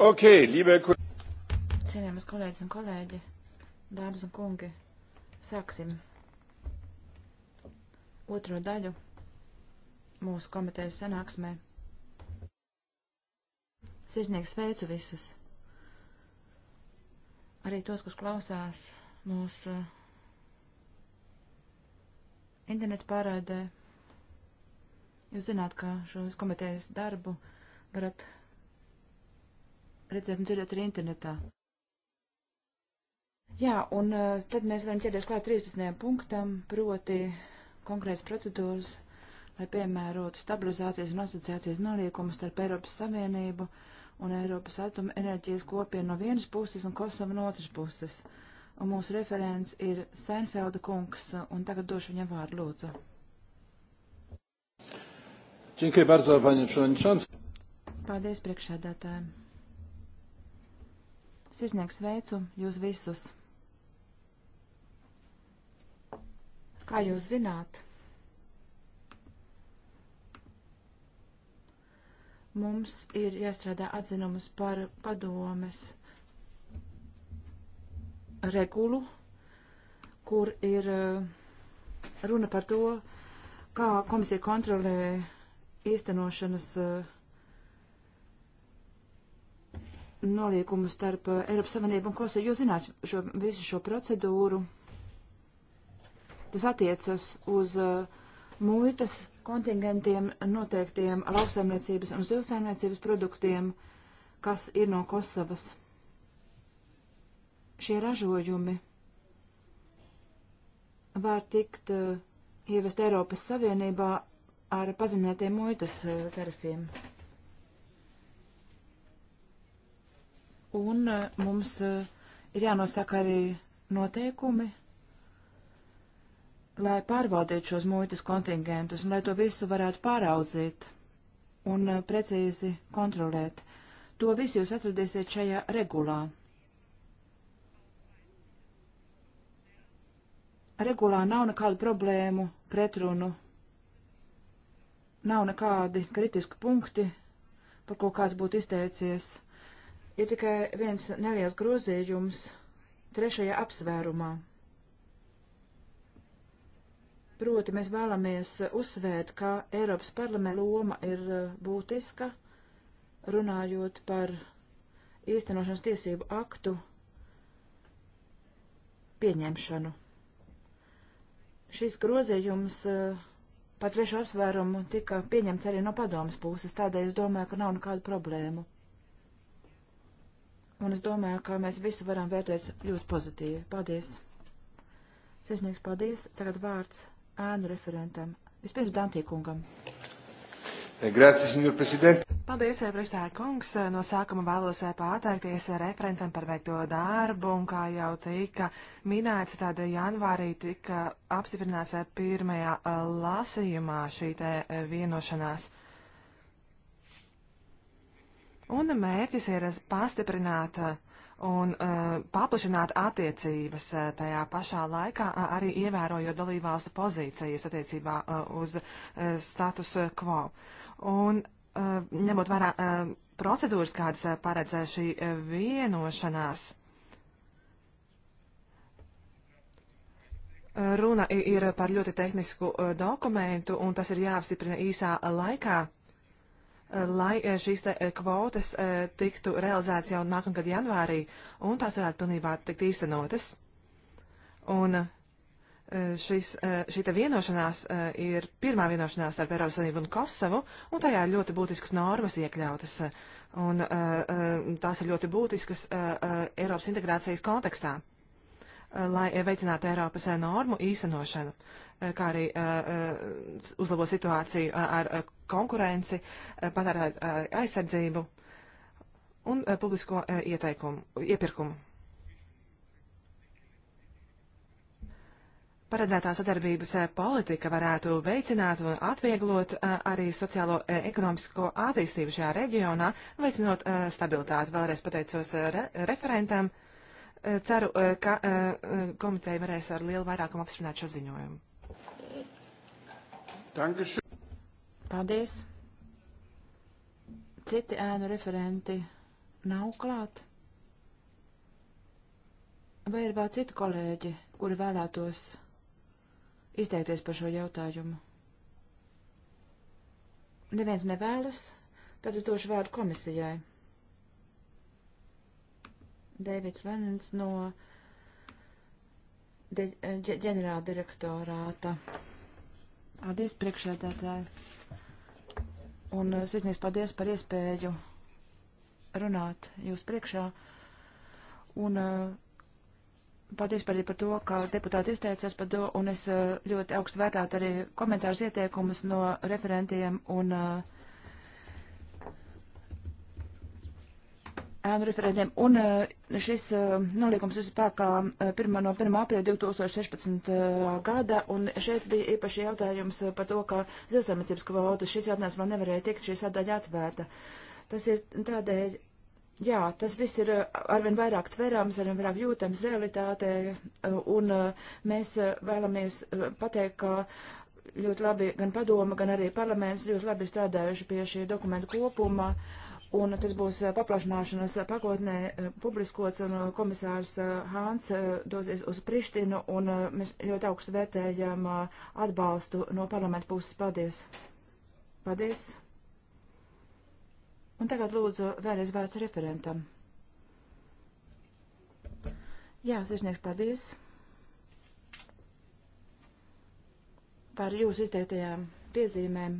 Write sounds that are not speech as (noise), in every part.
Okay, liebe... Cienījamas kolēģis un kolēģi, dāmas un kungi, sāksim otro daļu mūsu komitejas sanāksmē. Sirsnieks sveicu visus, arī tos, kas klausās mūsu eh, internetu pārādē. Jūs zināt, ka šos komitejas darbu varat redzēt un nu, dzirdēt arī internetā. Jā, un eh, tad mēs varam ķerties klāt 13. punktam, proti konkrēts procedūras, lai piemērotu stabilizācijas un asociācijas noliekumus starp Eiropas Savienību un Eiropas atoma enerģijas kopienu no vienas puses un Kosovu no otras puses. Un mūsu referents ir Seinfelda kungs, un tagad došu viņam vārdu lūdzu. Dziękuję bardzo, panie przewodniczący. Paldies priekšsēdētājiem. Sirsnieks sveicu jūs visus. Kā jūs zināt, mums ir jāstrādā atzinums par padomes regulu, kur ir uh, runa par to, kā komisija kontrolē īstenošanas uh, nolīgumu starp eh, Eiropas Savienību un Kosovu. Jūs zināt šo, visu šo procedūru. Tas attiecas uz uh, muitas kontingentiem noteiktiem lauksaimniecības un zivsaimniecības produktiem, kas ir no Kosovas. Šie ražojumi var tikt uh, ievest Eiropas Savienībā ar pazemētiem muitas uh, tarifiem. Un e, mums e, ir jānosaka arī noteikumi, lai pārvaldītu šos muitas kontingentus un lai to visu varētu pāraudzīt un e, precīzi kontrolēt. To visu jūs atradīsiet šajā regulā. Regulā nav nekādu problēmu, pretrunu, nav nekādi kritiski punkti, par ko kāds būtu izteicies. Ir tikai viens neliels grozījums trešajā apsvērumā. Proti mēs vēlamies uzsvērt, ka Eiropas parlamenta loma ir eh, būtiska, runājot par īstenošanas tiesību aktu pieņemšanu. Šis grozījums eh, pat trešo apsvērumu tika pieņemts arī no padomas puses, tādēļ es domāju, ka nav nekādu problēmu un es domāju, ka mēs visu varam vērtēt ļoti pozitīvi. Paldies! Sesnieks, paldies! Tagad vārds ēnu referentam. Vispirms Dantīkungam. Grazie, signor Presidente. Paldies, eh, priekšstādā kungs. Eh, no sākuma vēlos eh, pateikties referentam par veikto darbu, un kā jau tika minēts, tad janvārī tika apstiprināts pirmajā lasījumā šī te vienošanās. Un mērķis ir pastiprināt uh, un uh, paplašināt attiecības uh, tajā pašā laikā, arī ievērojot dalībvalstu pozīcijas attiecībā uz status quo. Un ņemot vērā procedūras, kādas paredz šī vienošanās. Runa ir par ļoti tehnisku dokumentu, un tas ir jāapstiprina īsā laikā. Eh, lai eh, šīs eh, kvotas tiktu realizētas jau nākamgad janvārī un tās varētu pilnībā tikt īstenotas. Un šis, šī vienošanās ir pirmā vienošanās starp Eiropas Savienību un Kosovu, un tajā ir ļoti būtiskas normas iekļautas. Un tās ir ļoti būtiskas Eiropas integrācijas kontekstā, lai veicinātu Eiropas normu īstenošanu kā arī uzlabo situāciju ar konkurenci, patērētāju aizsardzību un publisko ieteikumu, iepirkumu. Paredzētā sadarbības politika varētu veicināt un atvieglot arī sociālo ekonomisko attīstību šajā reģionā, veicinot stabilitāti. Vēlreiz pateicos re referentam. Ceru, ka komiteja varēs ar lielu vairākumu apstiprināt šo ziņojumu. Dankeschön. Paldies. Citi ēnu referenti nav klāt. Vai ir vēl citi kolēģi, kuri vēlētos izteikties par šo jautājumu? Neviens nevēlas, tad es došu vārdu komisijai. Dēvids Lenins no ģenerāldirektorāta. De, Paldies, priekšsēdētāji. Un eh, sirsnīgs paldies par iespēju runāt jūs priekšā. Un eh, paldies arī par to, ka deputāti izteicās par to, un es eh, ļoti augstu vērtātu arī komentārus ieteikumus no referentiem un uh, ēnu referentiem. Un eh, šis eh, nolīgums ir spēkā 1. Eh, no 1. aprīļa 2016. gada, un šeit bija īpaši jautājums par to, ka zivsaimniecības kvotas šis jautājums vēl nevarēja tikt šī sadaļa atvērta. Tas ir tādēļ, jā, tas viss ir arvien vairāk tverams, arvien vairāk jūtams realitātē, un mēs vēlamies pateikt, ka ļoti labi gan padoma, gan arī parlaments ļoti labi strādājuši pie šī dokumentu kopuma. Uh, Un tas būs eh, paplašināšanas pakotnē eh, publiskots, un eh, komisārs Hāns dosies uz Prištinu, un mēs ļoti augstu vērtējam atbalstu no parlamenta puses. Paldies! Paldies! Un tagad lūdzu vēlreiz vārds referentam. Jā, sirsnieks, paldies par jūsu izteiktajām piezīmēm.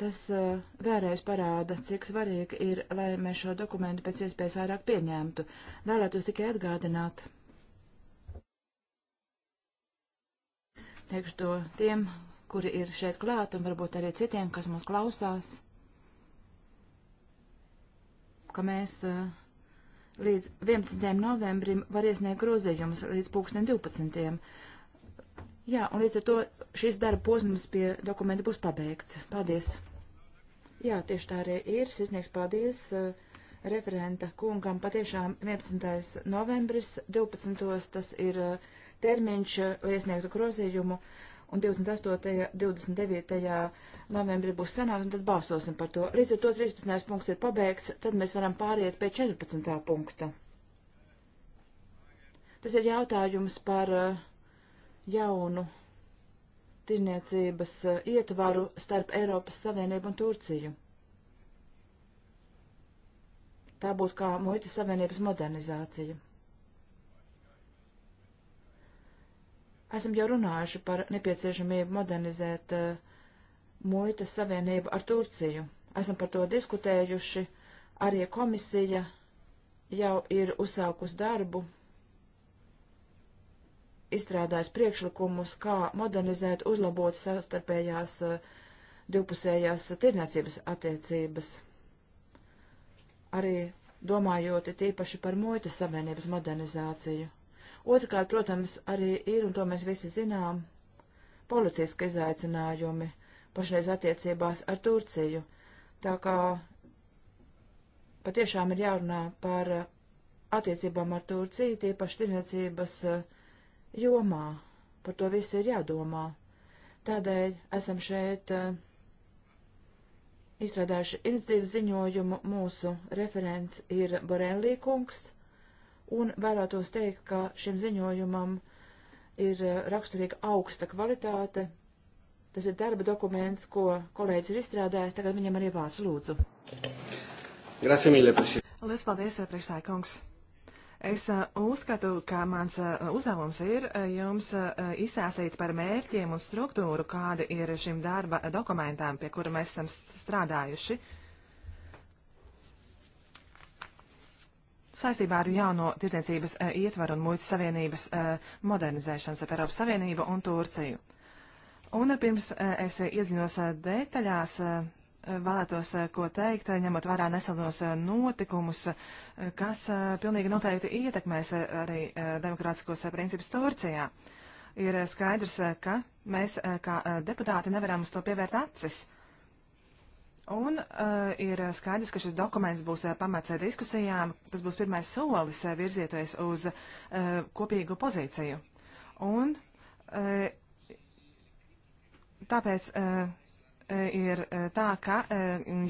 Tas uh, vēlreiz parāda, cik svarīgi ir, lai mēs šo dokumentu pēc iespējas vairāk pieņemtu. Vēlētos tikai atgādināt. Teikšu to tiem, kuri ir šeit klāt, un varbūt arī citiem, kas mūs klausās, ka mēs uh, līdz 11. novembrim var iesniegt grozījumus līdz 2012. Jā, un līdz ar to šis darba posms pie dokumenta būs pabeigts. Paldies! Jā, tieši tā arī ir. Sisnieks paldies uh, referenta kungam. Patiešām 11. novembris 12. tas ir uh, termiņš, lai uh, iesniegtu grozījumu, un 28. 29. novembrī būs sanāks, un tad balsosim par to. Līdz ar to 13. punkts ir pabeigts, tad mēs varam pāriet pie 14. punkta. Tas ir jautājums par uh, jaunu tirzniecības eh, ietvaru starp Eiropas Savienību un Turciju. Tā būtu kā muitas savienības modernizācija. Esam jau runājuši par nepieciešamību modernizēt uh, muitas savienību ar Turciju. Esam par to diskutējuši, arī komisija jau ir uzsākus darbu izstrādājis priekšlikumus, kā modernizēt, uzlabot savstarpējās eh, divpusējās tirniecības attiecības. Arī domājot tīpaši par muitas savienības modernizāciju. Otrkārt, protams, arī ir, un to mēs visi zinām, politiski izaicinājumi pašreiz attiecībās ar Turciju. Tā kā patiešām ir jārunā par eh, attiecībām ar Turciju, tīpaši tirniecības uh, eh, jomā. Par to visu ir jādomā. Tādēļ esam šeit uh, izstrādājuši iniciatīvas ziņojumu. Mūsu referents ir Borelī kungs, un vēlētos teikt, ka šim ziņojumam ir uh, raksturīga augsta kvalitāte. Tas ir darba dokuments, ko kolēģis ir izstrādājis. Tagad viņam arī vārds lūdzu. Grazie, mīļie, prasīt. Lielas paldies, eh, priekšsēkungs. Es eh, uzskatu, ka mans eh, uzdevums ir eh, jums izstāstīt par mērķiem un struktūru, kāda ir šim darba dokumentam, pie kura mēs esam strādājuši. Saistībā ar jauno tirdzniecības ietvaru un muitas savienības modernizēšanas ar Eiropas Savienību un Turciju. Un pirms es iedziļinos detaļās, vēlētos eh, ko teikt, eh, ņemot vērā nesenos eh, notikumus, kas pilnīgi noteikti ietekmēs arī demokrātiskos principus Turcijā. Ir skaidrs, ka mēs kā deputāti nevaram uz to pievērt acis. Un uh, ir skaidrs, ka šis dokuments būs uh, pamats diskusijām, tas būs pirmais solis uh, virzietoties uz uh, kopīgu pozīciju. Un uh, tāpēc uh, E, ir e, tā, ka e,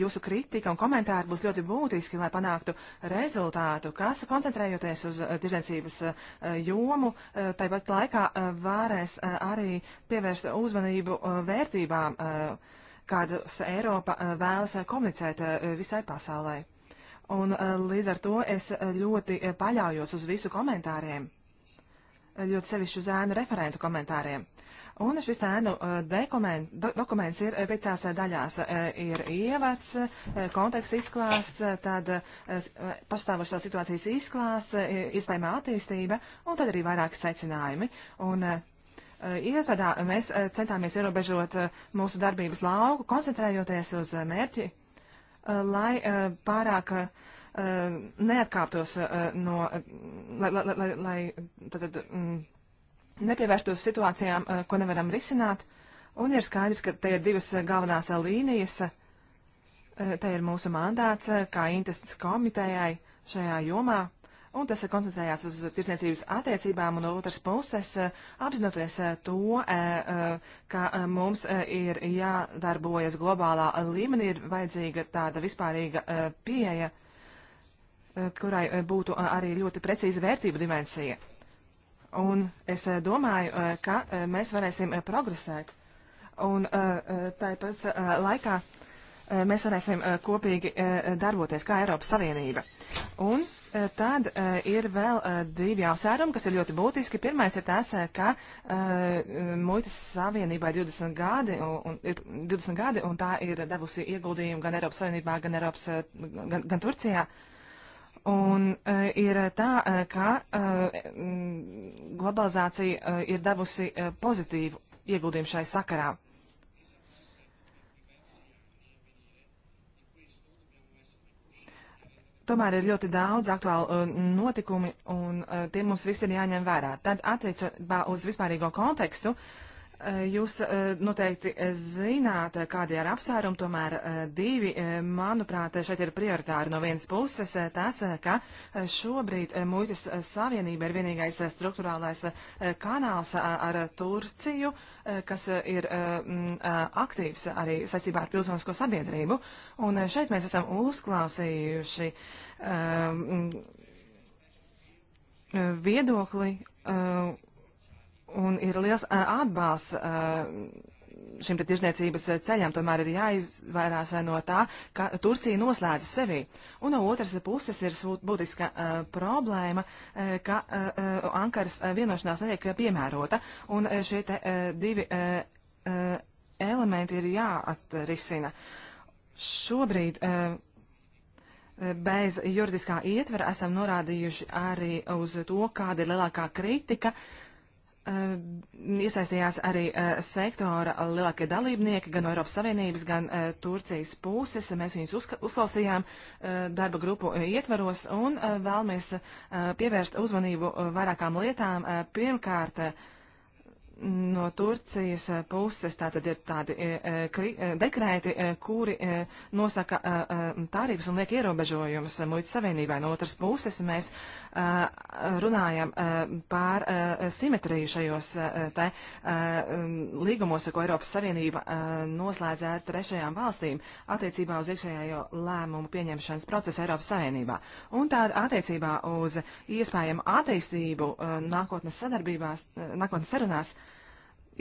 jūsu kritika un komentāri būs ļoti būtiski, lai panāktu rezultātu, kas, koncentrējoties uz tirdzniecības jomu, tāpat laikā varēs arī pievērst uzmanību vērtībām, kādas Eiropa vēlas komunicēt visai pasaulē. Un līdz ar to es ļoti paļaujos uz visu komentāriem, ļoti sevišķu zēnu referentu komentāriem Un šis ēnu dokument, do, dokuments ir piecās daļās. Ir ievads, konteksts izklāsts, tad pastāvošās situācijas izklāsts, iespējamā attīstība un tad arī vairāki secinājumi. Un, Iespējā mēs centāmies ierobežot mūsu darbības lauku, koncentrējoties uz mērķi, lai pārāk neatkāptos no, lai, lai, lai, lai tad, mm, nepievērstos situācijām, eh, ko nevaram risināt. Un ir skaidrs, ka te ir divas eh, galvenās eh, līnijas. Te ir mūsu mandāts kā intereses komitejai šajā jomā, un tas koncentrējās uz tirdzniecības attiecībām, un otras puses apzinoties to, ka mums ir jādarbojas globālā līmenī, ir vajadzīga tāda vispārīga pieeja, kurai būtu arī ļoti precīza vērtību dimensija. Un es eh, domāju, eh, ka eh, mēs varēsim progresēt. Un tāpat laikā mēs varēsim kopīgi darboties kā Eiropas Savienība. Un tad ir vēl divi jautājumi, kas ir ļoti būtiski. Pirmais ir tas, ka muitas savienībā ir 20 gadi, un, ir 20 gadi, un tā ir devusi ieguldījumu gan Eiropas Savienībā, gan, Eiropas, gan, gan Turcijā. Uh, Un uh, ir tā, e, ka uh, globalizācija uh, ir devusi uh, pozitīvu ieguldījumu šai sakarā. Tomēr ir ļoti daudz aktuālu uh, notikumu, un uh, tie mums visi ir jāņem vērā. Tad attiecībā uz vispārīgo kontekstu uh, Jūs eh, noteikti zināt, kādi ir apsvērumi, tomēr eh, divi, eh, manuprāt, šeit ir prioritāri no vienas puses tas, ka šobrīd muitas savienība ir vienīgais struktūrālais kanāls ar Turciju, kas ir aktīvs arī saistībā ar pilsonisko sabiedrību. Un šeit mēs esam uzklausījuši viedokli un ir liels atbalsts šim te tirzniecības ceļam tomēr ir jāizvairās no tā, ka Turcija noslēdz sevi. Un no otras puses ir būtiska uh, problēma, uh, ka uh, Ankaras vienošanās netiek piemērota, un šie te uh, divi uh, uh, elementi ir jāatrisina. Šobrīd. Uh, Bez juridiskā ietvera esam norādījuši arī uz to, kāda ir lielākā kritika uh, Ehm, iesaistījās arī uh, sektora lielākie dalībnieki, gan no Eiropas Savienības, gan uh, Turcijas puses. Mēs viņus uzka, uzklausījām uh, darba grupu ietvaros un vēlamies pievērst uzmanību vairākām lietām. Pirmkārt, no Turcijas eh, puses tātad ir tādi eh, eh, kri, dekrēti, kuri nosaka tarifus un liek ierobežojumus muitas savienībai. No otras puses mēs runājam pār simetriju šajos te līgumos, ko Eiropas Savienība noslēdz ar trešajām valstīm attiecībā uz iekšējā lēmumu pieņemšanas procesu Eiropas Savienībā. Un tāda attiecībā uz iespējamu attīstību nākotnes sadarbībās, nākotnes sarunās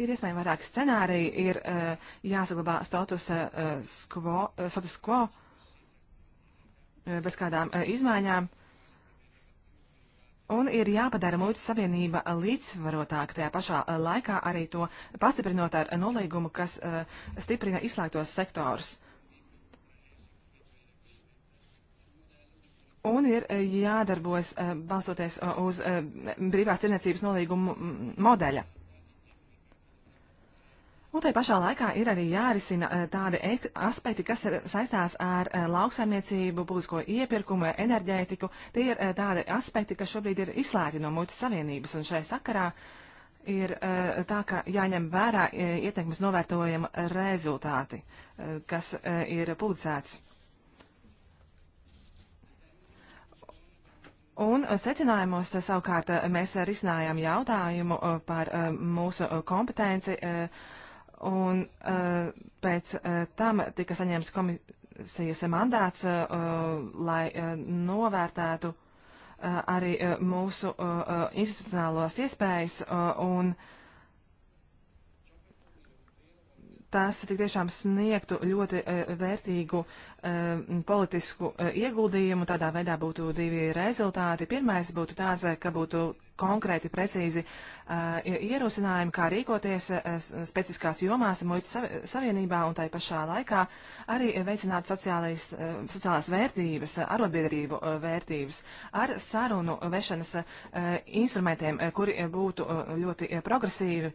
ir iespējami vairāki scenāriji, ir uh, jāsaglabā status, uh, skvo, uh, status quo uh, bez kādām uh, izmaiņām, un ir jāpadara muitas savienība līdzsvarotāk tajā pašā uh, laikā, arī to pastiprinot ar nolīgumu, kas uh, stiprina izslēgtos sektorus. Un ir jādarbojas balstoties uz brīvās tirniecības nolīgumu modeļa. Un tai pašā laikā ir arī jārisina eh, tādi aspekti, kas ir saistās ar eh, lauksaimniecību, publisko iepirkumu, enerģētiku. Tie ir eh, tādi aspekti, kas šobrīd ir izslēgti no muitas savienības. Un šai sakarā ir tā, ka jāņem vērā ietekmes novērtojuma rezultāti, kas ir publicēts. Un secinājumos savukārt mēs risinājām jautājumu par mūsu kompetenci. Uh, Un uh, pēc uh, tam tika saņemts komisijas mandāts, uh, uh lai uh, novērtētu uh, arī uh, mūsu uh, uh institucionālos iespējas uh, un uh, tas tik tiešām sniegtu ļoti e, vērtīgu e, politisku e, ieguldījumu. Tādā veidā būtu divi rezultāti. Pirmais būtu tāds, e, ka būtu konkrēti, precīzi e, ierosinājumi, kā rīkoties e, specifiskās jomās muitas savienībā un tai pašā laikā arī veicināt sociālais, sociālās vērtības, arotbiedrību vērtības ar sarunu vešanas instrumentiem, kuri būtu ļoti progresīvi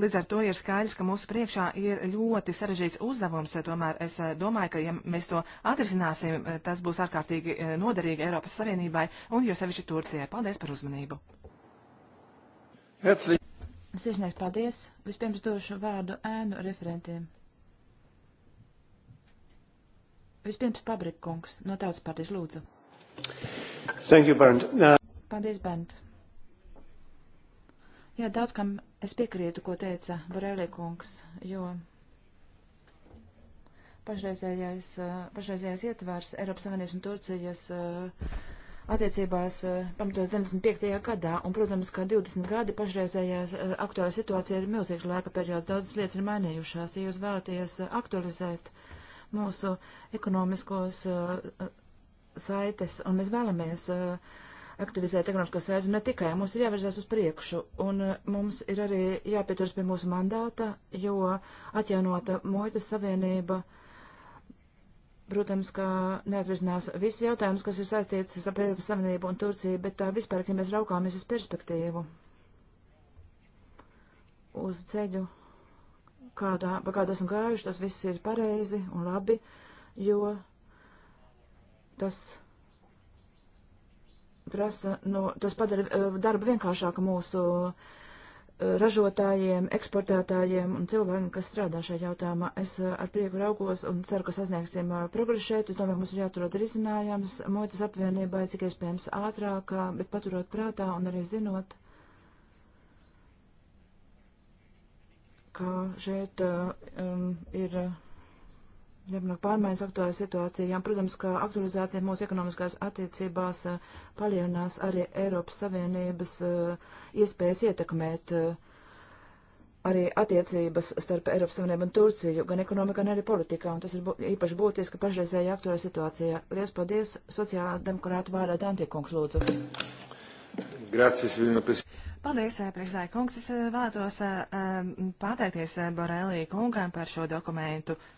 Līdz ar to ir skaidrs, ka mūsu priekšā ir ļoti sarežģīts uzdevums. Tomēr es eh, domāju, ka, ja mēs to atrisināsim, eh, tas būs ārkārtīgi eh, noderīgi Eiropas Savienībai un jo sevišķi Turcijai. Paldies par uzmanību. Sirsnieks, paldies. Vispirms došu vārdu ēnu referentiem. Vispirms Pabrikungs no Tautas partijas lūdzu. Thank you, Bernd. Uh... Paldies, Bernd. Jā, daudz kam es piekrītu, ko teica Borelī kungs, jo pašreizējais, eh, pašreizējais ietvars Eiropas Savienības un Turcijas eh, attiecībās eh, pamatos 95. gadā, un, protams, ka 20 gadi pašreizējās aktuālā situācija ir milzīgs laika periods, daudzas lietas ir mainījušās. Ja jūs vēlaties aktualizēt mūsu ekonomiskos saites, un mēs vēlamies uh, aktivizēt ekonomisko sēdzi, ne tikai mums ir jāvirzās uz priekšu, un uh, mums ir arī jāpieturas pie mūsu mandāta, jo atjaunota muitas savienība, protams, ka neatrisinās visi jautājumus, kas ir saistīts ar Eiropas Savienību un Turciju, bet tā uh, vispār, ja mēs raukāmies uz perspektīvu, uz ceļu, kādā, pa kādu esam gājuši, tas viss ir pareizi un labi, jo tas prasa, nu, tas padara eh, darbu vienkāršāku mūsu eh, ražotājiem, eksportētājiem un cilvēkiem, kas strādā šajā jautājumā. Es eh, ar prieku raugos un ceru, ka sasniegsim progresu šeit. Es domāju, mums ir jāatrod risinājums muitas apvienībai, cik iespējams ātrāk, bet paturot prātā un arī zinot, ka šeit um, ir. Uh, Jāpanāk pārmaiņas aktuālajā situācijā. Protams, ka aktualizācija mūsu ekonomiskās attiecībās palielinās arī Eiropas Savienības iespējas ietekmēt arī attiecības starp Eiropas Savienību un Turciju, gan ekonomikā, gan arī politikā, un tas ir bū, īpaši būtiski pašreizējā aktuālajā situācijā. Lielas paldies, sociālā demokrāta vārdā Dantīkungs lūdzu. Grazie, Silvina Presidente. Paldies, priekšsēdētāj kungs. Es vēlētos pateikties Borelī kungam par šo dokumentu. Uh,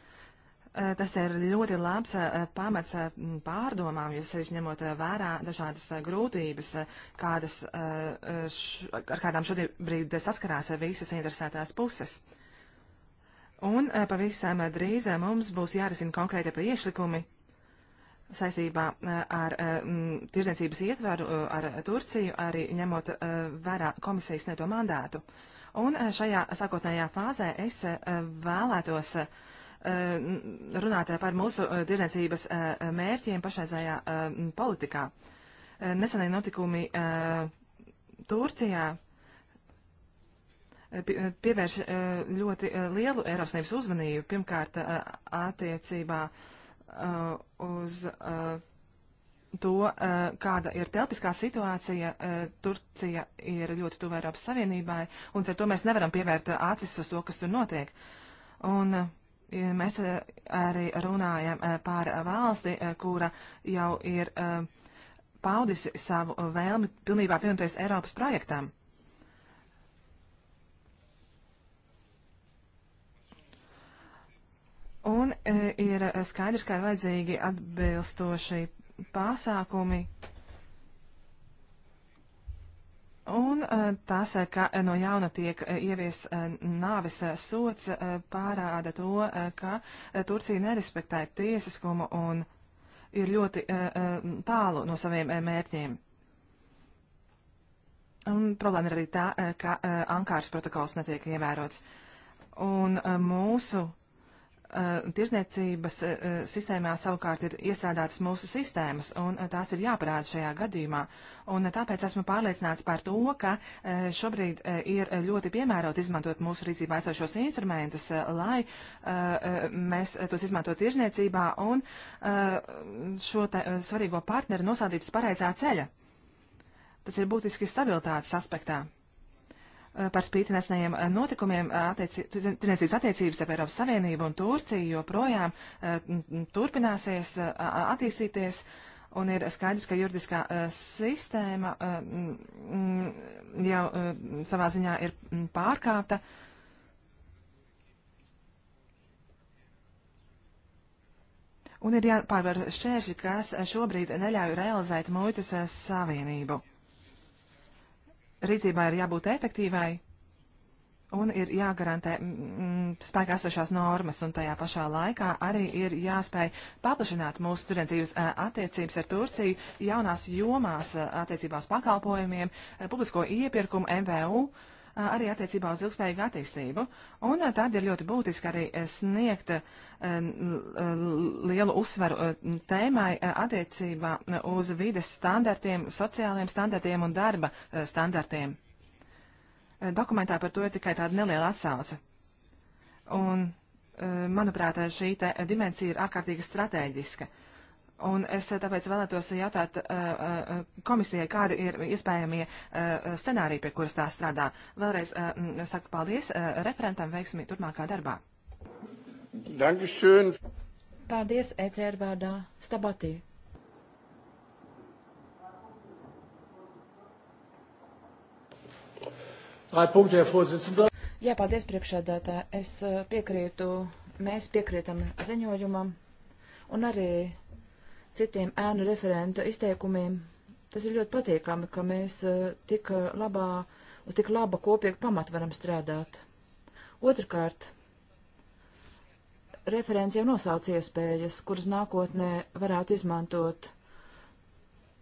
Eh, tas ir ļoti labs eh, pamats eh, pārdomām, jo sevišķi ņemot vērā dažādas grūtības, kādas, š, ar kādām šobrīd saskarās visas interesētās puses. Un pavisam drīz mums būs jārisina konkrēti priešlikumi saistībā ar tirdzniecības ietvaru ar Turciju, arī ņemot vērā komisijas neto mandātu. Un šajā sākotnējā fāzē es vēlētos uh, Eh, runāt eh, par mūsu eh, tirdzniecības mērķiem pašreizējā politikā. Nesenie notikumi Turcijā pievērš ļoti lielu Eiropas Savienības uzmanību, pirmkārt attiecībā uz to, kāda ir telpiskā situācija. Turcija ir ļoti tuva Eiropas Savienībai, un ar to mēs nevaram pievērt acis uz to, kas tur notiek. Un uh, Mēs eh, arī runājam eh, par valsti, eh, kura jau ir paudis savu vēlmi pilnībā pievienoties Eiropas projektam. Un ir skaidrs, ka ir vajadzīgi atbilstoši pasākumi, Un eh, tas, eh, ka eh, no jauna tiek ievies nāves sots, pārāda to, ka Turcija nerespektē tiesiskumu un ir ļoti tālu no saviem mērķiem. Un problēma ir arī tā, ka Ankāras protokols netiek ievērots. Un mūsu Eh, tirzniecības eh, sistēmā savukārt ir iestrādātas mūsu sistēmas, un eh, tās ir jāparāda šajā gadījumā. Un tāpēc esmu pārliecināts par to, ka šobrīd ir ļoti piemērot izmantot mūsu rīcībā esošos instrumentus, lai mēs tos izmantot tirzniecībā un šo svarīgo partneri nosādītu uz pareizā ceļa. Tas ir būtiski stabilitātes aspektā. Eh, par spīti nesenajiem eh, notikumiem eh, tirniecības attiecības ar Eiropas Savienību un Turciju joprojām turpināsies attīstīties. Un ir skaidrs, ka juridiskā sistēma jau savā ziņā ir pārkāpta. Un ir jāpārvar šķēršļi, kas šobrīd neļauj realizēt muitas savienību rīcībai ir jābūt efektīvai un ir jāgarantē mm, spēkā esošās normas, un tajā pašā laikā arī ir jāspēj paplašināt mūsu studentības attiecības ar Turciju jaunās jomās attiecībās pakalpojumiem, publisko iepirkumu, MVU. Uh, arī attiecībā uz ilgspējīgu attīstību. Un tad ir ļoti būtiski arī e, sniegt e, lielu uzsvaru e, tēmai attiecībā uz vides standartiem, sociāliem standartiem un darba standartiem. Dokumentā par to ir tikai tāda neliela atsauce. Un, manuprāt, šī dimensija ir ārkārtīgi strateģiska. Un es eh, tāpēc vēlētos jautāt uh, komisijai, kādi ir iespējamie uh, scenāriji, pie kuras tā strādā. Vēlreiz uh, saku paldies referentam veiksmi turpmākā darbā. Dankeschön. Paldies, ECR vārdā. Stabatī. Jā, paldies priekšādātā. Es piekrītu, mēs piekrītam ziņojumam un arī citiem ēnu referentu izteikumiem. Tas ir ļoti patīkami, ka mēs eh, tik eh, labā, uz tik laba kopīga pamata varam strādāt. Otrakārt, referents jau nosauc iespējas, kuras nākotnē varētu izmantot.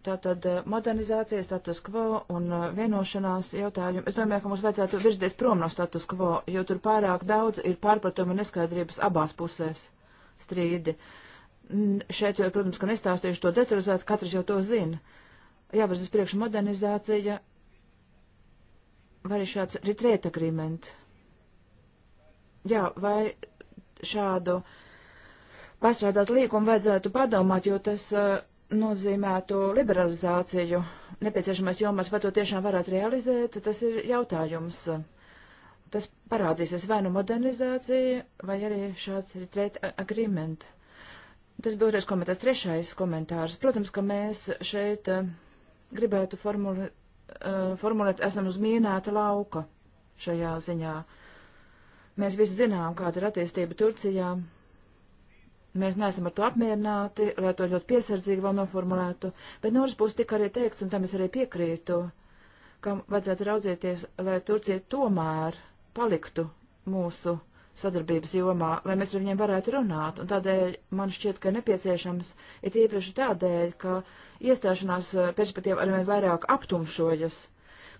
Tātad eh, modernizācija, status quo un vienošanās jautājumu. Es domāju, ka mums vajadzētu virzīties prom no status quo, jo tur pārāk daudz ir pārpratuma un neskaidrības abās pusēs strīdi. Uh, Šeit, eh, protams, ka nestāstīšu to detalizēt, katrs jau to zina. Jāvarz uz priekšu modernizācija, vai arī šāds retrēta agreement. Jā, vai šādu pasrādāt līkumu vajadzētu padomāt, jo tas uh, nozīmētu liberalizāciju nepieciešamais jomas, vai to tiešām varētu realizēt, tas ir jautājums. Tas parādīsies vai nu modernizācija, vai arī šāds retrēta agreement. Uh, Tas bija otrais komentārs, trešais komentārs. Protams, ka mēs šeit uh, gribētu formuli, uh, formulēt, esam uz mīnēta lauka šajā ziņā. Mēs visi zinām, kāda ir attīstība Turcijā. Mēs neesam ar to apmierināti, lai to ļoti piesardzīgi vēl noformulētu, bet no otras puses tika arī teikts, un tam es arī piekrītu, kam vajadzētu raudzieties, lai Turcija tomēr paliktu mūsu sadarbības jomā, lai mēs ar viņiem varētu runāt. Un tādēļ man šķiet, ka nepieciešams ir īpaši tādēļ, ka iestāšanās perspektīva arvien vairāk aptumšojas,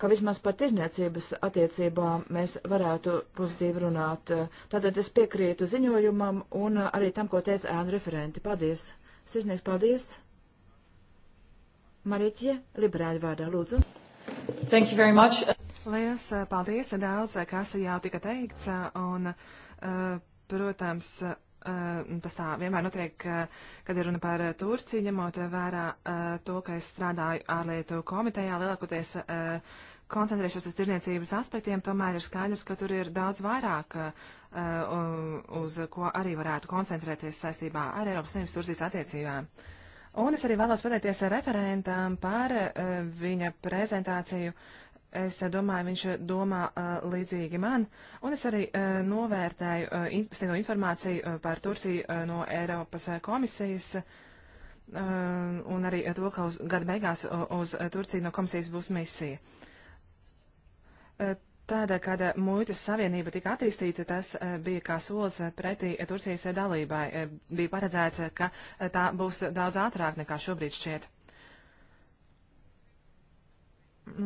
ka vismaz par tirniecības attiecībām mēs varētu pozitīvi runāt. Tātad es piekrītu ziņojumam un arī tam, ko teica ēnu referenti. Paldies! Sirsnieks, paldies! Mariķie, liberāļu vārdā, lūdzu. Thank you very much. Lielas eh, paldies, daudz, eh, kas jau tika teikts, eh, un uh, Eh, protams, eh, tas tā vienmēr notiek, eh, kad ir runa par Turciju, ņemot vērā to, ka es strādāju ārlietu komitejā, lielākoties koncentrēšos uz tirniecības aspektiem, tomēr ir skaidrs, ka tur ir daudz vairāk, uz ko arī varētu koncentrēties saistībā ar Eiropas Savienības Turcijas attiecībām. Un es arī vēlos pateikties referentam par viņa prezentāciju. Uh, Es eh, domāju, viņš eh, domā uh, līdzīgi man, un es arī uh, novērtēju uh, in, sniegto informāciju par Turciju no Eiropas komisijas, un arī to, ka uz gada beigās uz Turciju no komisijas būs misija. Tāda, kad muitas savienība tika attīstīta, tas bija kā solis pretī Turcijas dalībai. Bija paredzēts, ka tā būs daudz ātrāk nekā šobrīd šķiet.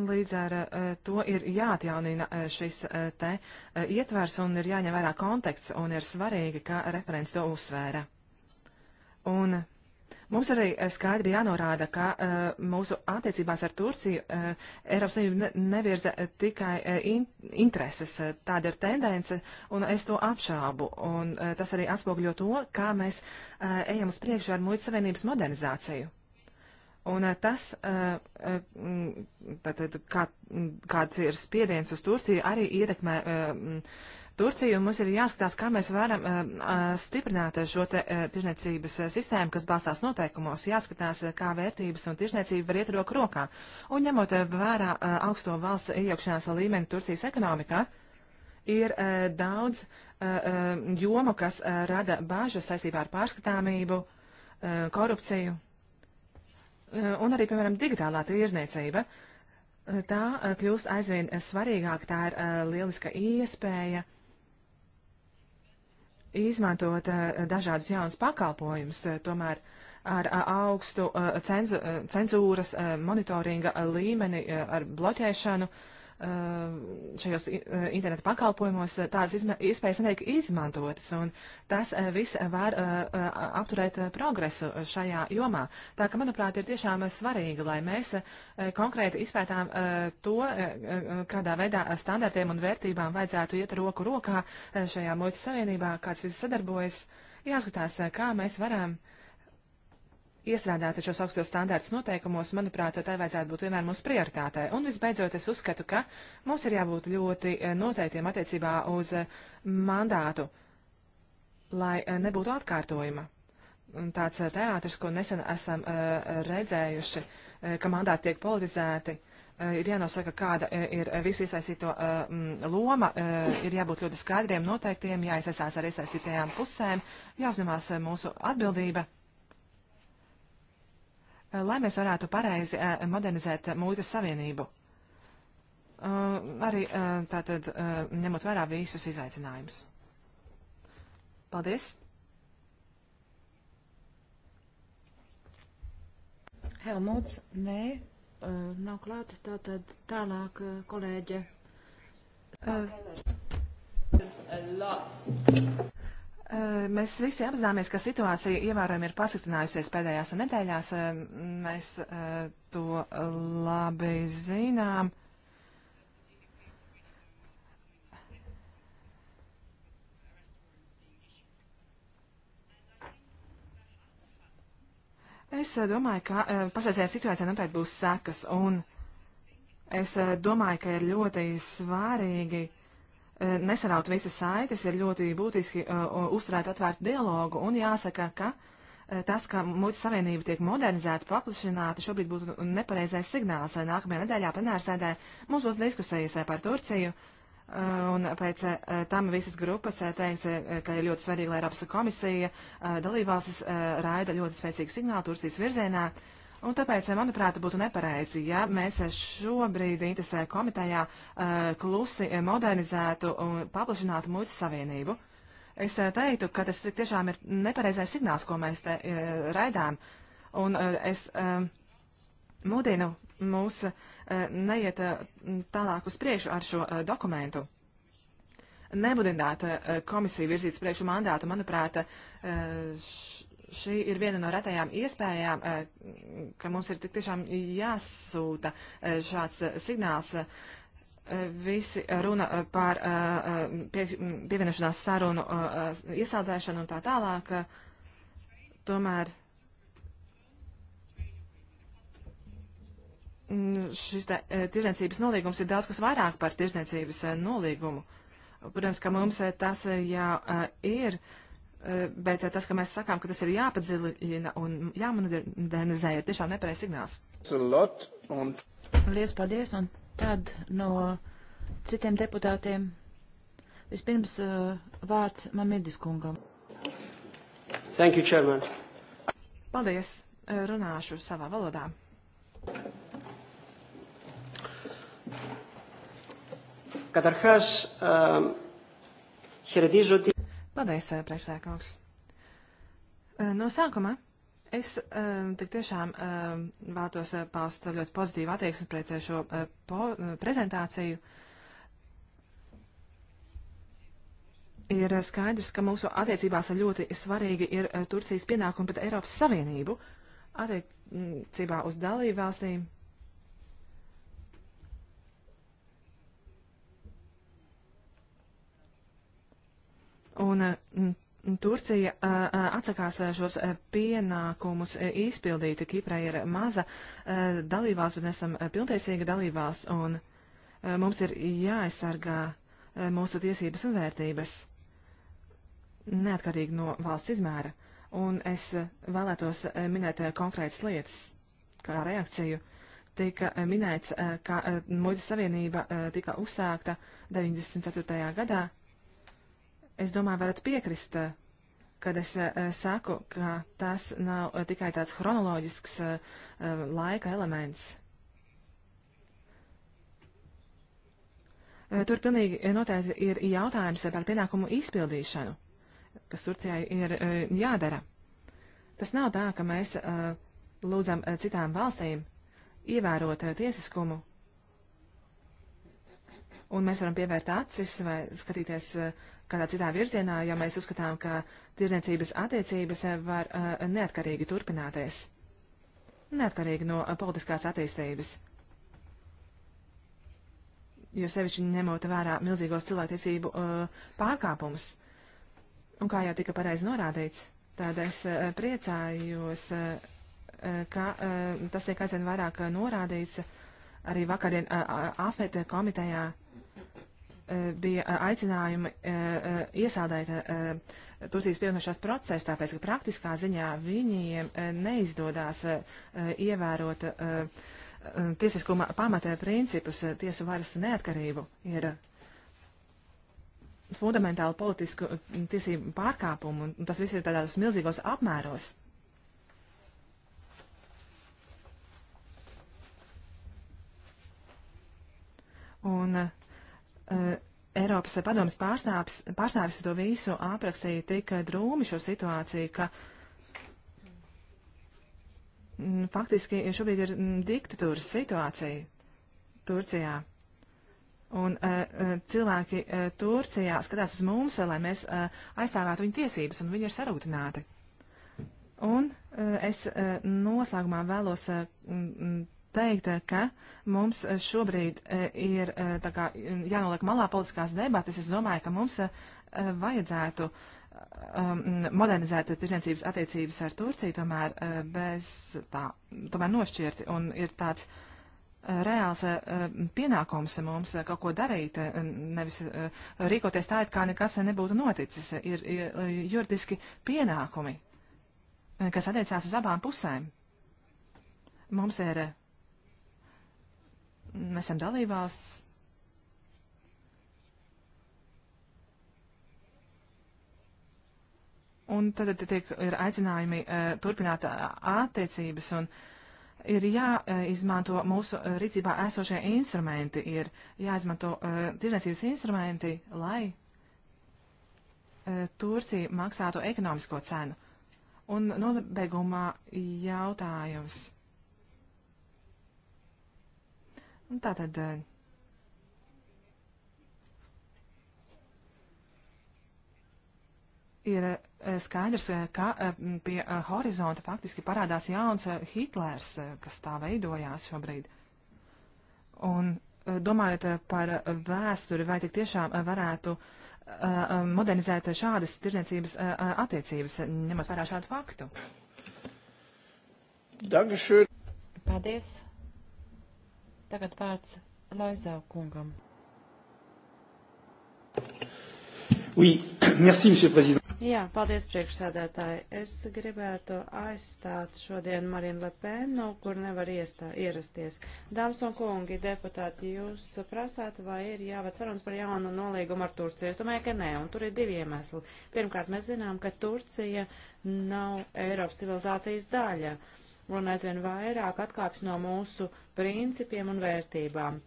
Līdz ar eh, to ir jāatjaunina eh, šis eh, te ietvers un ir jāņem vērā konteksts, un ir svarīgi, ka referents to uzsvēra. Un mums arī skaidri jānorāda, ka mūsu attiecībās ar Turciju Eiropas Savienība nevirza tikai in intereses. Tāda ir tendence, un es to apšābu. Un tas arī atspogļo to, kā mēs ejam uz priekšu ar muitas savienības modernizāciju. Un eh, tas, eh, eh, tātad, kā, kāds ir spiediens uz Turciju, arī ietekmē Turciju. Mums ir jāskatās, kā mēs varam stiprināt šo te tirzniecības sistēmu, kas balstās noteikumos. Jāskatās, kā vērtības un tirzniecība var iet roku rokā. Un ņemot vērā augsto valsts iejaukšanās līmeni Turcijas ekonomikā, ir daudz jomu, kas rada bāžas saistībā ar pārskatāmību, korupciju Eh, un arī, piemēram, digitālā tirzniecība. Eh, tā eh, kļūst aizvien svarīgāk, tā ir lieliska iespēja izmantot dažādus jaunus pakalpojumus, tomēr ar augstu cenzu, cenzūras monitoringa līmeni, ar bloķēšanu. Uh, Uh, šajos uh, interneta pakalpojumos uh, tādas iespējas netiek izmantotas, un tas viss var apturēt progresu šajā jomā. Tā ka, manuprāt, ir tiešām svarīgi, lai mēs konkrēti izpētām to, kādā veidā standartiem un vērtībām vajadzētu iet roku rokā šajā muitas savienībā, kāds viss sadarbojas. Jāskatās, kā mēs varam uh, iestrādāt šos augstos standārtus noteikumos, manuprāt, tai vajadzētu būt vienmēr mūsu prioritātei. Un visbeidzot, es uzskatu, ka mums ir jābūt ļoti eh, noteiktiem attiecībā uz eh, mandātu, lai eh, nebūtu atkārtojuma. Tāds teātris, ko nesen esam redzējuši, ka mandāti tiek politizēti, ir jānosaka, kāda ir visu iesaistīto uh, loma, uh, ir jābūt ļoti skaidriem, noteiktiem, jāiesaistās ar iesaistītajām pusēm, jāuzņemās mūsu atbildība. Eh, lai mēs varētu pareizi eh, modernizēt muitas savienību. Eh, arī tātad ņemot vērā visus izaicinājumus. Paldies! Helmuts, nē, nav klāt, tātad tālāk kolēģe. Uh. Mēs visi apzināmies, ka situācija ievērojami ir pasliktinājusies pēdējās nedēļās. Mēs to labi zinām. Es domāju, ka pašreizējā situācijā noteikti būs sekas, un es domāju, ka ir ļoti svarīgi Eh, nesaraut visas saites, ir ļoti būtiski uh, uzturēt atvērtu dialogu un jāsaka, ka uh, tas, ka muitas savienība tiek modernizēta, paplašināta, šobrīd būtu nepareizais signāls, lai nākamajā nedēļā plenārsēdē mums būs diskusijas par Turciju. Uh, un pēc tam visas grupas teica, ka ir ļoti svarīgi, lai Eiropas komisija dalībvalstis raida ļoti spēcīgu signālu Turcijas virzienā. Uh, Un tāpēc, manuprāt, būtu nepareizi, ja mēs šobrīd interesē komitejā uh, klusi modernizētu un paplašinātu muitas savienību. Es uh, teiktu, ka tas tiešām ir nepareizais signāls, ko mēs te uh, raidām. Un es um, mudinu mūs neiet tālāk uz priekšu ar šo dokumentu. Nebudināt komisiju virzīt priekšu mandātu, manuprāt, š šī ir viena no retajām iespējām, eh, ka mums ir tik tiešām jāsūta eh, šāds eh, signāls. Visi runa par pie, pievienošanās sarunu iesaldēšanu un tā tālāk. Tomēr šis tirdzniecības nolīgums ir daudz kas vairāk par tirdzniecības nolīgumu. Protams, ka mums tas jau ir. Uh, bet eh, tas, ka mēs sakām, ka tas ir jāpadziļina un jāmodernizē, ir tiešām nepareizs signāls. Un... Lies paldies, un tad no citiem deputātiem. Vispirms eh, vārds Mamidis kungam. Thank you, Chairman. Paldies. Eh, runāšu savā valodā. Καταρχάς, χαιρετίζω ότι Paldies, eh, priekšsēkungs. Eh, no sākuma es eh, tik tiešām vēlētos paust ļoti pozitīvu attieksmi pret šo po, prezentāciju. Ir skaidrs, ka mūsu attiecībās ļoti svarīgi ir Turcijas pienākumi pret Eiropas Savienību attiecībā uz dalību valstīm Un mm, Turcija atsakās šos pienākumus izpildīt. Kipra ir maza dalībās, bet esam pilntiesīga dalībās, un mums ir jāaizsargā mūsu tiesības un vērtības, neatkarīgi no valsts izmēra. Un es vēlētos minēt konkrētas lietas kā reakciju tika minēts, ka muitas savienība tika uzsākta 94. gadā, es domāju, varat piekrist, eh, kad es eh, saku, ka tas nav eh, tikai tāds chronoloģisks laika elements. Tur pilnīgi noteikti ir jautājums par pienākumu izpildīšanu, kas Turcijai ir jādara. Tas nav tā, ka mēs lūdzam citām valstīm ievērot tiesiskumu, un mēs varam pievērt acis vai skatīties kādā citā virzienā, jo mēs uzskatām, ka tirdzniecības attiecības var uh, neatkarīgi turpināties, neatkarīgi no uh, politiskās attīstības. Jo sevišķi ņemot vērā milzīgos cilvēktiesību uh, pārkāpumus. Un kā jau tika pareizi norādīts, tad es priecājos, ka tas tiek aizvien vairāk norādīts arī vakarien AFET komitejā bija eh, aicinājumi eh, eh, iesādēt Turcijas pievienošanās procesu, tāpēc, ka praktiskā ziņā viņiem neizdodās ievērot tiesiskuma pamatē principus, tiesu varas neatkarību ir fundamentāli politisku tiesību pārkāpumu, un tas viss ir tādās milzīgos apmēros. Un uh, Eh, Eiropas padomas pārstāvis, pārstāvis to visu aprakstīja tik drūmi šo situāciju, ka m, mm, faktiski šobrīd ir m, mm, diktatūras situācija Turcijā. Un uh, cilvēki uh, Turcijā skatās uz mums, lai mēs uh, aizstāvētu viņu tiesības, un viņi ir sarūtināti. Un uh, es uh, noslēgumā vēlos uh, m, mm, teikt, eh, ka mums eh, šobrīd eh, ir kā, mm, jānoliek malā politiskās debatas. Es domāju, ka mums vajadzētu mm, modernizēt tirdzniecības attiecības ar Turciju, tomēr bez tā, tomēr nošķirti. Un ir tāds reāls pienākums mums kaut ko darīt, nevis rīkoties tā, it kā nekas nebūtu noticis. Ir juridiski pienākumi, kas attiecās uz abām pusēm. Mums ir Mēs esam dalībvalsts. Un tad tiek, ir aicinājumi uh, turpināt eh, attiecības un ir jāizmanto mūsu eh, rīcībā esošie instrumenti, ir jāizmanto uh, tirdzniecības instrumenti, lai uh, Turcija maksātu ekonomisko cenu. Un nobeigumā jautājums Un tā tad. Eh, ir eh, skaidrs, eh, ka pie horizonta faktiski parādās jauns Hitlers, kas tā veidojās šobrīd. Un domājot par vēsturi, vai tik tiešām varētu modernizēt šādas tirdzniecības attiecības, ņemot vērā šādu faktu? Dankeschön. Paldies. Tagad vārds Laizā kungam. Oui, (clears throat) merci, monsieur président. Jā, paldies priekšsēdētāji. Es gribētu aizstāt šodien Marinu Lepenu, kur nevar iestā, ierasties. Dāmas un kungi, deputāti, jūs prasāt, vai ir jāved sarunas par jaunu nolīgumu ar Turciju? Es domāju, ka nē, un tur ir divi iemesli. Pirmkārt, mēs zinām, ka Turcija nav Eiropas civilizācijas daļa. Uh, un aizvien vairāk atkāpjas no mūsu principiem un vērtībām.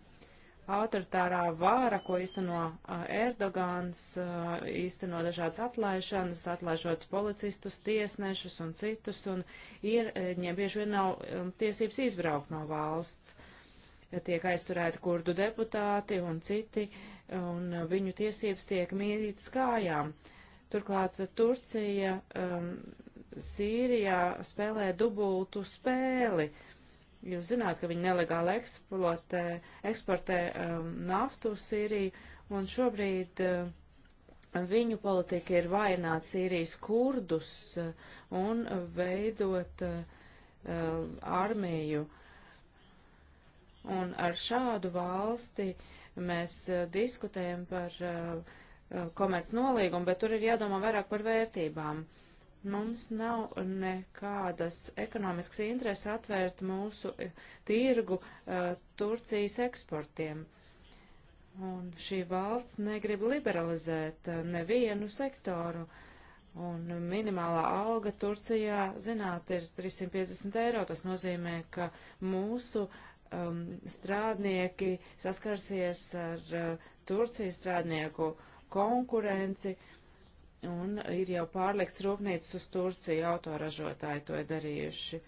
Autoritārā vāra, ko izteno Erdogans, izteno dažādas atlaišanas, atlaižot policistus, tiesnešus un citus, un ir, e, viņiem bieži vien nav um, tiesības izbraukt no valsts. Tiek aizturēti kurdu deputāti un citi, un viņu tiesības tiek mīlītas kājām. Uh, Turklāt Turcija um, Sīrijā spēlē dubultu spēli. Jūs zināt, ka viņi nelegāli eksploatē, eksportē um, naftu uz Sīriju, un šobrīd uh, viņu politika ir vainot Sīrijas kurdus uh, un veidot uh, uh armiju. Un ar šādu valsti mēs uh, diskutējam par uh, Eh, komerc nolīgumu, bet tur ir jādomā vairāk par vērtībām. Mums nav nekādas ekonomiskas intereses atvērt mūsu eh, tirgu uh, Turcijas eksportiem. Un šī valsts negrib liberalizēt uh, nevienu sektoru. Un minimālā alga Turcijā, zināt, ir 350 eiro. Tas nozīmē, ka mūsu um, strādnieki saskarsies ar uh, Turcijas strādnieku uh, konkurenci, un ir jau pārlikts rūpnīcas uz Turciju, autoražotāji to ir darījuši.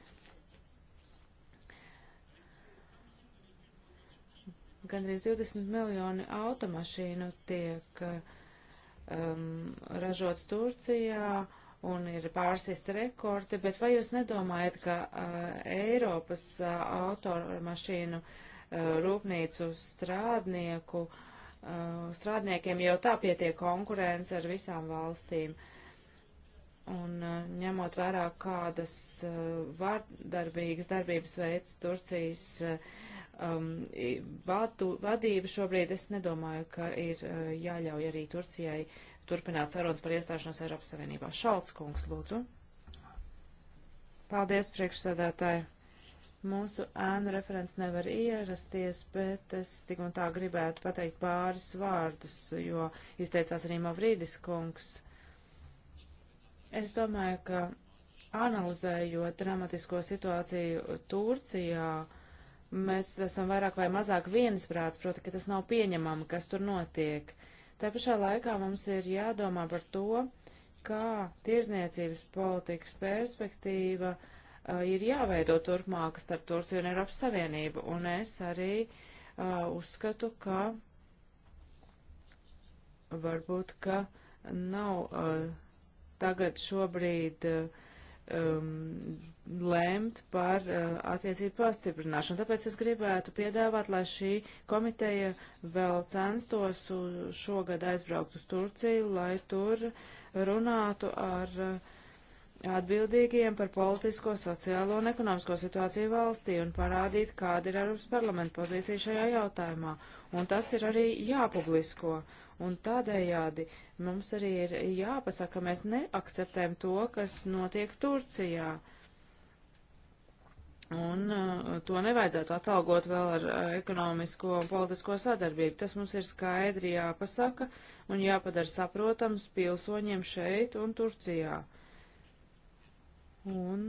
Gandrīz 20 miljoni automašīnu tiek um, ražots Turcijā un ir pārsista rekordi, bet vai jūs nedomājat, ka uh, Eiropas uh, automašīnu uh, rūpnīcu strādnieku uh, Uh, strādniekiem jau tā pietiek konkurence ar visām valstīm. Un uh, ņemot vērā, kādas uh, vardarbīgas darbības veids Turcijas um, vadu, vadība šobrīd, es nedomāju, ka ir jāļauj arī Turcijai turpināt sarunas par iestāšanos Eiropas Savienībā. Šalts kungs, lūdzu. Paldies, priekšsēdētāji. Mūsu ēnu referents nevar ierasties, bet es tik un tā gribētu pateikt pāris vārdus, jo izteicās arī Mavrīdis kungs. Es domāju, ka analizējot dramatisko situāciju Turcijā, mēs esam vairāk vai mazāk viensprāts, proti, ka tas nav pieņemama, kas tur notiek. Tā pašā laikā mums ir jādomā par to, kā tirzniecības politikas perspektīva uh, Uh, ir jāveido turpmāk starp Turciju un Eiropas Savienību. Un es arī uh, uzskatu, ka varbūt, ka nav uh, tagad šobrīd uh, um, lēmt par uh, attiecību pastiprināšanu. Tāpēc es gribētu piedāvāt, lai šī komiteja vēl censtos šogad aizbraukt uz Turciju, lai tur runātu ar uh, atbildīgiem par politisko, sociālo un ekonomisko situāciju valstī un parādīt, kāda ir Eiropas parlamenta pozīcija šajā jautājumā. Un tas ir arī jāpublisko. Un tādējādi mums arī ir jāpasaka, ka mēs neakceptējam to, kas notiek Turcijā. Un uh, to nevajadzētu atalgot vēl ar uh, ekonomisko un politisko sadarbību. Tas mums ir skaidri jāpasaka un jāpadara saprotams pilsoņiem šeit un Turcijā. Uh, Un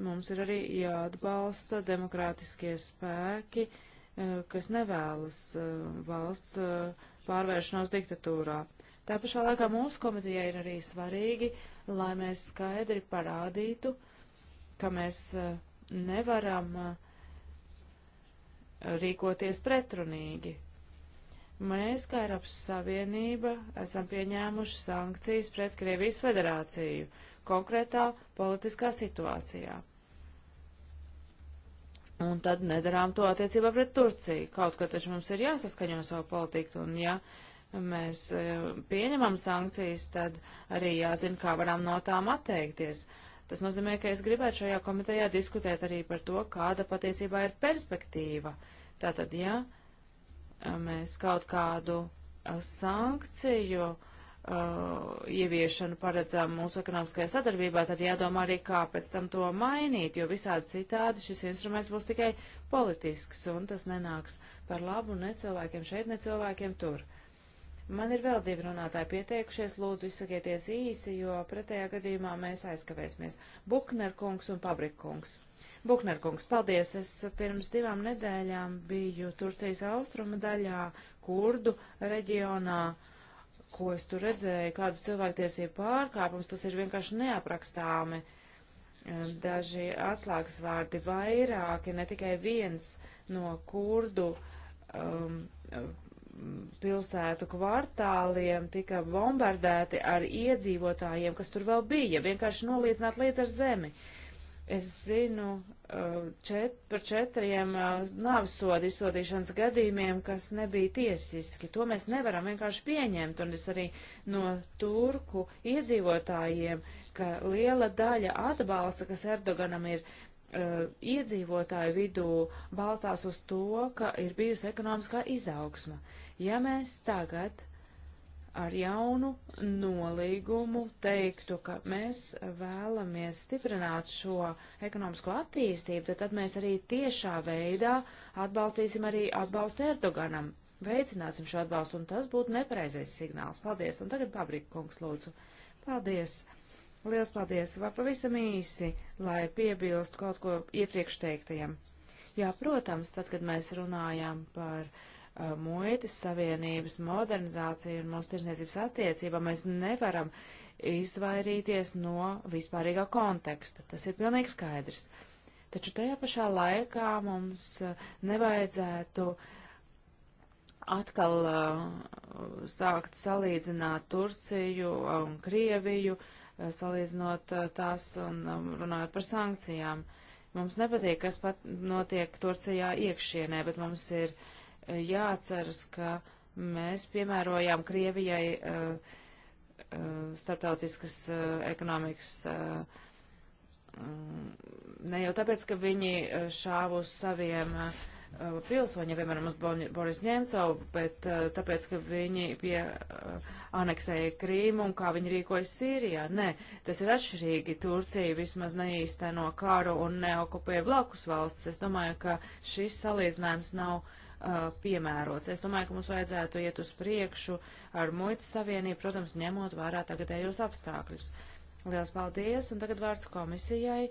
mums ir arī jāatbalsta demokrātiskie spēki, eh, kas nevēlas eh, valsts eh, pārvēršanos diktatūrā. Tā pašā laikā mūsu komitejai ir arī svarīgi, lai mēs skaidri parādītu, ka mēs nevaram rīkoties pretrunīgi. Mēs, kā Eiropas Savienība, esam pieņēmuši sankcijas pret Krievijas federāciju. Uh, konkrētā politiskā situācijā. Un tad nedarām to attiecībā pret Turciju. Kaut kā taču mums ir jāsaskaņo savu politiku, un ja mēs e, pieņemam sankcijas, tad arī jāzina, kā varam no tām atteikties. Tas nozīmē, ka es gribētu šajā komitejā diskutēt arī par to, kāda patiesībā ir perspektīva. Tātad, ja e, mēs kaut kādu sankciju uh, uh, ieviešanu paredzam mūsu ekonomiskajā sadarbībā, tad jādomā arī, kā pēc tam to mainīt, jo visādi citādi šis instruments būs tikai politisks, un tas nenāks par labu ne cilvēkiem šeit, ne cilvēkiem tur. Man ir vēl divi runātāji pieteikušies, lūdzu izsakieties īsi, jo pretējā gadījumā mēs aizkavēsimies. Bukner kungs un Pabrik kungs. Bukner kungs, paldies! Es pirms divām nedēļām biju Turcijas austruma daļā, Kurdu reģionā. Uh, ko es tur redzēju, kādu cilvēktiesību pārkāpums, tas ir vienkārši neaprakstāmi. Daži atslēgas vārdi vairāki, ne tikai viens no kurdu um, pilsētu kvartāliem tika bombardēti ar iedzīvotājiem, kas tur vēl bija, vienkārši nolīdzināt līdz ar zemi. Uh, Es zinu uh, čet, par četriem uh, nāvisodu izpildīšanas gadījumiem, kas nebija tiesiski. To mēs nevaram vienkārši pieņemt, un es arī no turku iedzīvotājiem, ka liela daļa atbalsta, kas Erdoganam ir uh, iedzīvotāju vidū, balstās uz to, ka ir bijusi ekonomiskā izaugsma. Ja mēs tagad ar jaunu nolīgumu teiktu, ka mēs vēlamies stiprināt šo ekonomisko attīstību, tad, tad mēs arī tiešā veidā atbalstīsim arī atbalstu Erdoganam. Veicināsim šo atbalstu, un tas būtu nepareizais signāls. Paldies, un tagad Pabrika kungs lūdzu. Paldies! Liels paldies! Var pavisam īsi, lai piebilst kaut ko iepriekš teiktajam. Jā, protams, tad, kad mēs runājām par uh, Uh, muitas savienības modernizāciju un mūsu tirzniecības attiecībām, mēs nevaram izvairīties no vispārīgā konteksta. Tas ir pilnīgi skaidrs. Taču tajā pašā laikā mums uh, nevajadzētu atkal uh, sākt salīdzināt Turciju un Krieviju, uh, salīdzinot tās un um, runājot par sankcijām. Mums nepatīk, kas pat notiek Turcijā iekšienē, bet mums ir uh, jāatceras, ka mēs piemērojām Krievijai uh, uh, starptautiskas uh, ekonomikas. Uh, Ne jau tāpēc, ka viņi šāva uz saviem uh, pilsoņiem, piemēram, uz Boris Ņemcovu, bet uh, tāpēc, ka viņi pie uh, aneksēja Krīmu un kā viņi rīkojas Sīrijā. Nē, tas ir atšķirīgi. Turcija vismaz neīsteno karu un neokupē blakus valsts. Es domāju, ka šis salīdzinājums nav uh, piemērots. Es domāju, ka mums vajadzētu iet uz priekšu ar muitas savienību, protams, ņemot vērā tagadējos apstākļus. Liels paldies, un tagad vārds komisijai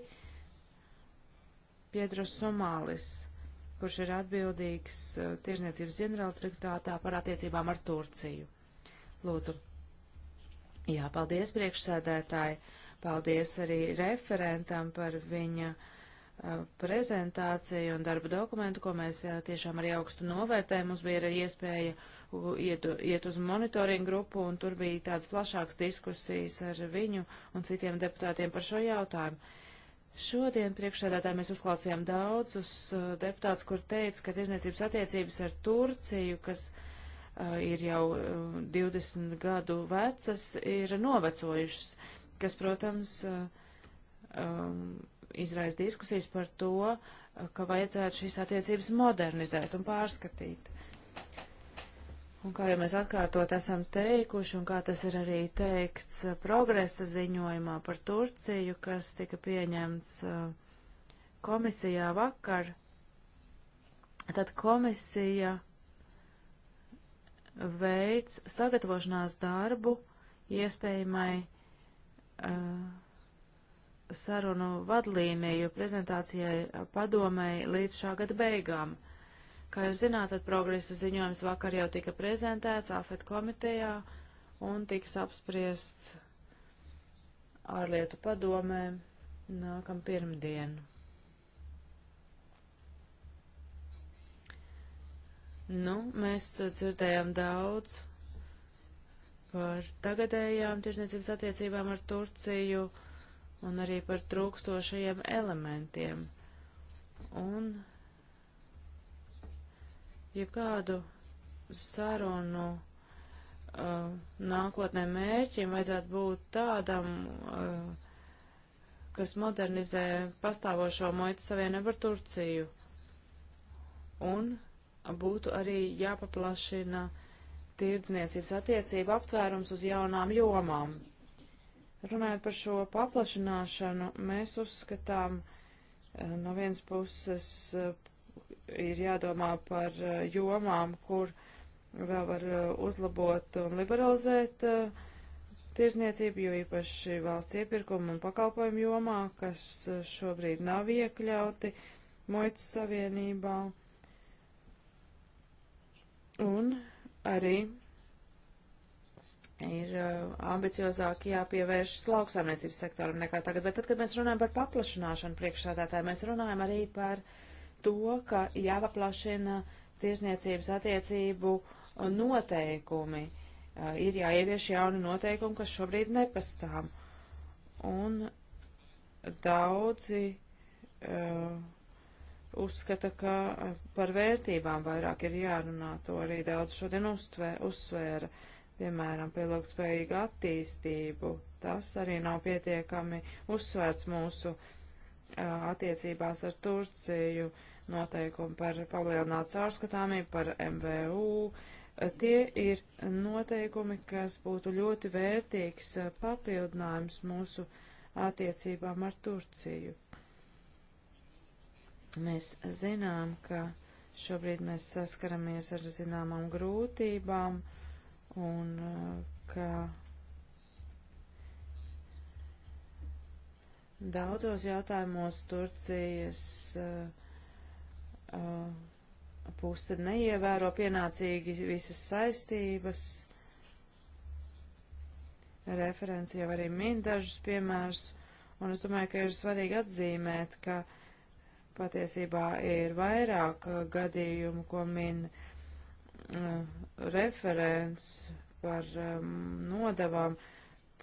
Piedros Somālis, kurš ir atbildīgs uh, Tirzniecības ģenerāldirektātā par attiecībām ar Turciju. Lūdzu. Jā, paldies priekšsēdētāji. Paldies arī referentam par viņa uh, prezentāciju un darba dokumentu, ko mēs tiešām arī augstu novērtējam. Mums bija arī iespēja iet, iet uz monitoringu grupu, un tur bija tādas plašākas diskusijas ar viņu un citiem deputātiem par šo jautājumu. Šodien priekšsēdētāji mēs uzklausījām daudzus deputātus, kur teica, ka tiesniecības attiecības ar Turciju, kas uh, ir jau uh, 20 gadu vecas, ir novecojušas, kas, protams, uh, um, izraisa diskusijas par to, ka vajadzētu šīs attiecības modernizēt un pārskatīt. Un kā jau mēs atkārtot esam teikuši, un kā tas ir arī teikts progresa ziņojumā par Turciju, kas tika pieņemts uh, komisijā vakar, tad komisija veids sagatavošanās darbu iespējamai uh, sarunu vadlīniju prezentācijai padomēji līdz šā gada beigām. Kā jūs zināt, tad progresa ziņojums vakar jau tika prezentēts AFET komitejā un tiks apspriests ārlietu padomē nākam pirmdien. Nu, mēs dzirdējām daudz par tagadējām tirsniecības attiecībām ar Turciju. Uh, un arī par trūkstošajiem elementiem. Un jebkādu sarunu uh, nākotnē mērķim vajadzētu būt tādam, uh, kas modernizē pastāvošo muitas savienību ar Turciju. Un būtu arī jāpaplašina tirdzniecības attiecību aptvērums uz jaunām jomām. Runājot par šo paplašināšanu, mēs uzskatām, eh, no vienas puses eh, ir jādomā par eh, jomām, kur vēl var uzlabot un liberalizēt tirzniecību, jo īpaši valsts iepirkuma un pakalpojumu jomā, kas šobrīd nav iekļauti muitas savienībā. Un arī ir uh, ambiciozāk jāpievēršas lauksaimniecības sektoram nekā tagad. Bet tad, kad mēs runājam par paplašināšanu priekšsādātāju, mēs runājam arī par to, ka jāpaplašina tiesniecības attiecību uh, noteikumi. Uh, ir jāievieš jauni noteikumi, kas šobrīd nepastāv. Un daudzi uh, uzskata, ka par vērtībām vairāk ir jārunā. To arī daudz šodien uztvēr, uzsvēra. Uh, piemēram, pie ilgspējīgu attīstību. Tas arī nav pietiekami uzsvērts mūsu uh, attiecībās ar Turciju, noteikumi par palielinātu caurskatāmību, par MVU. Uh, tie ir noteikumi, kas būtu ļoti vērtīgs uh, papildinājums mūsu attiecībām ar Turciju. Mēs zinām, ka šobrīd mēs saskaramies ar zināmām grūtībām, uh, un ka daudzos jautājumos Turcijas uh, uh, puse neievēro pienācīgi visas saistības. Referenci jau arī min dažus piemērus, un es domāju, ka ir svarīgi atzīmēt, ka patiesībā ir vairāk uh, gadījumu, ko min uh, Eh, referents par nodavām,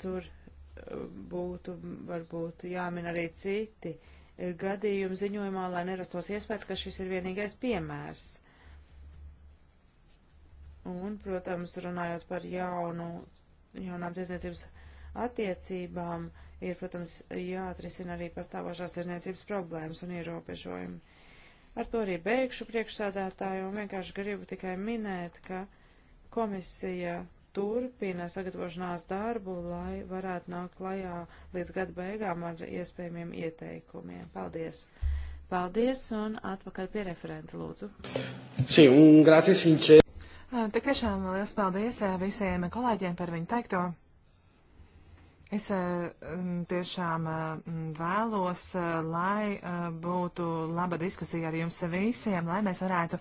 tur eh, būtu varbūt jāmin arī citi eh, gadījumi ziņojumā, lai nerastos iespējas, ka šis ir vienīgais piemērs. Un, protams, runājot par jaunu, jaunām tiesniecības attiecībām, ir, protams, jāatrisina arī pastāvošās tiesniecības problēmas un ierobežojumi. Ar to arī beigšu priekšsādātāju un vienkārši gribu tikai minēt, ka komisija turpina sagatavošanās darbu, lai varētu nākt klajā līdz gada beigām ar iespējamiem ieteikumiem. Paldies! Paldies un atpakaļ pie referenta, lūdzu. Sí, un grazie, Tik tiešām liels paldies visiem kolēģiem par viņu teikto. Es eh, tiešām eh, vēlos, eh, lai būtu laba diskusija ar jums visiem, lai mēs varētu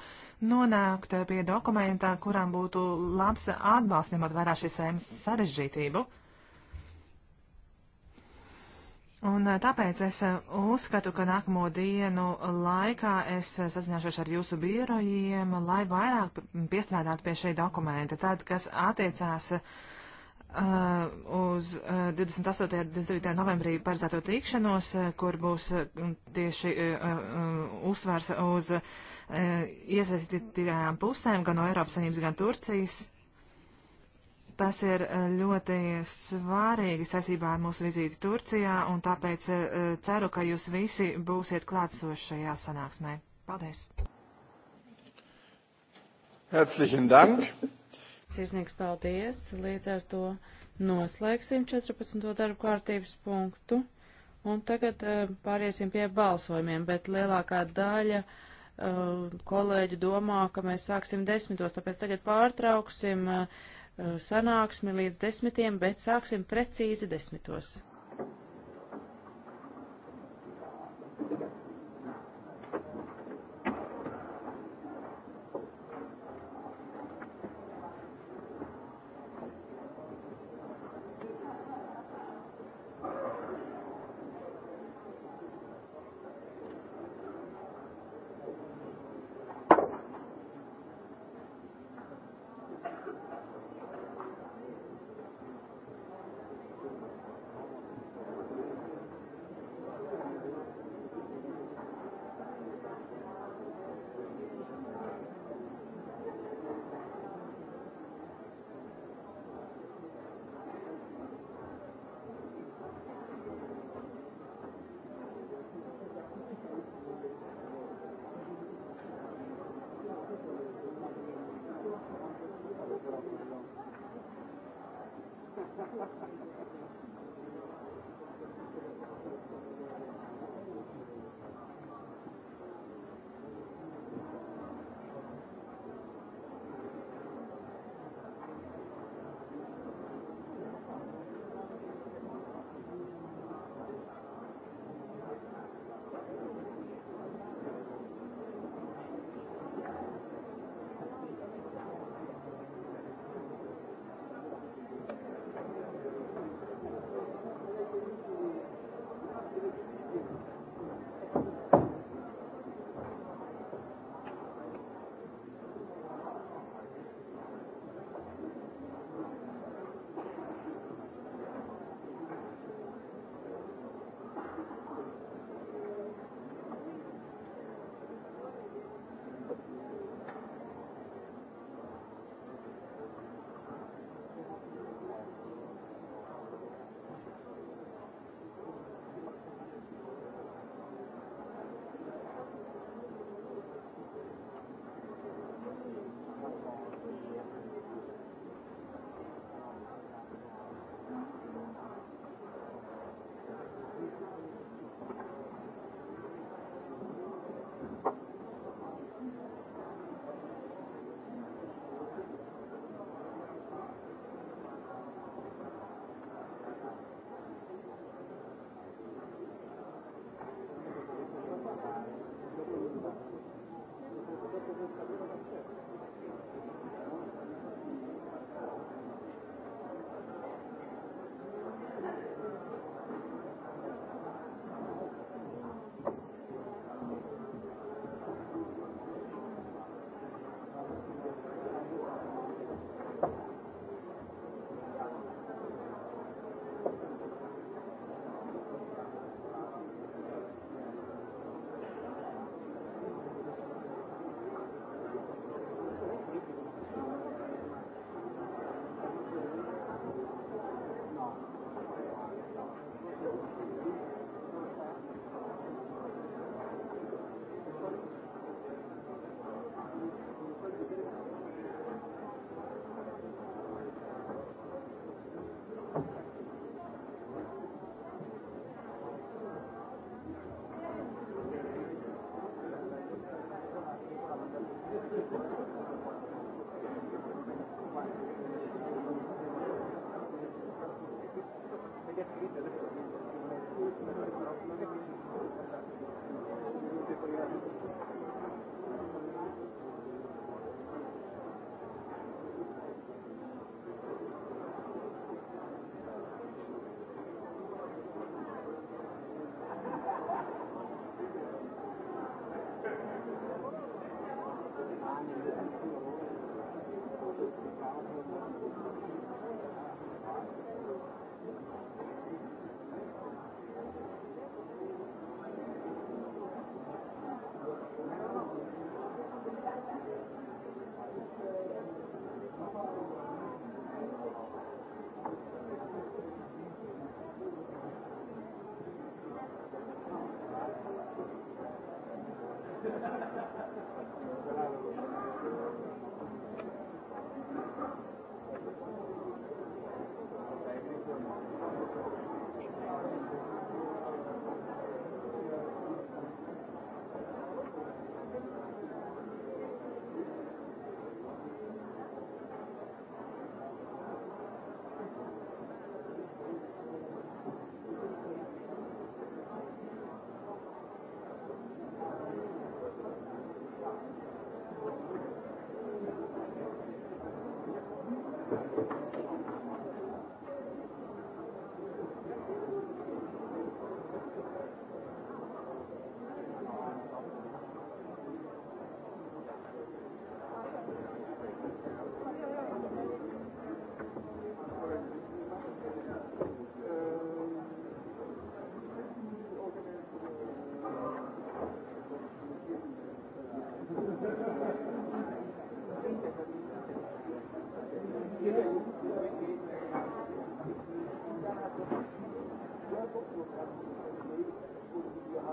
nonākt pie dokumentā, kuram būtu labs atbalsts, ņemot vērā šīs sēmas sarežģītību. Un tāpēc es uzskatu, ka nākamo dienu laikā es sazināšos ar jūsu birojiem, lai vairāk piestrādātu pie šī dokumenta, tad, kas attiecās uh, Uh, uz 28. Uh, un 29. novembrī paredzēto tikšanos, uh, kur būs tieši uzsvars uz iesaistītajām pusēm gan no Eiropas Savienības, gan Turcijas. Tas ir ļoti svarīgi saistībā ar mūsu vizīti Turcijā, un tāpēc ceru, ka jūs visi būsiet klātsoši šajā sanāksmē. Paldies! Herzlichen Dank! Sirsnīgs paldies! Līdz ar to noslēgsim 14. darbu kārtības punktu. Un tagad uh, pāriesim pie balsojumiem, bet lielākā daļa uh, kolēģi domā, ka mēs sāksim desmitos, tāpēc tagad pārtrauksim uh, sanāksmi līdz desmitiem, bet sāksim precīzi desmitos.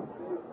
Thank you.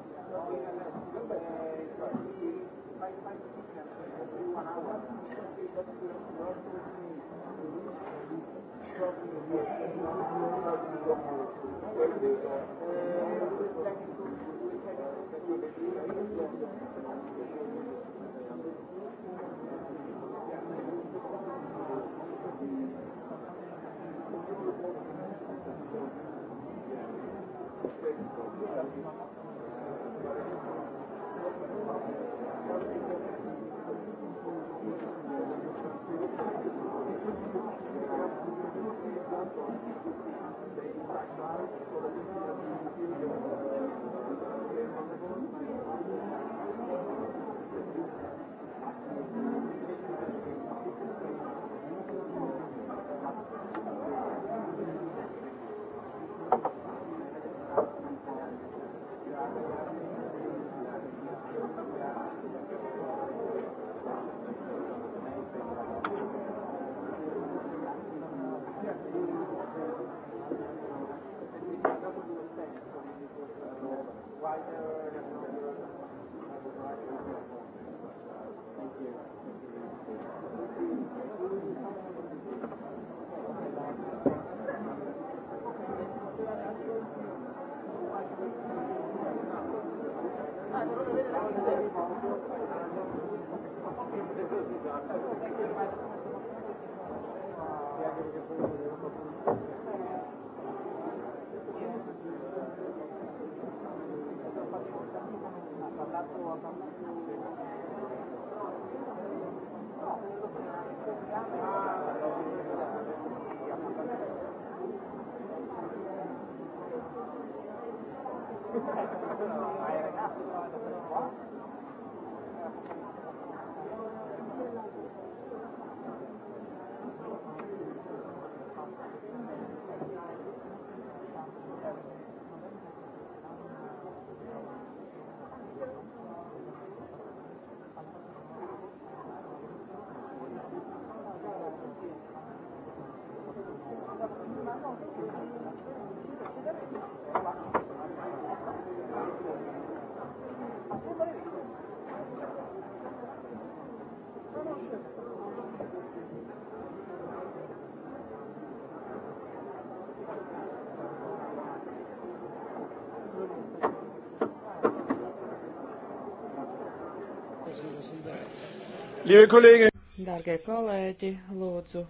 Liebe Kolēģi! Dargie kolēģi, lūdzu,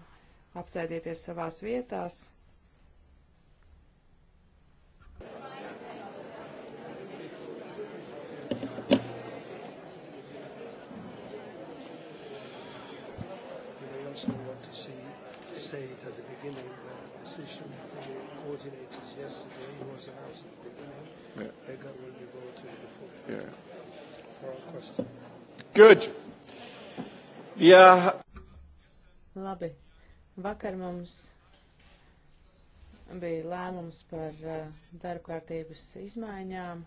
apsēdieties savās vietās. say it at the beginning that the decision of the coordinators yesterday was announced at the beginning. Yeah. Ega will be voting before. Yeah. For our question. Good. Jā. Labi. Vakar mums bija lēmums par uh, darbkārtības izmaiņām.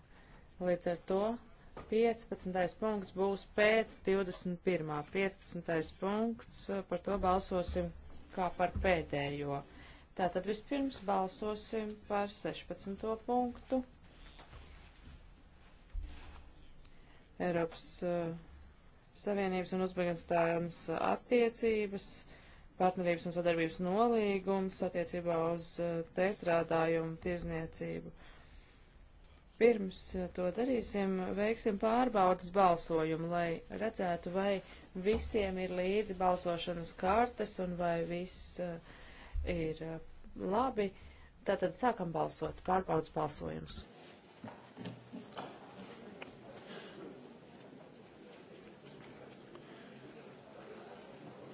Līdz ar to 15. punkts būs pēc 21. 15. punkts, uh, par to balsosim kā par pēdējo. Tātad vispirms balsosim par 16. punktu. Eiropas uh, Savienības un Uzbekistānas attiecības, partnerības un sadarbības nolīgums attiecībā uz eh, tēstrādājumu tirzniecību. Pirms eh, to darīsim, veiksim pārbaudas balsojumu, lai redzētu, vai visiem ir līdzi balsošanas kartes un vai viss eh, ir labi. Tātad sākam balsot, pārbaudas balsojums.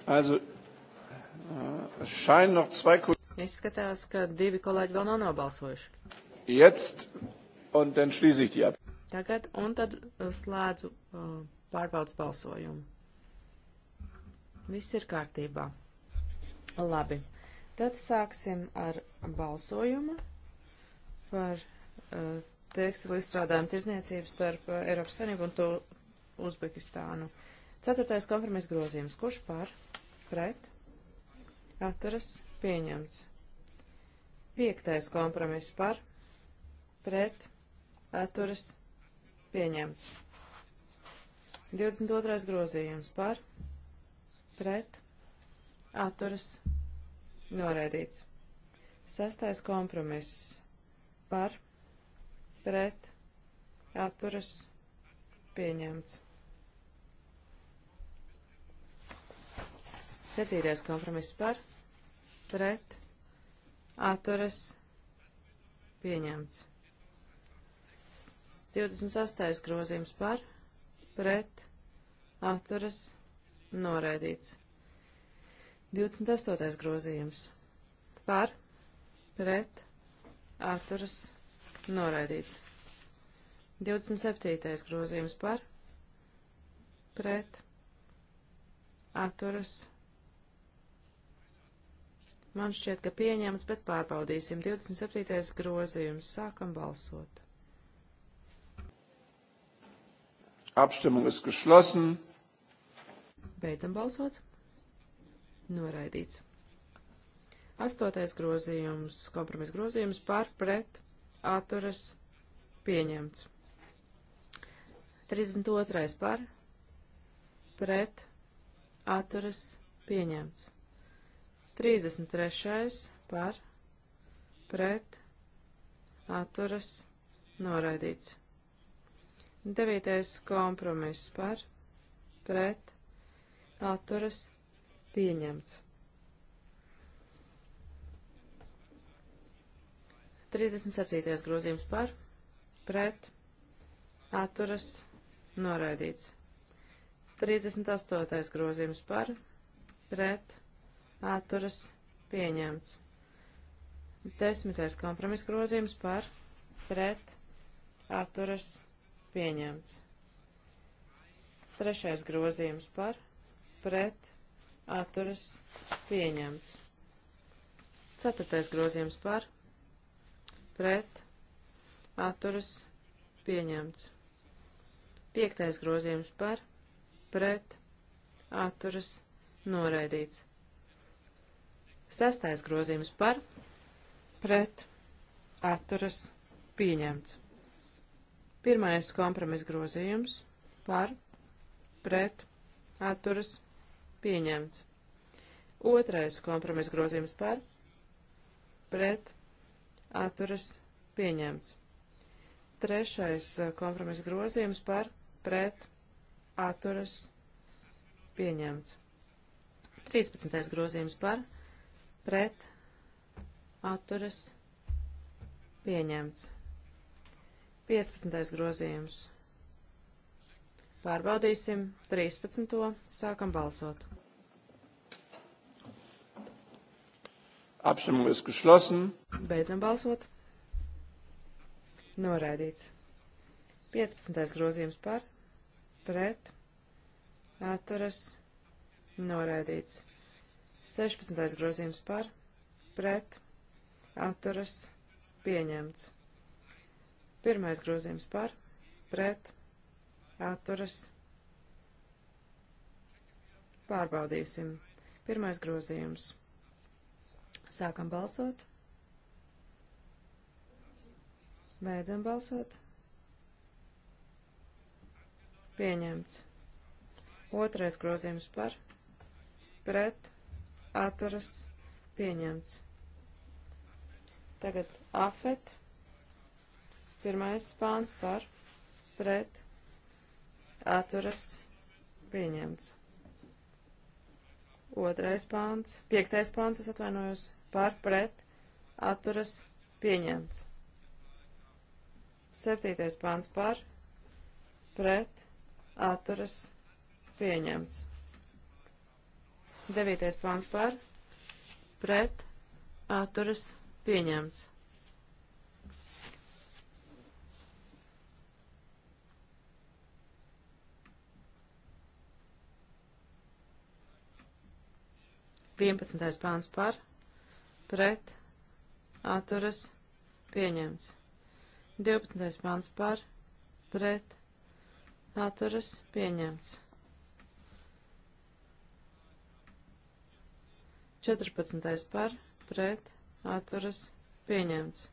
Also, äh, scheinen noch zwei Izskatās, ka divi kolēģi vēl nav nobalsojuši. Jetzt un dann schließe ich die ab. Tagad un tad uh, slēdzu uh, pārbaudas balsojumu. Viss ir kārtībā. Labi. Tad sāksim ar balsojumu par uh, tekstilu izstrādājumu tirzniecību starp uh, Eiropas Savienību un to Uzbekistānu. Uh, Ceturtais kompromiss grozījums. Kurš par? Pret? Atturas? Pieņemts. Piektais kompromiss par? Pret? Atturas? Pieņemts. 22. grozījums par? Pret? Atturas? Noraidīts. Sestais kompromiss par? Pret? Atturas? Pieņemts. Septītais kompromiss par, pret, atturas, pieņemts. 28. grozījums par, pret, atturas, noraidīts. 28. grozījums par, pret, atturas, noraidīts. 27. grozījums par, pret, atturas, noraidīts Man šķiet, ka pieņemts, bet pārbaudīsim. 27. grozījums. Sākam balsot. Abstimmung ist geschlossen. Beidzam balsot. Noraidīts. Astotais grozījums, kompromis grozījums par pret atturas pieņemts. 32. par pret atturas pieņemts. 33. par pret atturas noraidīts. 9. kompromiss par pret atturas pieņemts. 37. grozījums par pret atturas noraidīts. 38. grozījums par pret atturas atturas pieņemts. Desmitais kompromiss grozījums par pret atturas pieņemts. Trešais grozījums par pret atturas pieņemts. Ceturtais grozījums par pret atturas pieņemts. Piektais grozījums par pret atturas noraidīts. Sestais grozījums par pret atturas pieņemts. Pirmais kompromis grozījums par pret atturas pieņemts. Otrais kompromis grozījums par pret atturas pieņemts. Trešais eh, kompromis grozījums par pret atturas pieņemts. 13. grozījums par pret atturas pieņemts. 15. grozījums. Pārbaudīsim 13. sākam balsot. Abstimmung ist geschlossen. Beidzam balsot. Noraidīts. 15. grozījums par, pret, atturas, noraidīts. 16. grozījums par, pret, atturas, pieņemts. Pirmais grozījums par, pret, atturas, pārbaudīsim. Pirmais grozījums. Sākam balsot. Beidzam balsot. Pieņemts. Otrais grozījums par, pret, atturas pieņemts. Tagad afet, pirmais spāns par, pret, atturas pieņemts. Otrais pāns, piektais pāns, es atvainojos, par, pret, atturas pieņemts. Septītais pāns par, pret, atturas pieņemts. Devītais pāns par pret atturas pieņemts. Vienpadsmitais pāns par pret atturas pieņemts. 12. pāns par pret atturas pieņemts. 14. par pret atturas pieņemts.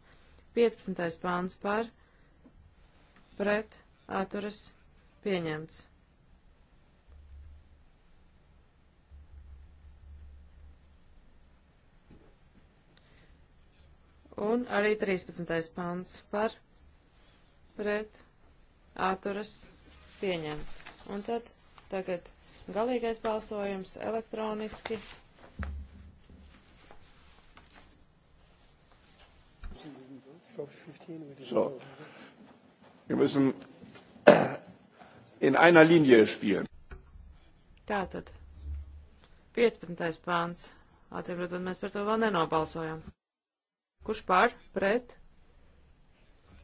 15. pāns par pret atturas pieņemts. Un arī 13. pāns par pret atturas pieņemts. Un tad tagad galīgais balsojums elektroniski. So. Wir müssen in einer Linie spielen. Tātad. 15. pāns. Acīm redzot, mēs par to vēl nenobalsojam. Kurš pār, pret,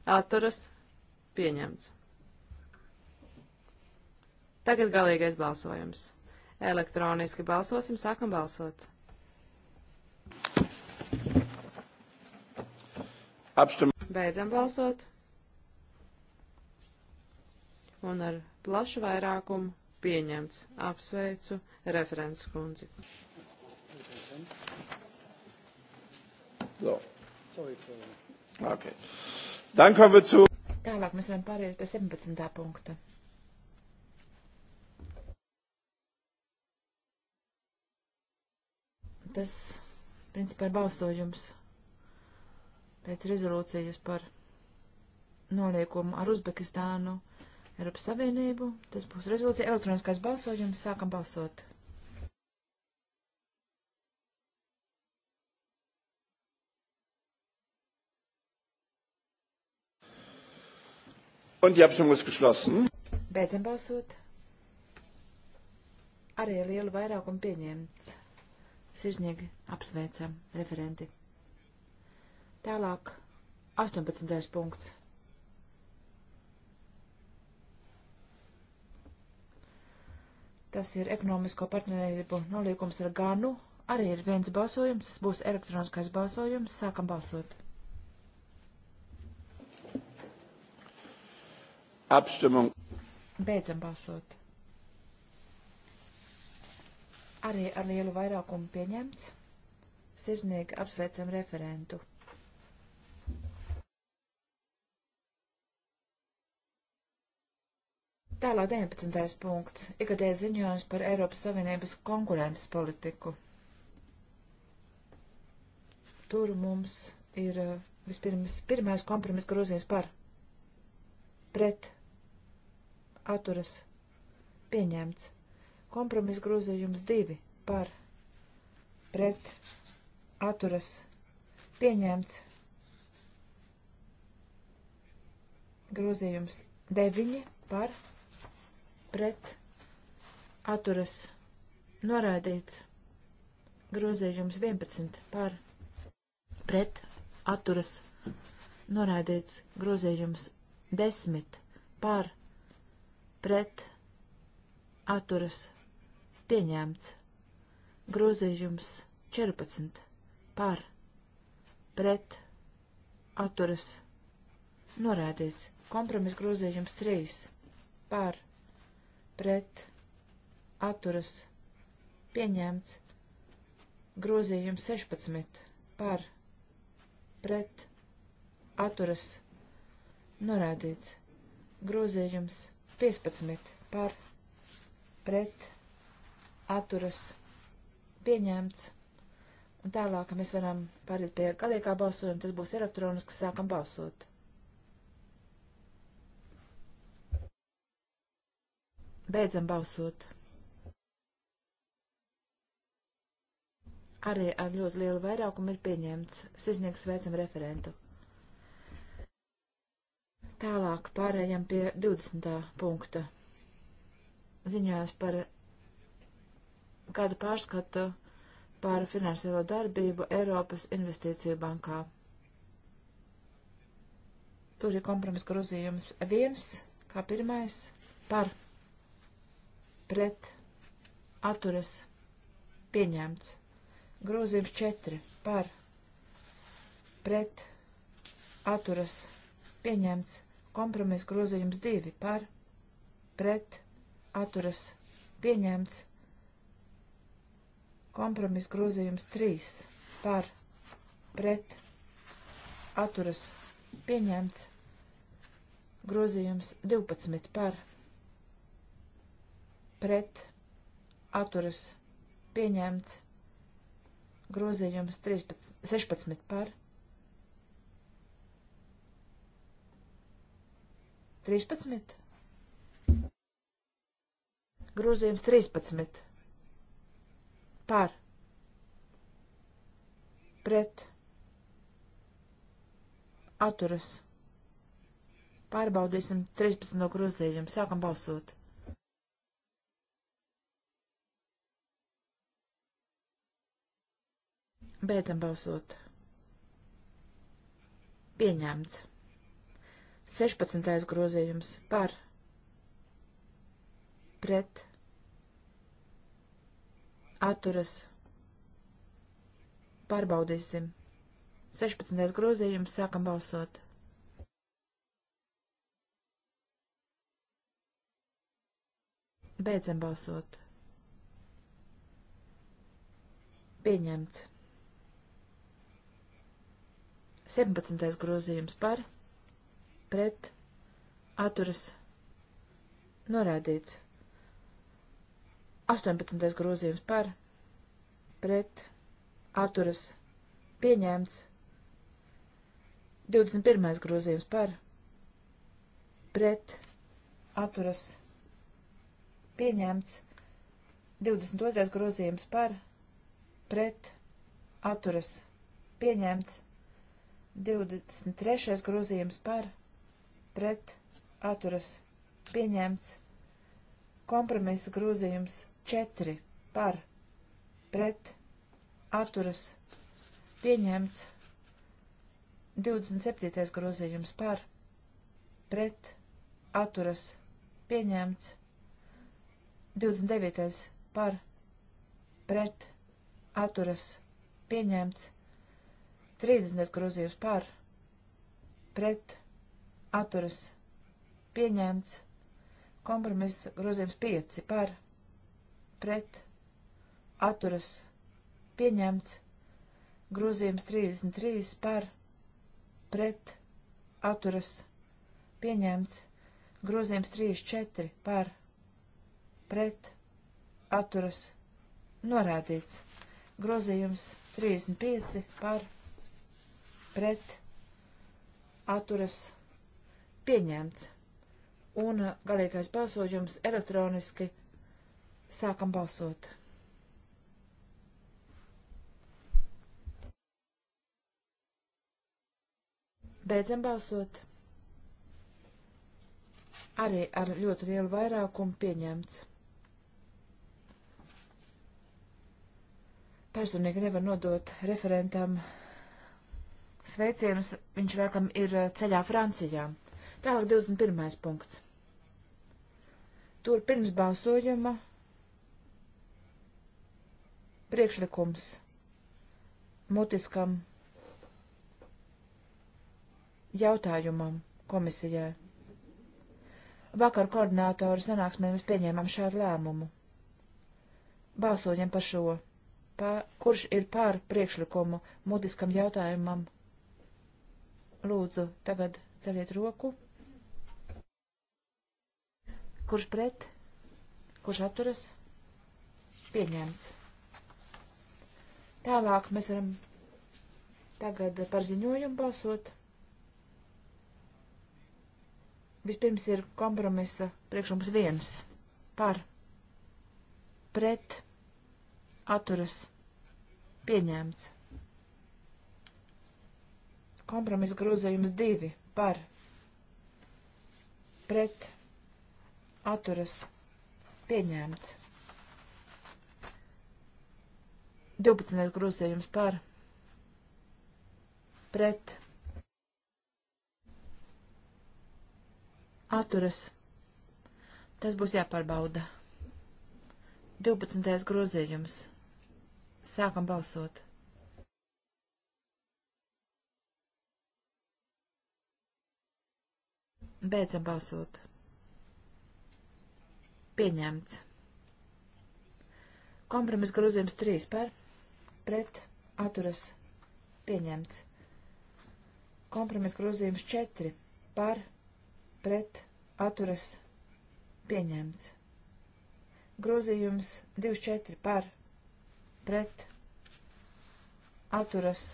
atturas, pieņemts. Tagad galīgais balsojums. Elektroniski balsosim, sākam balsot. Abstimmen. Beidzam balsot. Un ar plašu vairākumu pieņemts. Apsveicu referents kundzi. So. Okay. Dann kommen wir zu. Tālāk mēs varam pāriet pie 17. punkta. Tas, principā, ir balsojums pēc rezolūcijas par noliekumu ar Uzbekistānu Eiropas Savienību. Tas būs rezolūcija elektroniskais balsojums. Sākam balsot. Un die Abstimmung ist geschlossen. Beidzam balsot. Arī lielu vairākumu pieņemts. Sirsnīgi apsveicam referenti. Tālāk 18. punkts. Tas ir ekonomisko partnerību nolīgums ar Ganu. Arī ir viens balsojums, būs elektroniskais balsojums. Sākam balsot. Abstimmung. Beidzam balsot. Arī ar lielu vairākumu pieņemts. Sirsnīgi apsveicam referentu. Tālāk 19. punkts. Ikadēļ ziņojums par Eiropas Savienības konkurences politiku. Tur mums ir eh, vispirms pirmais kompromiss grozījums par pret atturas pieņemts. Kompromiss grozījums divi par pret atturas pieņemts. Grozījums deviņi par pret pret atturas noraidīts. Grozījums 11 par pret atturas noraidīts. Grozījums 10 par pret atturas pieņemts. Grozījums 14 par pret atturas noraidīts. Kompromis grozījums 3 par pret atturas pieņemts grozījums 16 par pret atturas norādīts grozījums 15 par pret atturas pieņemts un tālāk mēs varam pāriet pie galīgā balsojuma tas būs elektronisks sākam balsot Beidzam balsot. Arī ar ļoti lielu vairākumu ir pieņemts. Sizniegs sveicam referentu. Tālāk pārējām pie 20. punkta. Ziņās par kādu pārskatu par finansiālo darbību Eiropas investīciju bankā. Tur ir kompromis grozījums viens, kā pirmais, par pret atturas pieņemts. Grozījums 4 par pret atturas pieņemts. Kompromis grozījums 2 par pret atturas pieņemts. Kompromis grozījums 3 par pret atturas pieņemts. Grozījums 12 par pret pret atturas pieņemts grozījums 13, 16 par 13. Grozījums 13 par pret atturas pārbaudīsim 13 no grozījuma. Sākam balsot. Beidzam balsot. Pieņemts. 16. grozījums par pret atturas pārbaudīsim. 16. grozījums sākam balsot. Beidzam balsot. Pieņemts. 17. grozījums par pret atturas norādīts. 18. grozījums par pret atturas pieņemts. 21. grozījums par pret atturas pieņemts. 22. grozījums par pret atturas pieņemts. 23. grozījums par pret atturas pieņemts. Kompromisa grozījums 4 par pret atturas pieņemts. 27. grozījums par pret atturas pieņemts. 29. par pret atturas pieņemts. 30. grozījums par pret atturas pieņemts. Kompromiss grozījums 5 par pret atturas pieņemts. Grozījums 33 par pret atturas pieņemts. Grozījums 34 par pret atturas norādīts. Grozījums 35 par pret pret atturas pieņemts. Un uh, galīgais balsojums elektroniski sākam balsot. Beidzam balsot. Arī ar ļoti lielu vairākumu pieņemts. Personīgi nevar nodot referentam Sveicienus viņš vēkam ir eh, ceļā Francijā. Tālāk 21. punkts. Tur pirms balsojuma priekšlikums mutiskam jautājumam komisijai. Vakar koordinātoru sanāksmē mēs pieņēmām šādu lēmumu. Balsojam par šo, pa, kurš ir pār priekšlikumu mutiskam jautājumam Lūdzu, tagad celiet roku. Kurš pret? Kurš atturas? Pieņemts. Tālāk mēs varam tagad par ziņojumu balsot. Vispirms ir kompromisa priekšlikums viens par pret atturas pieņemts. Kompromis grozījums 2 par pret atturas pieņemts. 12. grozījums par pret atturas. Tas būs jāpārbauda. 12. grozījums. Sākam balsot. Beidzam balsot. Pieņemts. Kompromis grozījums 3 par, pret, atturas, pieņemts. Kompromis grozījums 4 par, pret, atturas, pieņemts. Grozījums 24 par, pret, atturas.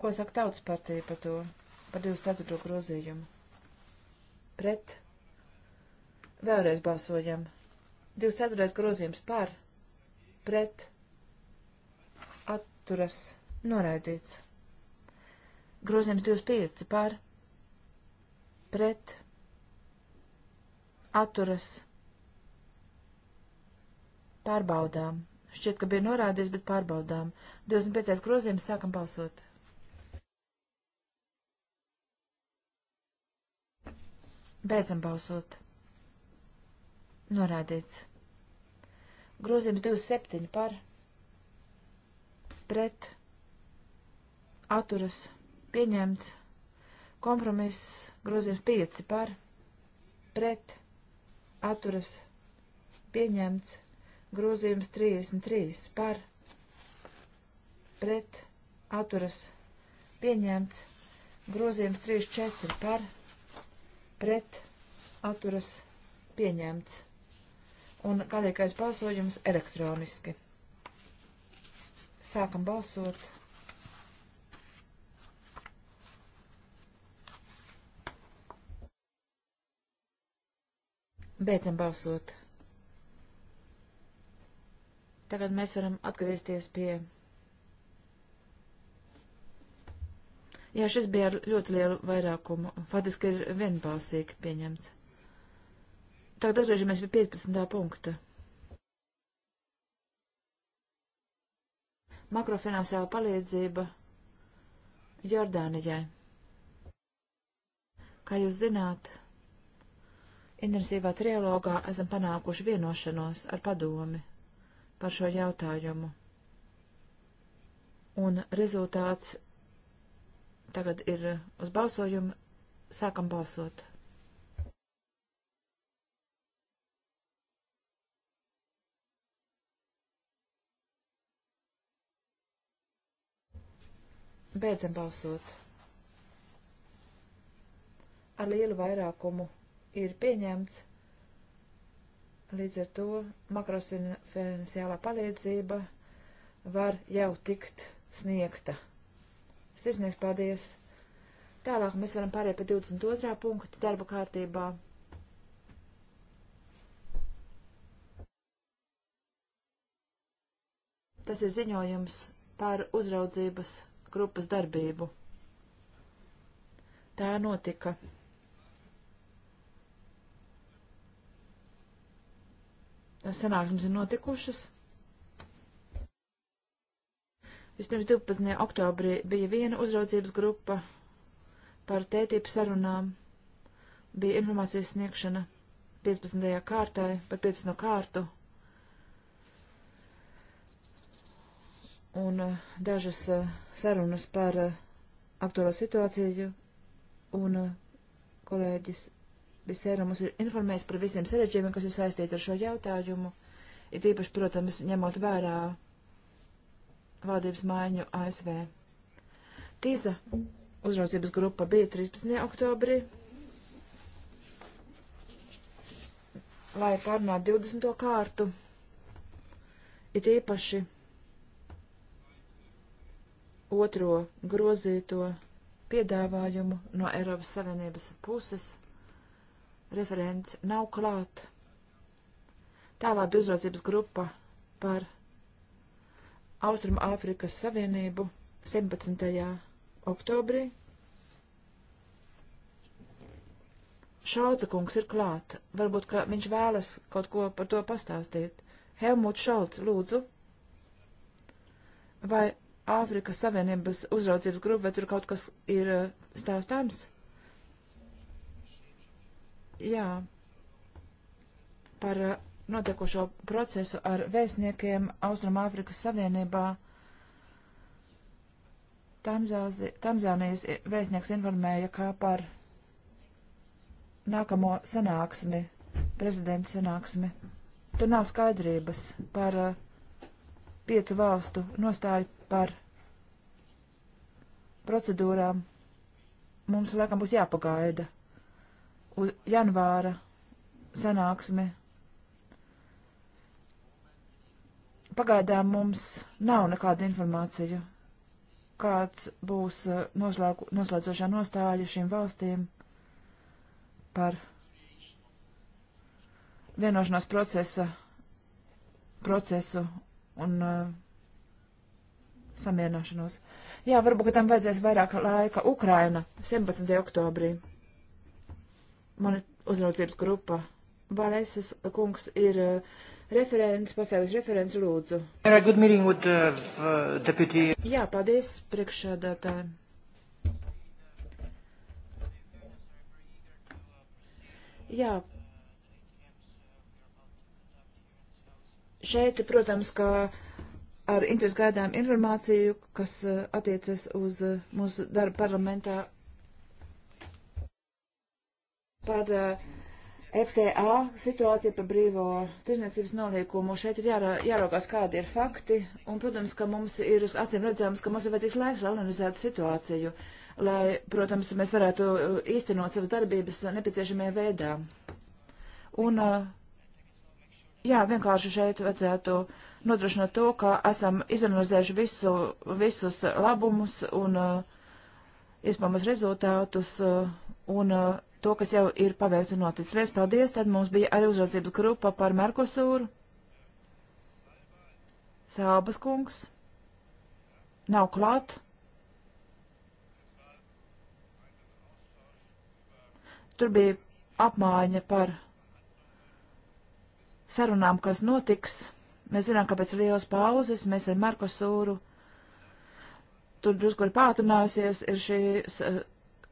Ko saka tautas partija par to? par 24. grozījumu. Pret. Vēlreiz balsojam. 24. grozījums par. Pret. Atturas. Noraidīts. Grozījums 25 par. Pret. Atturas. Pārbaudām. Šķiet, ka bija norādīts, bet pārbaudām. 25. grozījums sākam balsot. Beidzam balsot. Norādīts. Grozījums 27 par pret atturas pieņemts. Kompromiss grozījums 5 par pret atturas pieņemts. Grozījums 33 par pret atturas pieņemts. Grozījums 34 par pret pret atturas pieņemts. Un galīgais balsojums elektroniski. Sākam balsot. Beidzam balsot. Tagad mēs varam atgriezties pie Jā, šis bija ar ļoti lielu vairākumu. Faktiski ir vienbalsīgi pieņemts. Tagad atgriežamies pie 15. punkta. Makrofinansāla palīdzība Jordānijai. Kā jūs zināt, intensīvā trialogā esam panākuši vienošanos ar padomi par šo jautājumu. Un rezultāts Tagad ir uz balsojumu. Sākam balsot. Beidzam balsot. Ar lielu vairākumu ir pieņemts. Līdz ar to makrosfinansiālā palīdzība var jau tikt sniegta. Sisnieks, paldies! Tālāk mēs varam pārēt pie 22. punkta darba kārtībā. Tas ir ziņojums par uzraudzības grupas darbību. Tā notika. Sanāksmes ir notikušas. Vispirms 12. oktobrī bija viena uzraudzības grupa par tētību sarunām, bija informācijas sniegšana 15. kārtai par 15. kārtu. Un uh, dažas uh, sarunas par uh, aktuālo situāciju, un kolēģis Bisēra mums ir informējis par visiem sarežģījumiem, kas ir saistīti ar šo jautājumu, ir īpaši, protams, ņemot vērā uh, valdības maiņu ASV. Tīza uzraudzības grupa bija 13. oktobrī, lai pārunātu 20. kārtu. It īpaši otro grozīto piedāvājumu no Eiropas Savienības puses. Referents nav klāt. Tālāk uzraudzības grupa par Austrum Āfrikas Savienību 17. oktobrī. Šauca kungs ir klāt. Varbūt, ka viņš vēlas kaut ko par to pastāstīt. Helmut Šauc, lūdzu. Vai Āfrikas Savienības uzraudzības grupa, vai tur kaut kas ir uh, stāstāms? Jā. Par uh, notiekošo procesu ar vēstniekiem Austrumāfrikas Savienībā. Tanzānijas vēstnieks informēja, kā par nākamo sanāksmi, prezidenta sanāksmi. Tur nav skaidrības par uh, piecu valstu nostāju par procedūrām. Mums, laikam, būs jāpagaida uz janvāra sanāksmi Pagaidām mums nav nekāda informācija, kāds būs eh, noslēgu, noslēdzošā nostāja šīm valstīm par vienošanās procesa, procesu un uh, samierināšanos. Jā, varbūt tam vajadzēs vairāk laika. Ukraina 17. oktobrī. Man ir uzraudzības grupa. Valēsas kungs ir uh, Referents, pastāvis referents, lūdzu. Uh, Jā, paldies priekšādātājiem. Jā. Šeit, protams, ka ar interesi gaidām informāciju, kas uh, attiecas uz uh, mūsu darbu parlamentā par uh, FTA situācija par brīvo tirzniecības noliekumu. Šeit ir jārā, jāraugās, kādi ir fakti. Un, protams, ka mums ir acīm redzams, ka mums ir vajadzīgs laiks, lai analizētu situāciju, lai, protams, mēs varētu uh, īstenot savas darbības nepieciešamajā veidā. Un, uh, jā, vienkārši šeit vajadzētu nodrošināt to, ka esam izanalizējuši visu, visus labumus un uh, iespējamos rezultātus. Un, to, kas jau ir paveikts un noticis. Lies paldies, tad mums bija arī uzraudzības grupa par Merkosūru. Sābas kungs. Nav klāt. Tur bija apmaiņa par sarunām, kas notiks. Mēs zinām, ka pēc lielas pauzes mēs ar Merkosūru tur drusku ir pātrinājusies, ir šīs. Uh,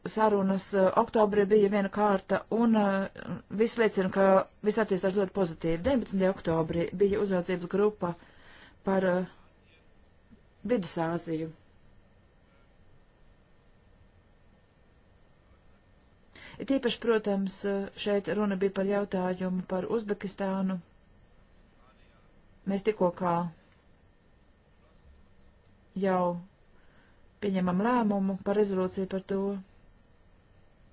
sarunas eh, oktobrī bija viena kārta, un uh, viss liecina, ka viss attīstās ļoti pozitīvi. 19. oktobrī bija uzraudzības grupa par uh, Vidusāziju. It īpaši, protams, šeit runa bija par jautājumu par Uzbekistānu. Mēs tikko kā jau pieņemam lēmumu par rezolūciju par to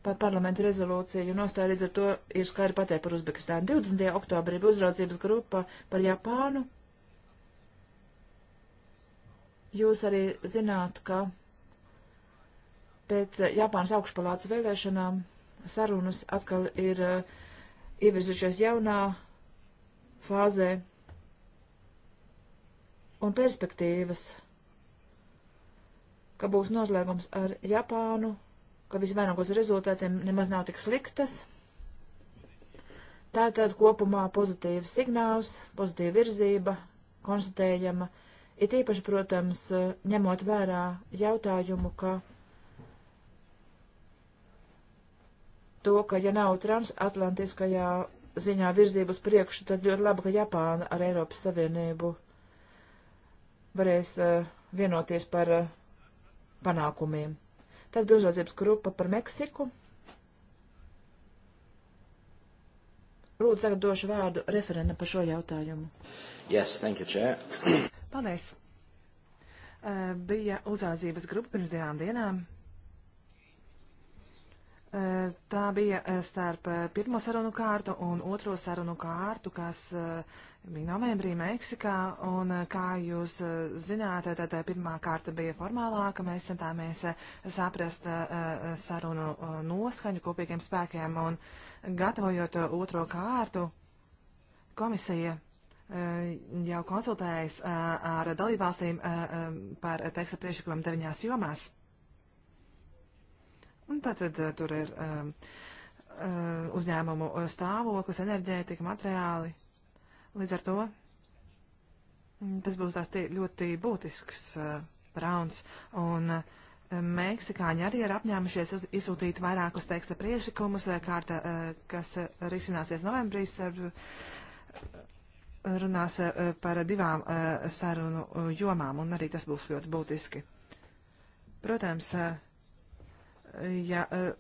par parlamentu rezolūciju, un nostāja līdz ar to ir skaidri pateikt par Uzbekistānu. 20. oktobrī bija uzraudzības grupa par Japānu. Jūs arī zināt, ka pēc Japānas augšpalātas vēlēšanām sarunas atkal ir uh, eh, ievirzušies jaunā fāzē un perspektīvas, ka būs noslēgums ar Japānu ka visvairākos rezultātiem nemaz nav tik sliktas. Tātad kopumā pozitīvs signāls, pozitīva virzība, konstatējama, ir īpaši, protams, ņemot vērā jautājumu, ka to, ka ja nav transatlantiskajā ziņā virzības priekšu, tad ļoti labi, ka Japāna ar Eiropas Savienību varēs uh, vienoties par uh, panākumiem. Tad brīvžodzības grupa par Meksiku. Lūdzu, tagad došu vārdu referenta par šo jautājumu. Yes, thank you, Chair. Paldies. Bija uzrādzības grupa pirms divām dienām. Eh, tā bija eh, starp eh, pirmo sarunu kārtu un otro sarunu kārtu, kas bija novembrī Meksikā. Un, kā jūs zināt, tad pirmā kārta bija formālāka. Mēs centāmies saprast sarunu noskaņu kopīgiem spēkiem un gatavojot otro kārtu. Komisija jau konsultējas ar dalībvalstīm par teksta priekšlikumiem deviņās jomās. Un tātad eh, tur ir um, uzņēmumu eh, stāvoklis, enerģētika, materiāli. Līdz ar to mm, tas būs tās ļoti būtisks uh, rauns. Un uh, Meksikāņi arī ir apņēmušies izsūtīt vairākus teksta priešlikumus, kārta, uh, kas risināsies novembrī. Runās par divām sarunu jomām, un arī tas būs ļoti būtiski. Protams, uh, ja e,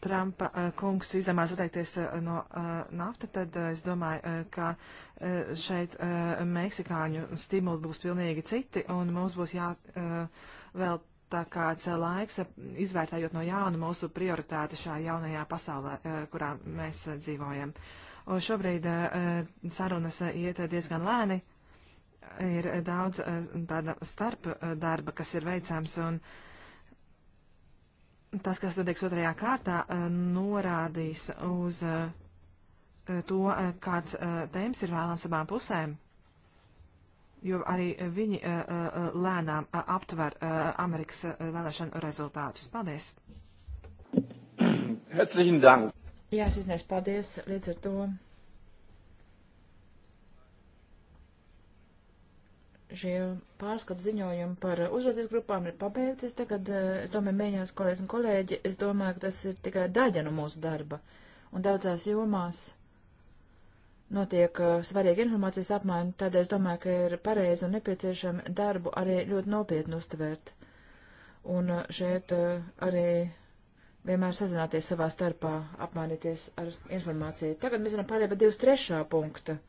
Trumpa e, kungs izdomās atteikties e, no nafta, tad es domāju, ka šeit meksikāņu stimuli būs pilnīgi citi, un mums būs jā vēl tā kāds laiks, izvērtējot no jauna mūsu prioritāti šajā jaunajā pasaulē, kurā mēs dzīvojam. Un šobrīd sarunas iet diezgan lēni. Ir daudz tāda starp darba, kas ir veicams, un uh, tas, kas notiks otrajā kārtā, eh, norādīs uz eh, to, eh, kāds temps ir vēlams abām pusēm, jo arī viņi lēnām aptver Amerikas vēlēšanu rezultātus. Paldies! Herzlichen Dank! Jā, es izniešu paldies, līdz ar to. šie pārskatu ziņojumi par uzraudzības grupām ir pabeigties. Tagad, eh, es domāju, mēģinās kolēģis un kolēģi, es domāju, ka tas ir tikai daļa no mūsu darba. Un daudzās jomās notiek eh, svarīga informācijas apmaiņa, tādēļ es domāju, ka ir pareizi un nepieciešami darbu arī ļoti nopietni uztvērt. Un eh, šeit arī vienmēr sazināties savā starpā, apmainīties ar informāciju. Tagad mēs varam pārējāt pie 23. punkta.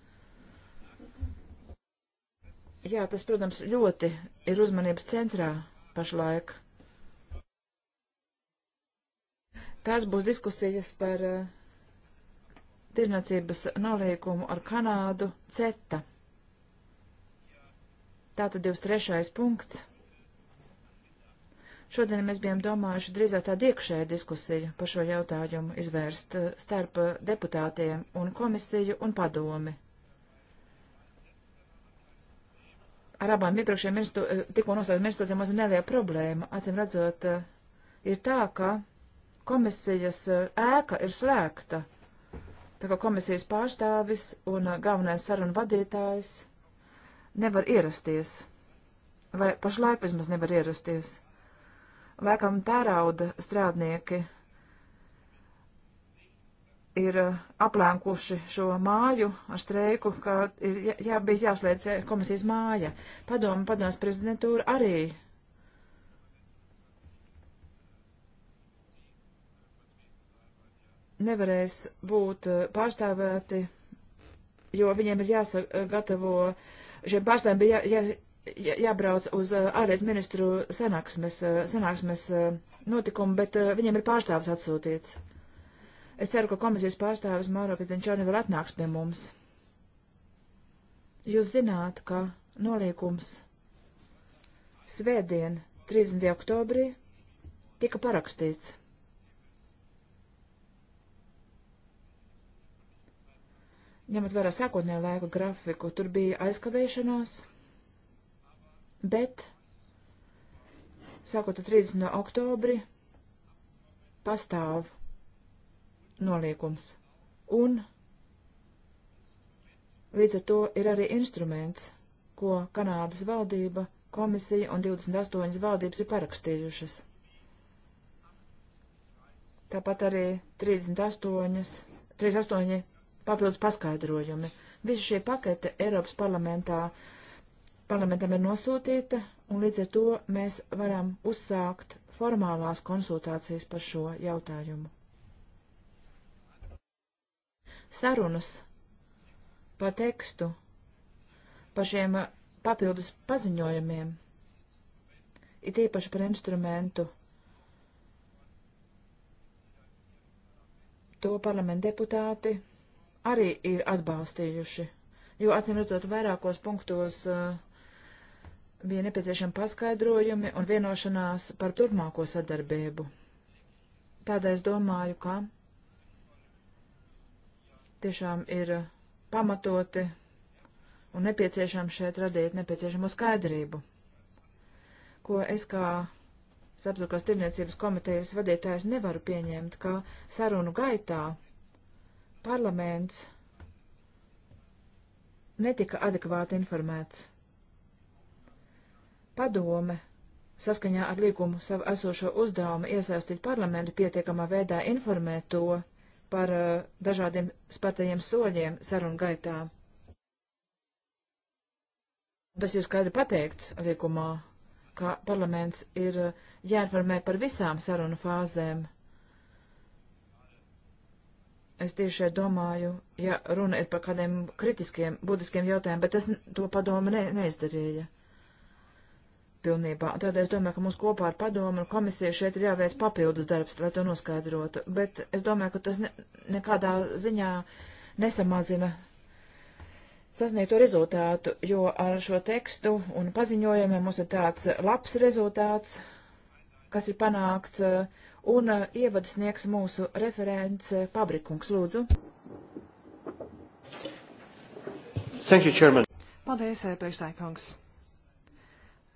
Jā, tas, protams, ļoti ir uzmanības centrā pašlaik. Tās būs diskusijas par uh, eh, tirnācības nolīkumu ar Kanādu CETA. Tātad 23. punkts. Šodien mēs bijām domājuši drīzāk tādu iekšēju diskusiju par šo jautājumu izvērst eh, starp eh, deputātiem un komisiju un padomi. ar abām iepriekšējām eh, tikko nostādījām ministrotiem maz neliela problēma. Acīm redzot, eh, ir tā, ka komisijas eh, ēka ir slēgta. Tā kā komisijas pārstāvis un galvenais sarunu vadītājs nevar ierasties. Vai pašlaik vismaz nevar ierasties. Laikam tērauda strādnieki ir eh, aplēnkuši šo māju ar streiku, ka ir jā, jā bija jāslēdz eh, komisijas māja. Padomu, padomas prezidentūra arī. Nevarēs būt eh, pārstāvēti, jo viņiem ir jāsagatavo, šiem pārstāvjiem bija jā, jā, jābrauc uz ārlietu ministru sanāksmes, sanāksmes notikumu, bet viņiem ir pārstāvs atsūtīts. Es ceru, ka komisijas pārstāvis Māro Pitančoni vēl atnāks pie mums. Jūs zināt, ka nolīkums svētdien, 30. oktobrī, tika parakstīts. Ņemot vērā sākotnējo laika grafiku, tur bija aizkavēšanās, bet sākot ar 30. oktobri pastāv noliekums. Un līdz ar to ir arī instruments, ko Kanādas valdība, komisija un 28 valdības ir parakstījušas. Tāpat arī 38, 38 papildus paskaidrojumi. Visi šie pakete Eiropas parlamentā parlamentam ir nosūtīta, un līdz ar to mēs varam uzsākt formālās konsultācijas par šo jautājumu sarunas par tekstu, par šiem papildus paziņojumiem, it īpaši par instrumentu. To parlamenta deputāti arī ir atbalstījuši, jo acīm redzot vairākos punktos uh, bija nepieciešami paskaidrojumi un vienošanās par turpmāko sadarbību. Tādēļ es domāju, ka tiešām ir pamatoti un nepieciešams šeit radīt nepieciešamo skaidrību, ko es kā starptautiskās tirniecības komitejas vadītājs nevaru pieņemt, ka sarunu gaitā parlaments netika adekvāti informēts. Padome saskaņā ar līgumu savu esošo uzdevumu iesaistīt parlamentu pietiekamā veidā informēt to, par uh, dažādiem spērtajiem soļiem sarunu gaitā. Tas ir skaidri pateikts liekumā, ka parlaments ir uh, jāinformē par visām sarunu fāzēm. Es tiešai domāju, ja runa ir par kādiem kritiskiem, būtiskiem jautājumiem, bet tas to padomu ne, neizdarīja. Uh, pilnībā. Tad es domāju, ka mums kopā ar padomu un komisiju šeit ir jāveic papildus darbs, lai to noskaidrotu. Bet es domāju, ka tas ne, nekādā ziņā nesamazina sasniegto rezultātu, jo ar šo tekstu un paziņojumiem mums ir tāds labs rezultāts, kas ir panākts, un ievadu sniegs mūsu referents Pabrikungs, lūdzu. Thank you, Chairman. Paldies, priekšstājkungs.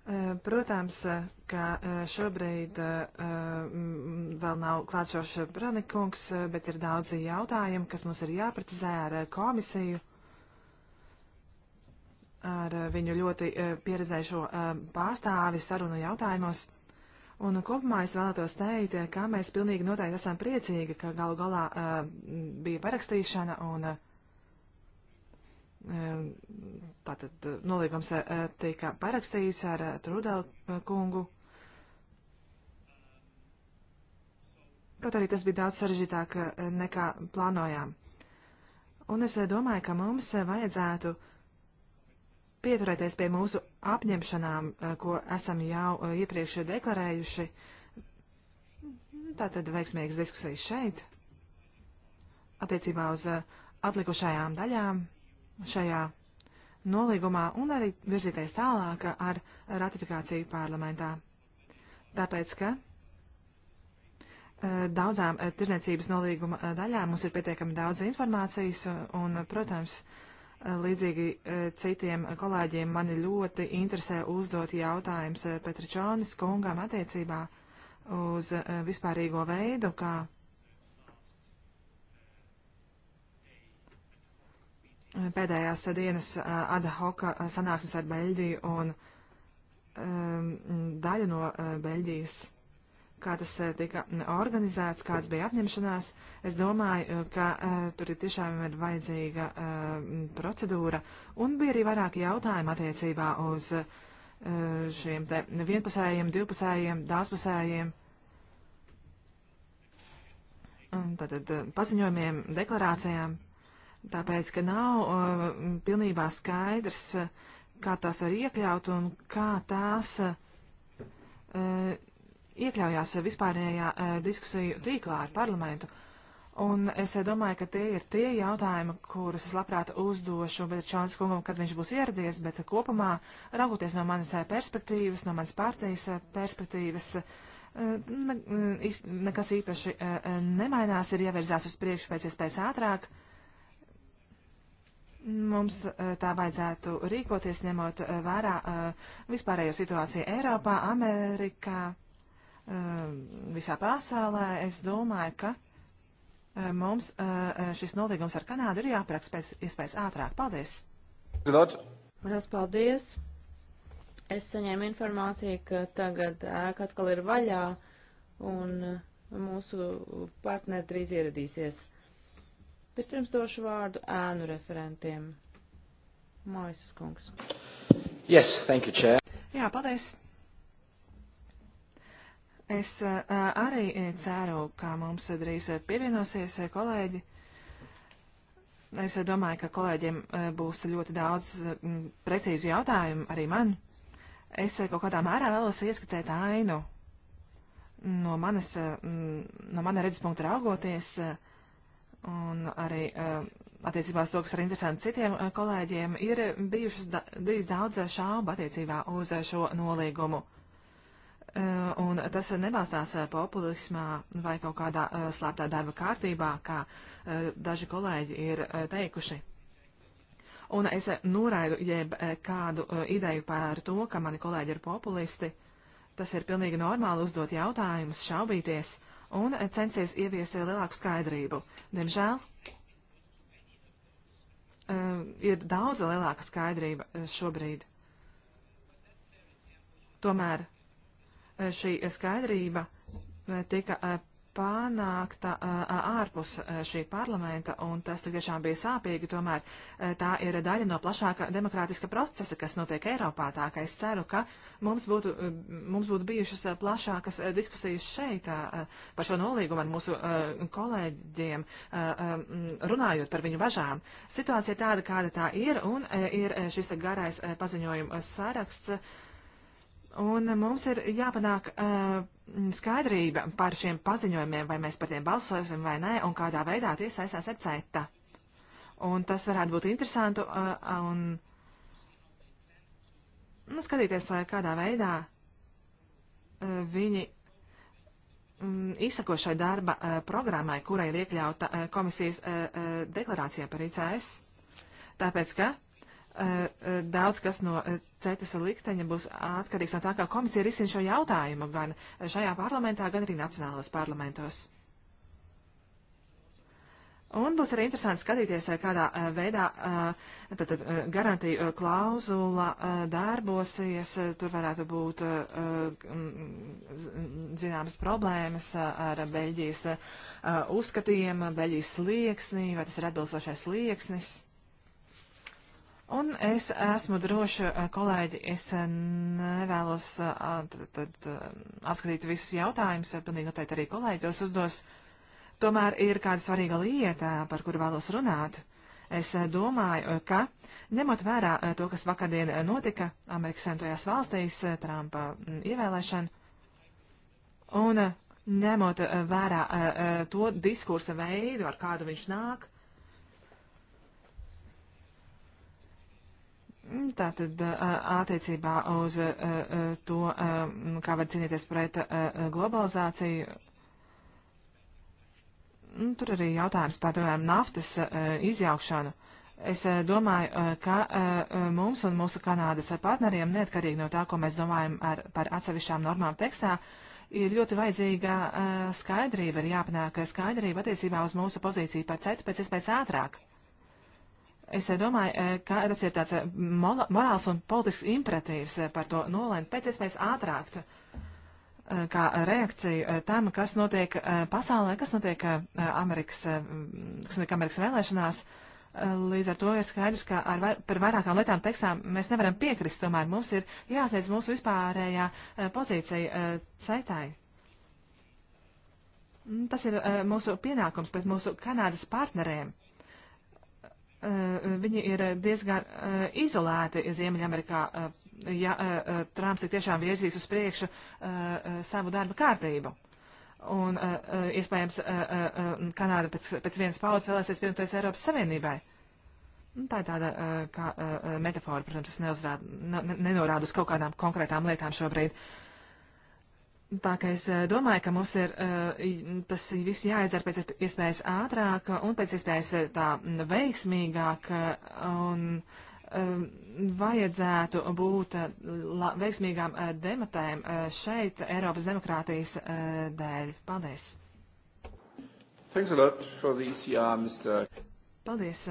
Eh, protams, ka eh, šobrīd eh, vēl nav klātsošs Branikungs, bet ir daudzi jautājumi, kas mums ir jāpratizē ar komisiju, ar viņu ļoti pieredzējušo pārstāvi sarunu jautājumos. Un kopumā es vēlētos teikt, ka mēs pilnīgi noteikti esam priecīgi, ka galu galā bija parakstīšana un uh, Tātad eh, nolīgums eh, eh, tika parakstīts ar Trudelu kungu. Kaut arī tas bija daudz sarežģītāk nekā plānojām. Un es domāju, ka mums vajadzētu pieturēties pie mūsu apņemšanām, ko esam jau iepriekš deklarējuši. Tātad veiksmīgas diskusijas šeit attiecībā uz atlikušajām daļām šajā nolīgumā un arī virzīties tālāk ar ratifikāciju parlamentā. Tāpēc, ka eh, daudzām eh, tirdzniecības nolīguma eh, daļām mums ir pietiekami daudz informācijas un, protams, līdzīgi citiem kolēģiem mani ļoti interesē uzdot jautājums Petričonis kungam attiecībā uz vispārīgo veidu, kā pēdējās dienas ad hoc sanāksmes ar Beļģiju un um, daļa no Beļģijas, kā tas tika organizēts, kāds bija apņemšanās. Es domāju, ka uh, tur ir tiešām ir vajadzīga uh, procedūra un bija arī vairāki jautājumi attiecībā uz uh, šiem te vienpusējiem, divpusējiem, daudzpusējiem. Tātad paziņojumiem, deklarācijām tāpēc, ka nav uh, pilnībā skaidrs, uh, kā tās var iekļaut un kā tās uh, iekļaujās vispārējā uh, diskusiju tīklā ar parlamentu. Un es uh, domāju, ka tie ir tie jautājumi, kurus es labprāt uzdošu Čāns kungam, kad viņš būs ieradies, bet kopumā, raugoties no manas uh, perspektīvas, no manas partijas uh, perspektīvas, uh, ne, mm, nekas īpaši nemainās, ir jāvirzās uz priekšu pēc iespējas ātrāk. Uh, Mums eh, tā vajadzētu rīkoties, ņemot eh, vērā eh, vispārējo situāciju Eiropā, Amerikā, visā pasaulē. Es domāju, ka mums šis nolīgums ar Kanādu ir jāapraksta pēc iespējas ātrāk. Paldies! Lielas paldies! Es saņēmu informāciju, ka tagad ēka atkal ir vaļā un mūsu partneri drīz ieradīsies. Vispirms došu vārdu ēnu referentiem. Maisas kungs. Yes, thank you, Chair. Jā, paldies. Es uh, arī ceru, ka mums drīz pievienosies kolēģi. Es domāju, ka kolēģiem būs ļoti daudz precīzu jautājumu, arī man. Es kaut kādā mērā vēlos ieskatīt ainu no manas, no mana redzes punkta raugoties. Uh, un arī eh, attiecībā uz to, kas ir interesanti citiem eh, kolēģiem, ir bijušas da bijis daudz šābu attiecībā uz šo nolīgumu. Eh, un tas nebalstās populismā vai kaut kādā slēptā darba kārtībā, kā daži kolēģi ir teikuši. Un es noraidu jeb kādu ideju par to, ka mani kolēģi ir populisti. Tas ir pilnīgi normāli uzdot jautājumus, šaubīties un censties ieviest lielāku skaidrību. Diemžēl eh, ir daudz lielāka skaidrība eh, šobrīd. Tomēr eh, šī skaidrība tika panākta ārpus šī parlamenta, un tas tiešām bija sāpīgi, tomēr tā ir daļa no plašāka demokrātiska procesa, kas notiek Eiropā, tā ka es ceru, ka mums būtu, mums būtu bijušas plašākas diskusijas šeit par šo nolīgumu ar mūsu kolēģiem, runājot par viņu bažām. Situācija ir tāda, kāda tā ir, un ir šis garais paziņojuma saraksts Un mums ir jāpanāk uh, skaidrība par šiem paziņojumiem, vai mēs par tiem balsosim vai nē, un kādā veidā tie saistās ar CETA. Un tas varētu būt interesanti uh, eh, un nu, skatīties, eh, kādā veidā uh, viņi um, izsako šai darba uh, programmai, kurai ir iekļauta uh, komisijas uh, uh, deklarācijā par ICS. Tāpēc, ka Eh, eh, daudz kas no eh, cetas likteņa būs atkarīgs no tā, kā komisija risina šo jautājumu gan šajā parlamentā, gan arī nacionālajos parlamentos. Un būs arī interesanti skatīties, kādā veidā tātad, garantija klauzula darbosies. Tur varētu būt zināmas problēmas ar Beļģijas uzskatiem, Beļģijas slieksnī, vai tas ir atbilstošais slieksnis. Un es esmu droša, eh, kolēģi, es eh, nevēlos eh, tad, tad, apskatīt visus jautājumus, pilnīgi noteikti arī kolēģi tos uzdos. Tomēr ir kāda svarīga lieta, par kuru vēlos runāt. Es domāju, ka, ņemot vērā to, kas vakardien notika Amerikas Savienotajās valstīs, Trumpa mm, ievēlēšanu, un ņemot vērā to diskursa veidu, ar kādu viņš nāk, Tātad attiecībā uz to, kā var cīnīties pret globalizāciju, nu, tur arī jautājums par, piemēram, naftas izjaukšanu. Es domāju, ka mums un mūsu Kanādas partneriem, neatkarīgi no tā, ko mēs domājam ar, par atsevišķām normām tekstā, ir ļoti vajadzīga skaidrība, ir jāpanāk skaidrība attiecībā uz mūsu pozīciju par CETU pēc iespējas ātrāk. Es domāju, eh, ka tas ir tāds eh, morāls un politisks imperatīvs eh, par to nolēmt pēc iespējas ātrāk kā reakciju tam, kas notiek pasaulē, kas notiek Amerikas, kas notiek Amerikas vēlēšanās. Līdz ar to ir skaidrs, ka ar, var, par vairākām lietām tekstām mēs nevaram piekrist, tomēr mums ir jāsniedz mūsu vispārējā pozīcija ceitāji. Mm, tas ir mūsu pienākums pret mūsu Kanādas partneriem. Eh, viņi ir diezgan uh, izolēti Ziemeļamerikā, uh, ja uh, Trumps tik tiešām virzīs uz priekšu savu darba kārtību. Un iespējams Kanāda pēc, pēc vienas paudzes vēlēsies pievienoties Eiropas Savienībai. Nu, tā ir tāda kā metafora, protams, es neuzrādu, ne, nenorādu uz kaut kādām konkrētām lietām šobrīd. Uh, Tā kā es eh, domāju, ka mums ir eh, tas viss jāizdara pēc iespējas ātrāk un pēc iespējas eh, tā veiksmīgāk un vajadzētu būt la, veiksmīgām dematēm šeit Eiropas demokrātijas dēļ. Paldies! Thanks a lot for the ECR, Mr. Paldies!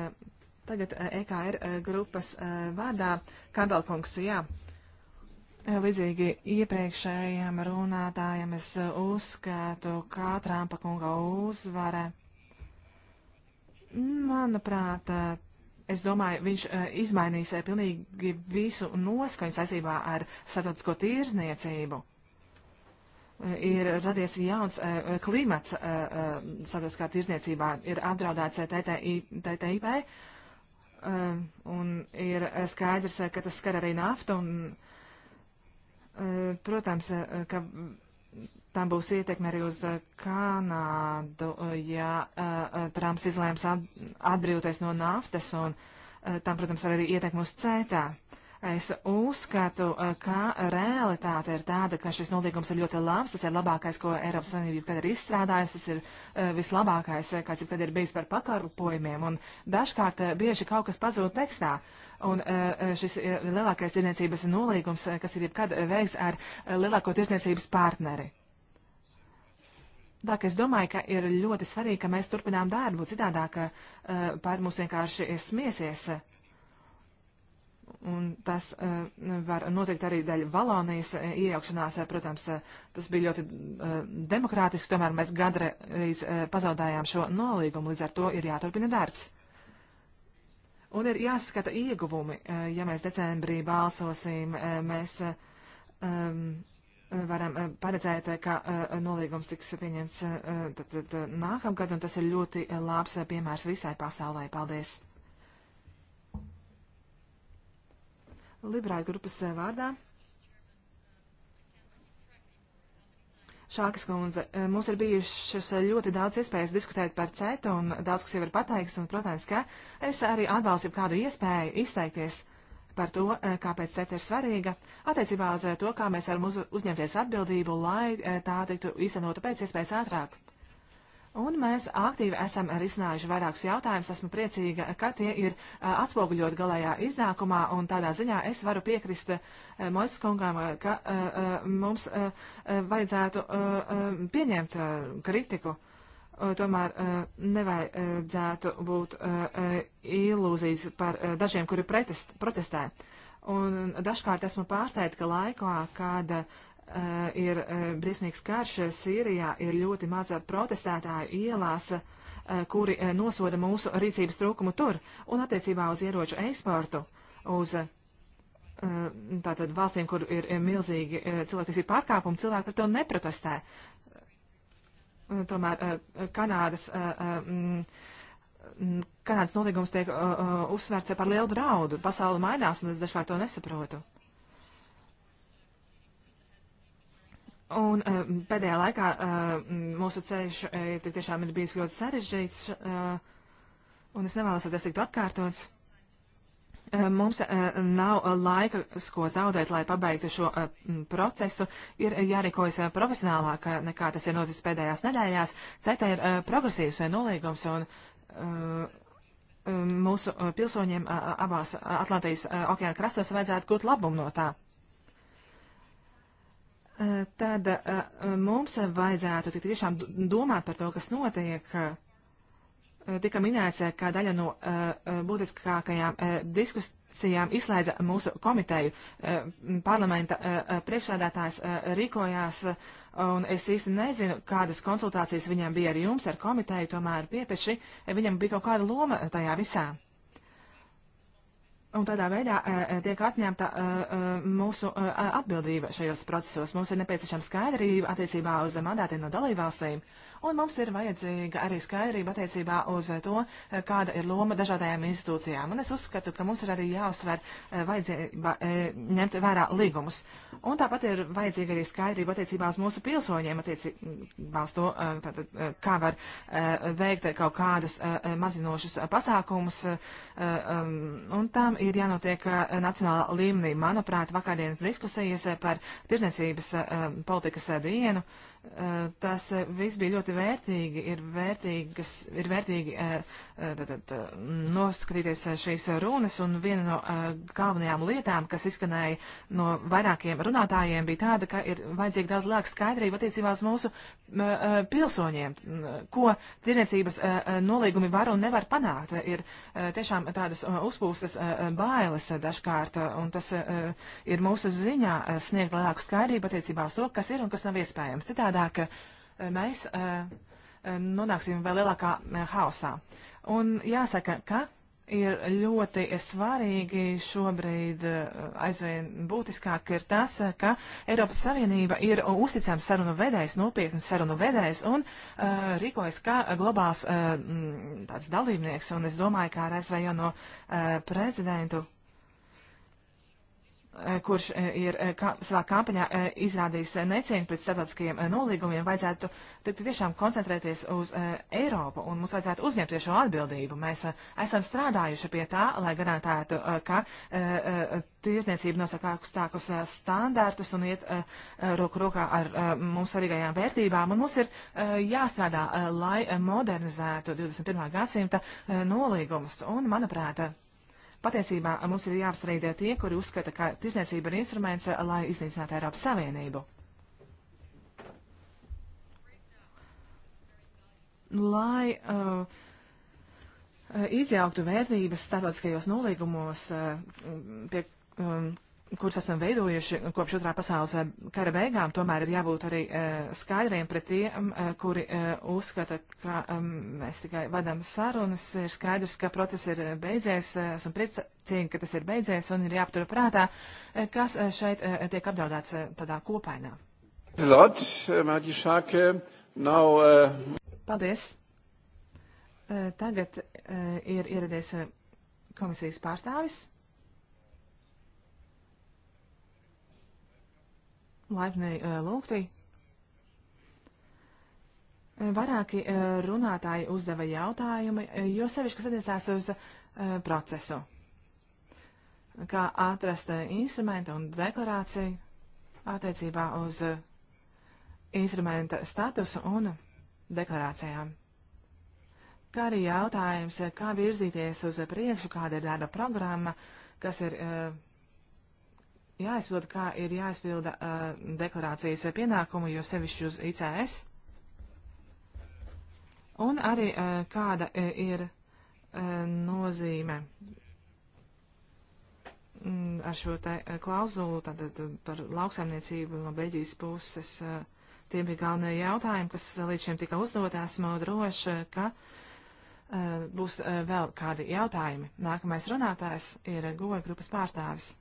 Tagad EKR e grupas vārdā Kabelkungs, jā. Līdzīgi iepriekšējiem runātājiem es uzskatu, kā Trumpa kunga uzvara. Manuprāt, es domāju, viņš eh, izmainīs eh, pilnīgi visu noskaņu saistībā ar starptautisko tirzniecību. Eh, ir radies jauns klimats starptautiskā tirzniecībā, ir apdraudēts TTIP, un ir skaidrs, ka tas skar arī naftu. Un, Protams, ka tam būs ietekme arī uz Kanādu, ja Trumps izlēms atbrīvoties no naftas, un tam, protams, arī ietekme uz cētā. Es uzskatu, uh, ka realitāte ir tāda, ka šis nolīgums ir ļoti labs, tas ir labākais, ko Eiropas Savienība kad ir izstrādājusi, tas ir uh, vislabākais, uh, kāds ir, kad ir bijis par pakalpojumiem, un dažkārt uh, bieži kaut kas pazūd tekstā. Un uh, uh šis ir lielākais tirniecības nolīgums, kas ir jebkad veiks ar lielāko tirniecības partneri. Tā kā es domāju, ka ir ļoti svarīgi, ka mēs turpinām darbu, citādāk par mums vienkārši smiesies. Uh, un tas eh, var notikt arī daļa Valonijas eh, iejaukšanās. Eh, protams, tas bija ļoti demokrātiski, tomēr mēs gadreiz pazaudējām šo nolīgumu, līdz ar to ir jāturpina darbs. Un ir jāskata ieguvumi, ja mēs decembrī balsosim, mēs varam paredzēt, ka nolīgums tiks pieņemts nākamgad, un tas ir ļoti labs piemērs visai pasaulē. Paldies! liberāļu grupas eh, vārdā. Šākas kundze, eh, mums ir bijušas eh, ļoti daudz iespējas diskutēt par CETU, un daudz kas jau ir pateikts, un, protams, ka es arī atbalstu kādu iespēju izteikties par to, kāpēc CETA ir svarīga, attiecībā uz to, kā mēs varam uz, uzņemties atbildību, lai tā tiktu īstenota pēc iespējas ātrāk. Un mēs aktīvi esam risinājuši vairākus jautājumus. Esmu priecīga, ka tie ir atspoguļot galējā iznākumā, un tādā ziņā es varu piekrist Moisas kungām, ka mums vajadzētu pieņemt kritiku. Tomēr nevajadzētu būt ilūzijas par dažiem, kuri pretest, protestē. Un dažkārt esmu pārsteigta, ka laikā, kad uh, Eh, ir eh, briesmīgs karš Sīrijā, ir ļoti maza protestētāju ielās, eh, kuri nosoda mūsu rīcības trūkumu tur un attiecībā uz ieroču eksportu, uz tātad valstīm, kur ir milzīgi cilvēktiesību pārkāpumi, cilvēki par to neprotestē. Tomēr Kanādas, mm, mm, Kanādas nolīgums tiek uzsvērts par lielu draudu. Pasauli mainās, un es dažkārt to nesaprotu. Un eh, pēdējā laikā eh, mūsu ceļš eh, tiešām ir bijis ļoti sarežģīts, un es nevēlos, lai tas tiktu atkārtots. Mums nav laika, ko zaudēt, lai pabeigtu šo procesu. Ir jārīkojas profesionālāk, nekā tas ir noticis pēdējās nedēļās. CETA ir progresīvs nolīgums, un mūsu pilsoņiem abās Atlantijas okeāna krastos vajadzētu gūt labumu no tā tad mums vajadzētu tiešām domāt par to, kas notiek. Tika minēts, ka daļa no būtiskākajām diskusijām izslēdza mūsu komiteju. Parlamenta priekšsēdētājs rīkojās, un es īsti nezinu, kādas konsultācijas viņam bija ar jums, ar komiteju, tomēr piepeši viņam bija kaut kāda loma tajā visā. Un tādā veidā e, e, tiek atņemta e, mūsu atbildība šajos procesos. Mums ir nepieciešama skaidrība attiecībā uz mandātiem no dalībvalstīm un mums ir vajadzīga arī skaidrība attiecībā uz to, kāda ir loma dažādajām institūcijām. Un es uzskatu, ka mums ir arī jāuzsver eh, vajadzība eh, ņemt vērā līgumus. Un tāpat ir vajadzīga arī skaidrība attiecībā uz mūsu pilsoņiem, attiecībā uz to, eh, tātad, kā var veikt kaut kādus mazinošus pasākumus. Um, un tam ir jānotiek nacionālā līmenī. Manuprāt, vakardienas diskusijas par tirdzniecības politikas dienu Eh, tas eh, viss bija ļoti vērtīgi. Ir, vērtīgas, ir vērtīgi eh, tad, tad, noskatīties šīs runas, un viena no galvenajām lietām, kas izskanēja no vairākiem runātājiem, bija tāda, ka ir vajadzīga daudz lielāka skaidrība attiecībā uz mūsu pilsoņiem, ko tirniecības nolīgumi var un nevar panākt. Ir tiešām tādas uzpūstas bailes dažkārt, un tas ir mūsu ziņā sniegt lielāku skaidrību attiecībā uz to, kas ir un kas nav iespējams. Citādi Savādāk e, mēs e, e, nonāksim vēl lielākā haosā. Un jāsaka, ka ir ļoti svarīgi šobrīd aizvien būtiskāk ir tas, ka Eiropas Savienība ir uzticams sarunu vedējs, nopietni sarunu vedējs un uh, rīkojas kā globāls uh, tāds dalībnieks. Un es domāju, kā ar ASV jau no uh, prezidentu Eh, kurš eh, ir eh, kā, savā kampaņā izrādījis necieņu pret starptautiskajiem nolīgumiem, vajadzētu tiešām koncentrēties uz Eiropu un mums vajadzētu uzņemties šo atbildību. Mēs esam strādājuši pie tā, lai garantētu, ka tirdzniecība nosaka augstākus standārtus un iet roku rokā ar mūsu svarīgajām vērtībām. Un mums ir jāstrādā, lai modernizētu 21. gadsimta nolīgumus. Un, manuprāt, Patiesībā mums ir jāapstrīdē tie, kuri uzskata, ka tirsniecība ir instruments, lai iznīcinātu Eiropas Savienību. Lai uh, izjauktu vērtības starptautiskajos nolīgumos, uh, pie, um, kuras esam veidojuši kopš otrā pasaules eh, kara beigām, tomēr ir jābūt arī uh, skaidriem pret tiem, uh, kuri uh, uzskata, ka um, mēs tikai vadām sarunas. Ir skaidrs, ka process ir beidzies, esam priecīgi, ka tas ir beidzies, un ir jāaptur prātā, kas šeit tiek apdraudēts tādā kopainā. Lot, Now, Paldies. Tagad ir ieradies komisijas pārstāvis. laipni eh, lūgti. Eh, vairāki eh, runātāji uzdeva jautājumu, jo sevišķi, kas attiecās uz procesu. Kā atrast instrumentu un deklarāciju attiecībā uz instrumenta statusu un deklarācijām. Kā arī jautājums, kā virzīties uz priekšu, kāda ir darba programma, kas ir uh, jāizpilda, kā ir jāizpilda uh, deklarācijas pienākumu, jo sevišķi uz ICS. Un arī uh, kāda ir uh, nozīme mm, ar šo te klauzulu tātad, par lauksaimniecību no Beļģijas puses. Uh, tie bija galvenie jautājumi, kas līdz šim tika uzdot. Esmu droši, ka uh, būs uh, vēl kādi jautājumi. Nākamais runātājs ir goja grupas pārstāvis.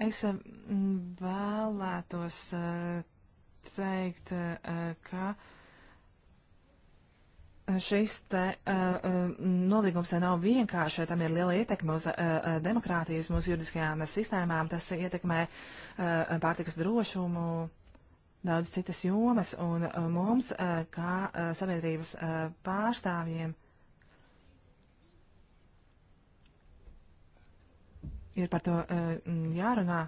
Es eh, vēlētos eh, teikt, eh, ka šis te nolīgums nav vienkārši, tam ir liela ietekme uz demokrātijas, mūsu juridiskajām sistēmām, tas ietekmē pārtikas drošumu daudz citas jomas, un mums, kā sabiedrības pārstāvjiem, ir par to eh, jārunā.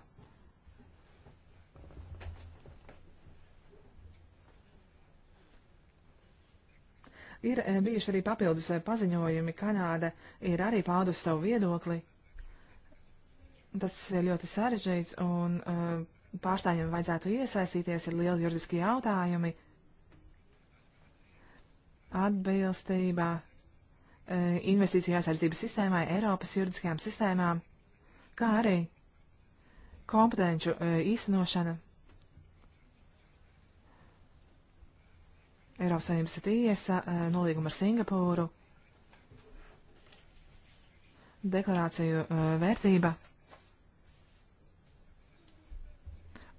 Ir eh, bijuši arī papildus eh, paziņojumi. Kanāda ir arī paudusi savu viedokli. Tas ir ļoti sarežģīts un pārstāvjiem vajadzētu iesaistīties. Ir lieli juridiski jautājumi atbilstībā investīciju aizsardzības sistēmai, Eiropas juridiskajām sistēmām kā arī kompetenču e, īstenošana Eiropas Savienības tiesa, e, nolīguma ar Singapūru, deklarāciju e, vērtība.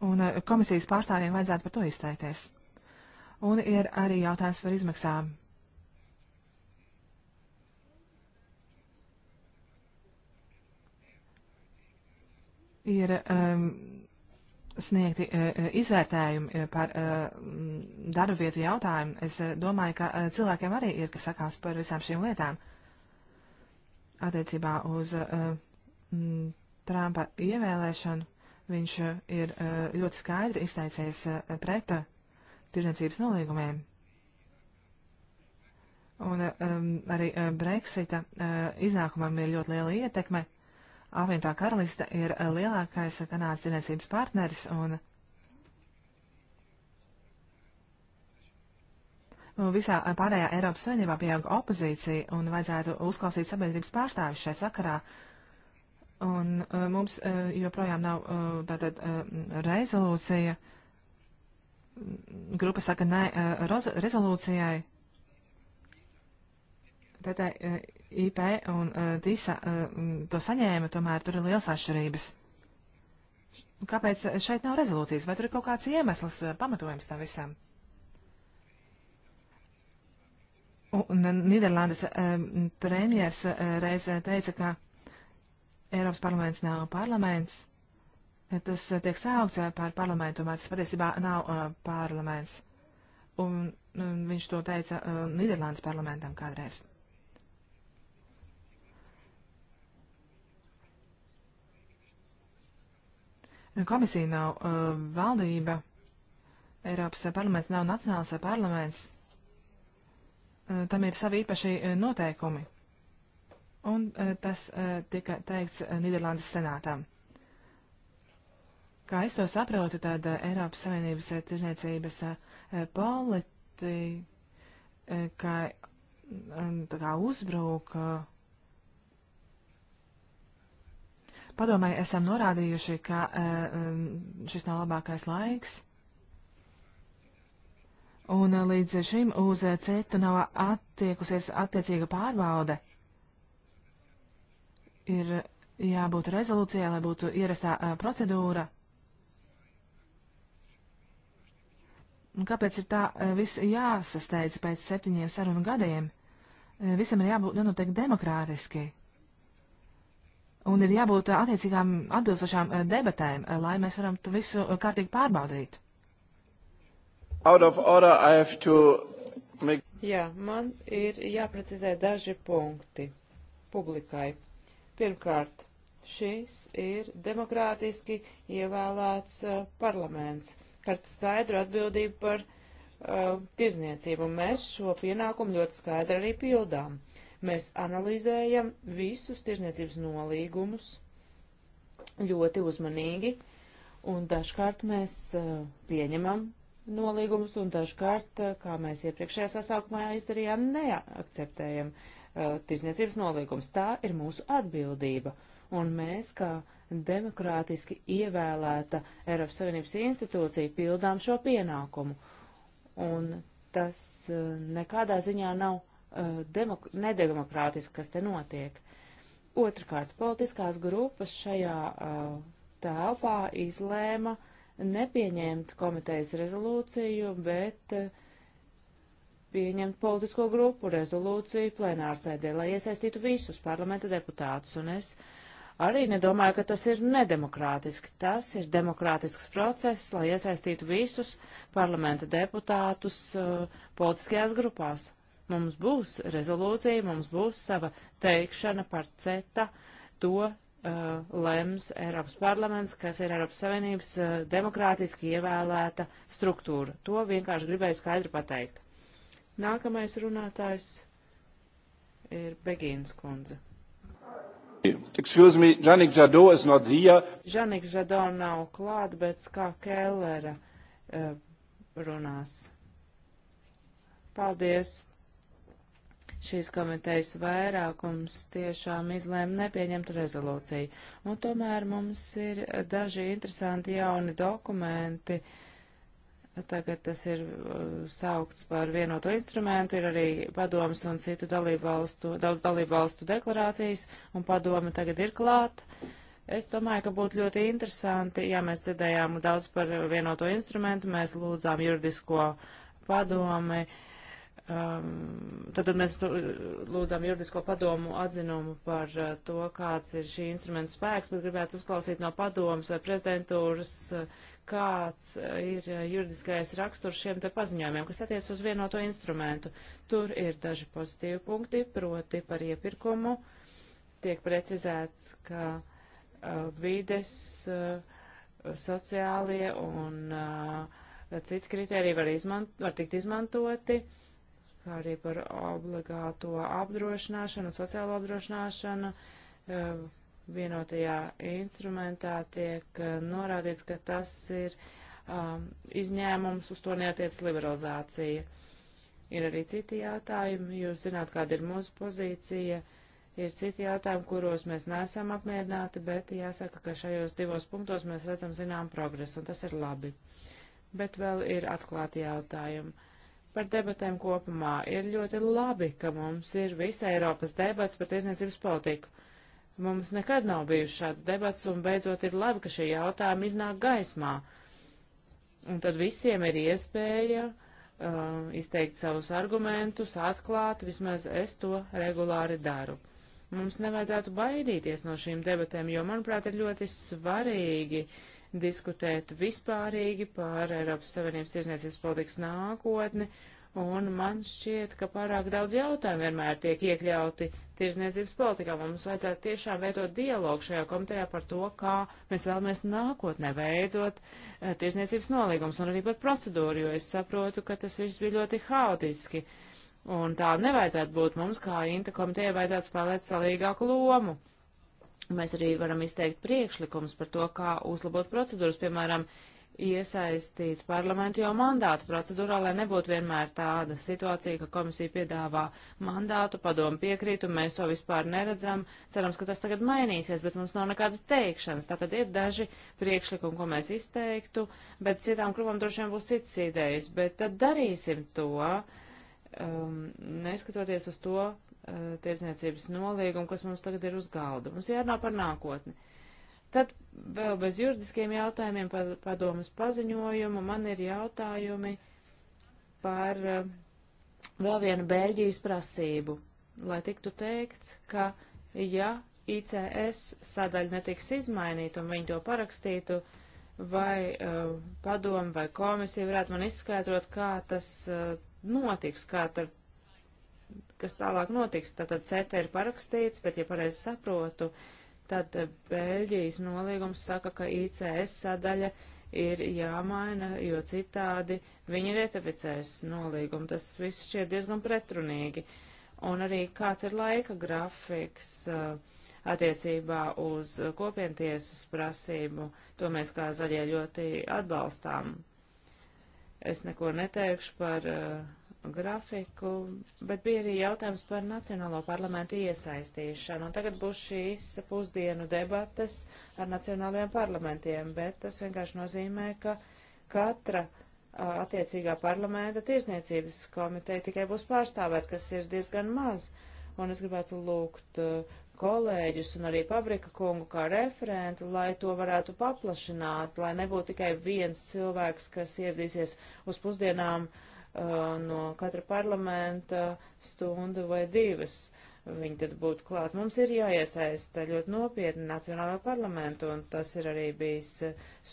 Un komisijas pārstāvjiem vajadzētu par to izteikties. Un ir arī jautājums par izmaksām. ir um, sniegti uh, uh izvērtējumi uh, par uh, darba vietu jautājumu, es uh, domāju, ka uh, cilvēkiem arī ir, kas sakās par visām šīm lietām attiecībā uz uh, m, Trumpa ievēlēšanu. Viņš uh, ir uh, ļoti skaidri izteicies uh, pret uh, tirdzniecības nolīgumiem. Un um, arī Brexita uh, iznākumam ir ļoti liela ietekme. Apvienotā karaliste ir lielākais Kanādas tirdzniecības partneris un visā pārējā Eiropas Savienībā pieauga opozīcija un vajadzētu uzklausīt sabiedrības pārstāvis šajā sakarā. Un e, mums e, joprojām nav e, tātad rezolūcija. Grupa saka nē rezolūcijai. Tātad IP un e, TISA e, to saņēma, tomēr tur ir liels atšķirības. Kāpēc šeit nav rezolūcijas? Vai tur ir kaut kāds iemesls, e, pamatojums tam visam? Un Nīderlandes premjers reiz teica, ka Eiropas parlaments nav parlaments. Tas tiek saukts par parlamentu, tomēr tas patiesībā nav parlaments. Un viņš to teica Nīderlandes parlamentam kādreiz. Komisija nav uh, valdība, Eiropas parlaments nav nacionāls parlaments. Uh, tam ir savi īpaši uh, noteikumi. Un uh, tas uh, tika teikts uh, Nīderlandes senātām. Kā es to saprotu, tad uh, Eiropas Savienības uh, tirzniecības uh, uh politika uh, um, kā, um, kā uzbruka. Uh, Padomāji, esam norādījuši, ka eh, um, šis nav labākais laiks. Un eh, līdz šim uz eh, CETU nav attiekusies attiecīga pārbaude. Ir jābūt rezolūcijai, lai būtu ierastā procedūra. Un kāpēc ir tā viss jāsasteidz pēc septiņiem sarunu gadiem? Visam ir jābūt nenoteikti demokrātiski. Un ir jābūt attiecīgām atbilstošām debatēm, lai mēs varam to visu kārtīgi pārbaudīt. Make... Jā, man ir jāprecizē daži punkti publikai. Pirmkārt, šis ir demokrātiski ievēlēts uh, parlaments ar skaidru atbildību par uh, tirzniecību. Mēs šo pienākumu ļoti skaidri arī pildām. Uh, Mēs analizējam visus tirzniecības nolīgumus ļoti uzmanīgi, un dažkārt mēs eh, pieņemam nolīgumus, un dažkārt, eh, kā mēs iepriekšējā sasaukumā izdarījām, neakceptējam uh, tirzniecības nolīgumus. Tā ir mūsu atbildība, un mēs, kā demokrātiski ievēlēta Eiropas Savienības institūcija, pildām šo pienākumu. Un tas uh, nekādā ziņā nav Eh, demok nedemokrātiski, kas te notiek. Otrakārt, politiskās grupas šajā uh, telpā izlēma nepieņemt komitejas rezolūciju, bet uh, pieņemt politisko grupu rezolūciju plenārsēdē, lai iesaistītu visus parlamenta deputātus. Un es arī nedomāju, ka tas ir nedemokrātiski. Tas ir demokrātisks process, lai iesaistītu visus parlamenta deputātus uh, politiskajās grupās. Mums būs rezolūcija, mums būs sava teikšana par CETA, to Uh, lems Eiropas parlaments, kas ir Eiropas Savienības uh, demokrātiski ievēlēta struktūra. To vienkārši gribēju skaidri pateikt. Nākamais runātājs ir Begīnas kundze. Excuse me, Janik Žado is not here. Janik Žado nav klāt, bet kā Kellera uh, runās. Paldies šīs komitejas vairākums tiešām izlēma nepieņemt rezolūciju. Un tomēr mums ir daži interesanti jauni dokumenti. Tagad tas ir uh, saukts par vienoto instrumentu, ir arī padomas un citu dalību valstu, daudz dalību valstu deklarācijas, un padome tagad ir klāta. Es domāju, ka būtu ļoti interesanti, ja mēs dzirdējām daudz par vienoto instrumentu, mēs lūdzām juridisko padomi. Uh, Um, tad, tad mēs uh, lūdzām juridisko padomu atzinumu par uh, to, kāds ir šī instrumenta spēks, bet gribētu uzklausīt no padomas vai prezidentūras, uh, kāds uh, ir juridiskais raksturs šiem te paziņojumiem, kas attiec uz vienoto instrumentu. Tur ir daži pozitīvi punkti, proti par iepirkumu tiek precizēts, ka uh, vides, uh, sociālie un uh, citi kriteriji var, izmant, var tikt izmantoti. Uh, kā arī par obligāto apdrošināšanu, sociālo apdrošināšanu. E, vienotajā instrumentā tiek e, norādīts, ka tas ir um, izņēmums, uz to neatiec liberalizācija. Ir arī citi jautājumi, jūs zināt, kāda ir mūsu pozīcija, ir citi jautājumi, kuros mēs neesam apmierināti, bet jāsaka, ka šajos divos punktos mēs redzam zinām progresu, un tas ir labi. Bet vēl ir atklāti jautājumi. Uh, par debatēm kopumā. Ir ļoti labi, ka mums ir visa Eiropas debats par tiesniecības politiku. Mums nekad nav bijuši šāds debats, un beidzot ir labi, ka šie jautājumi iznāk gaismā. Un tad visiem ir iespēja uh, izteikt savus argumentus, atklāt, vismaz es to regulāri daru. Mums nevajadzētu baidīties no šīm debatēm, jo, manuprāt, ir ļoti svarīgi uh, diskutēt vispārīgi par Eiropas Savienības tirzniecības politikas nākotni, un man šķiet, ka pārāk daudz jautājumu vienmēr tiek iekļauti tirzniecības politikā. Mums vajadzētu tiešām veidot dialogu šajā komitejā par to, kā mēs vēlamies nākotnē veidot eh, tirzniecības nolīgums un arī par procedūru, jo es saprotu, ka tas viss bija ļoti haotiski. Un tā nevajadzētu būt mums, kā Inta komitejai, vajadzētu spēlēt salīgāku lomu. Mēs arī varam izteikt priekšlikums par to, kā uzlabot procedūras, piemēram, iesaistīt parlamentu jau mandātu procedūrā, lai nebūtu vienmēr tāda situācija, ka komisija piedāvā mandātu, padomu piekrīt, un mēs to vispār neredzam. Cerams, ka tas tagad mainīsies, bet mums nav nekādas teikšanas. Tātad ir daži priekšlikumi, ko mēs izteiktu, bet citām grupām droši vien būs citas idejas. Bet tad darīsim to, um, neskatoties uz to, Uh, tirdzniecības nolīgumu, kas mums tagad ir uz galda. Mums jārunā par nākotni. Tad vēl bez juridiskiem jautājumiem par padomas paziņojumu man ir jautājumi par uh, vēl vienu Bēļģijas prasību, lai tiktu teikts, ka ja ICS sadaļa netiks izmainīta un viņi to parakstītu, vai uh, padomu vai komisija varētu man izskaidrot, kā tas uh, notiks, kā tad kas tālāk notiks. Tātad CETA ir parakstīts, bet, ja pareizi saprotu, tad Beļģijas noliegums saka, ka ICS sadaļa ir jāmaina, jo citādi viņi retificēs nolīgumu. Tas viss šķiet diezgan pretrunīgi. Un arī kāds ir laika grafiks uh, attiecībā uz kopientiesas prasību, to mēs kā zaļie ļoti atbalstām. Es neko neteikšu par uh, grafiku, bet bija arī jautājums par Nacionālo parlamentu iesaistīšanu. Un tagad būs šīs pusdienu debates ar Nacionālajiem parlamentiem, bet tas vienkārši nozīmē, ka katra attiecīgā parlamenta tirsniecības komiteja tikai būs pārstāvēt, kas ir diezgan maz. Un es gribētu lūgt kolēģus un arī Pabrika kungu kā referentu, lai to varētu paplašināt, lai nebūtu tikai viens cilvēks, kas ieradīsies uz pusdienām uh, Uh, no katra parlamenta stundu vai divas. Viņi tad būtu klāt. Mums ir jāiesaista ļoti nopietni Nacionālajā parlamentu, un tas ir arī bijis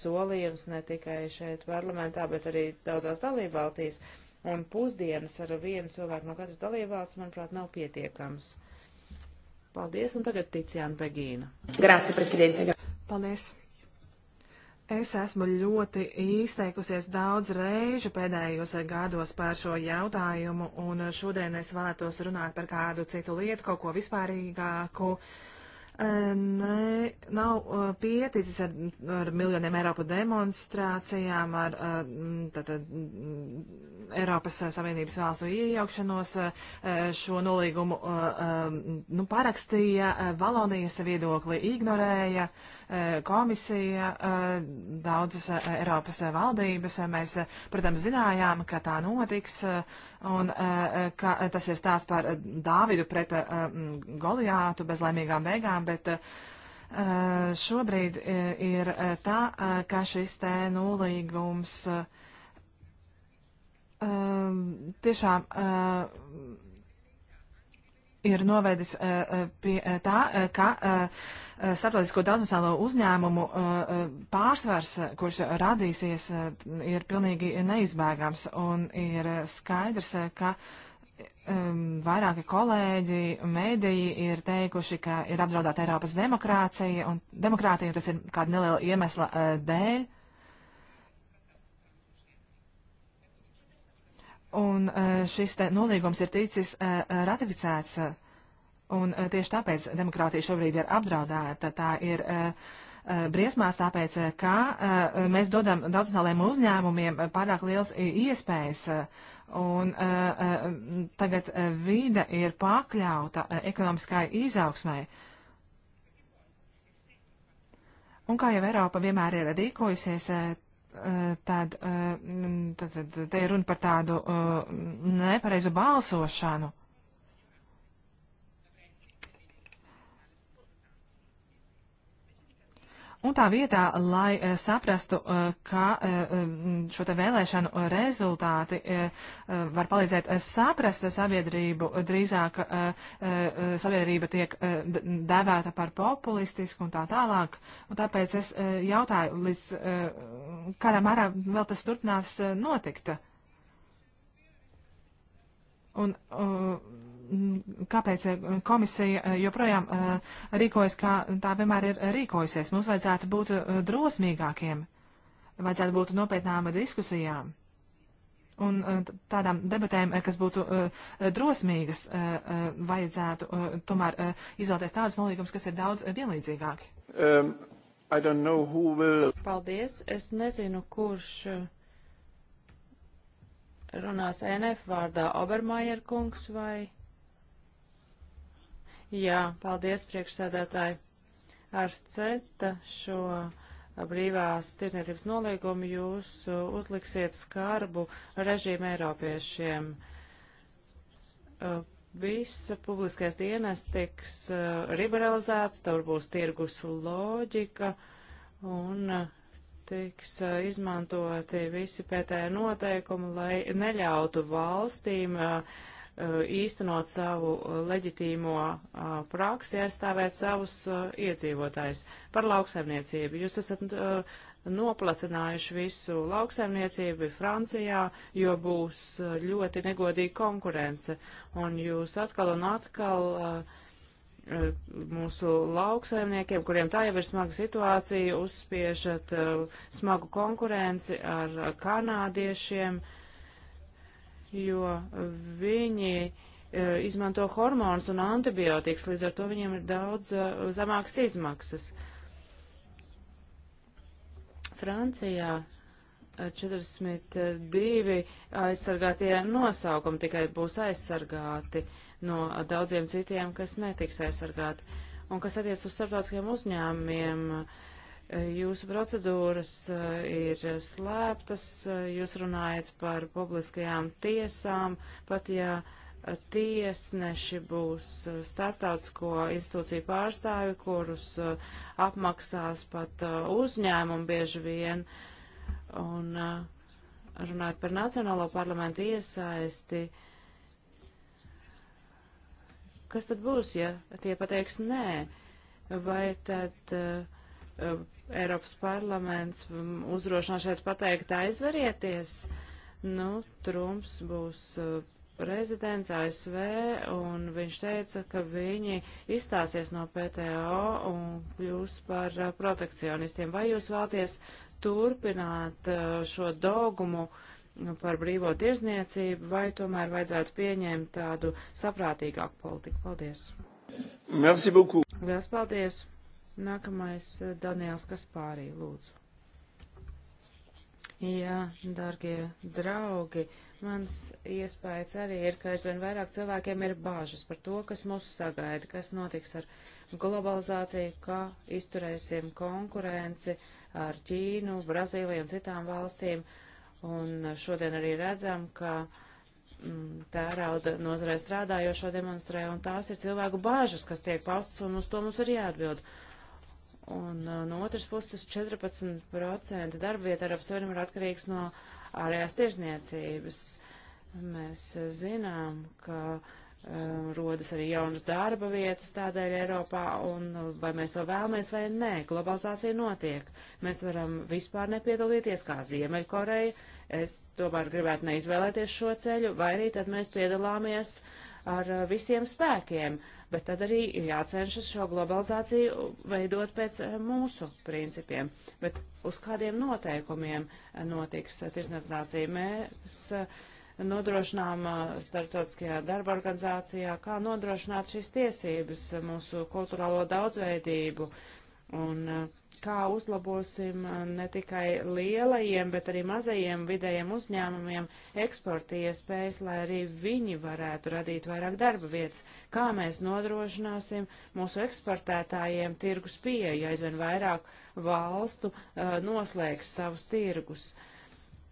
solījums ne tikai šeit parlamentā, bet arī daudzās dalībvaltīs. Un pusdienas ar vienu cilvēku no katras dalībvalsts, manuprāt, nav pietiekams. Paldies, un tagad Ticijāna Begīna. Grāci, prezidente. Paldies. Es esmu ļoti izteikusies daudz reižu pēdējos gados par šo jautājumu, un šodien es vēlētos runāt par kādu citu lietu, kaut ko vispārīgāku. Uh, Nē, nav uh, pieticis ar, ar miljoniem Eiropu demonstrācijām, ar, ar uh, tātad, Eiropas uh, Savienības valstu iejaukšanos. Šo nolīgumu um, nu, parakstīja, Valonijas viedokli ignorēja komisija, daudzas Eiropas valdības. Mēs, protams, zinājām, ka tā notiks. Un eh, eh, ka, eh, tas ir stāsts par Dāvidu pret Goliātu bezlaimīgām beigām, bet šobrīd ir tā, ka šis te nolīgums tiešām ir novedis eh, eh, pie eh, tā, ka starptautisko daudznasālo uzņēmumu pārsvars, kurš radīsies, ir pilnīgi neizbēgams un ir skaidrs, ka ehm, vairāki kolēģi, mēdīji ir teikuši, ka ir apdraudēta Eiropas demokrātija un, demokrātija, un tas ir kāda neliela iemesla dēļ. Un e, šis te nolīgums ir ticis e, ratificēts, e, un tieši tāpēc demokrātija šobrīd ir apdraudēta. Tā ir briesmās, tāpēc, ka mēs dodam daudznacionālajiem uzņēmumiem pārāk liels iespējas, un tagad vīda ir pakļauta ekonomiskai izaugsmai. Un kā jau Eiropa vienmēr ir rīkojusies, Eh, eh, tad, tad, tad te ir runa par tādu eh, nepareizu balsošanu. Un tā vietā, lai eh, saprastu, eh, ka eh, šo te vēlēšanu rezultāti var palīdzēt saprast sabiedrību, drīzāk sabiedrība tiek devēta par populistisku un tā tālāk. Un tāpēc es jautāju, līdz kādā mērā vēl tas turpinās notikt. Un, uh, kāpēc eh, komisija eh, joprojām eh, rīkojas, kā tā vienmēr ir rīkojusies. Mums vajadzētu būt drosmīgākiem, vajadzētu būt nopietnām diskusijām un tādām debatēm, kas būtu drosmīgas, vajadzētu tomēr izvēlēties tādus nolīgumus, kas ir daudz vienlīdzīgāki. Um, will... Paldies. Es nezinu, kurš runās NF vārdā Obermajer kungs vai. Jā, paldies priekšsēdētāji. Ar CETA šo brīvās tirzniecības noliegumu jūs uzliksiet skarbu režīmu Eiropiešiem. Uh, Viss publiskais dienas tiks uh, liberalizēts, tur būs tirgus loģika un uh, tiks izmantoti visi pētēji noteikumi, lai neļautu valstīm uh, Uh, īstenot savu uh, leģitīmo uh, praksi, aizstāvēt savus iedzīvotājus par lauksaimniecību. Jūs esat noplacinājuši visu lauksaimniecību Francijā, jo būs ļoti negodīga konkurence. Un jūs atkal un atkal mūsu lauksaimniekiem, kuriem tā jau ir smaga situācija, uzspiežat smagu konkurenci ar kanādiešiem, uh, jo viņi e, izmanto hormonus un antibiotikas, līdz ar to viņiem ir daudz e, zemākas izmaksas. Francijā 42 e, aizsargātie nosaukumi tikai būs aizsargāti no daudziem citiem, kas netiks aizsargāti. Un kas attiec uz starptautiskiem uzņēmumiem, uh, Jūsu procedūras eh, ir slēptas, eh, jūs runājat par publiskajām tiesām, pat ja eh, tiesneši būs starptautisko institūciju pārstāvi, kurus apmaksās pat uzņēmumu bieži vien. Un runājot par Nacionālo parlamentu iesaisti, kas tad būs, ja tie pateiks nē? Vai tad uh, Eh, Eiropas parlaments mm, uzdrošinās šeit pateikt aizverieties, nu, Trumps būs prezidents eh, ASV, un viņš teica, ka viņi izstāsies no PTO un kļūs par eh, protekcionistiem. Vai jūs vēlties turpināt šo dogmu mm, par brīvo tirzniecību, vai tomēr vajadzētu pieņemt tādu saprātīgāku politiku? Paldies! Merci beaucoup! Vēl paldies! Nākamais eh, Daniels Kaspārī, lūdzu. Jā, dargie draugi, mans iespējas arī ir, ka aizvien vairāk cilvēkiem ir bāžas par to, kas mūs sagaida, kas notiks ar globalizāciju, kā izturēsim konkurenci ar Ķīnu, Brazīliju un citām valstīm. Un šodien arī redzam, ka mm, tērauda nozarē strādājošo demonstrē, un tās ir cilvēku bāžas, kas tiek paustas, un uz to mums ir jāatbild. Uh, Un uh, no otras puses 14% darbvieta ar apsverumu ir atkarīgs no ārējās tirzniecības. Mēs uh, zinām, ka uh, rodas arī jaunas darba vietas tādēļ Eiropā, un uh, vai mēs to vēlamies vai nē, globalizācija notiek. Mēs varam vispār nepiedalīties kā Ziemeļkoreja, es tomēr gribētu neizvēlēties šo ceļu, vai arī tad mēs piedalāmies ar uh, visiem spēkiem. Uh, bet tad arī jācenšas šo globalizāciju veidot pēc eh, mūsu principiem. Bet uz kādiem noteikumiem eh, notiks eh, tirsniecība? Mēs nodrošinām starptautiskajā darba organizācijā, kā nodrošināt šīs tiesības, mūsu kulturālo daudzveidību. Un, uh, kā uzlabosim uh, ne tikai lielajiem, bet arī mazajiem vidējiem uzņēmumiem eksporta iespējas, lai arī viņi varētu radīt vairāk darba vietas, kā mēs nodrošināsim mūsu eksportētājiem tirgus pieeju, aizvien vairāk valstu uh, noslēgs savus tirgus.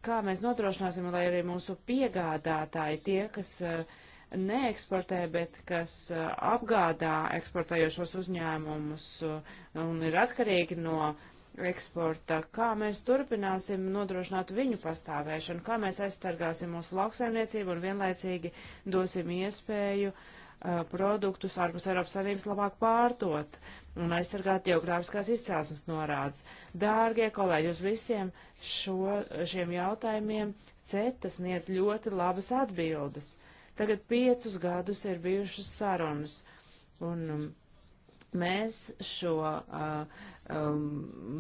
Kā mēs nodrošināsim, lai arī mūsu piegādātāji tie, kas uh, neeksportē, bet kas uh, apgādā eksportējošos uzņēmumus uh, un ir atkarīgi no eksporta, kā mēs turpināsim nodrošināt viņu pastāvēšanu, kā mēs aizstargāsim mūsu lauksaimniecību un vienlaicīgi dosim iespēju uh, produktus ārpus Eiropas Savienības labāk pārdot un aizsargāt geogrāfiskās izcelsmes norādes. Dārgie kolēģi, uz visiem šo, šiem jautājumiem CETA sniedz ļoti labas atbildes. Tagad piecus gadus ir bijušas sarunas. Un, um, mēs šo uh, um,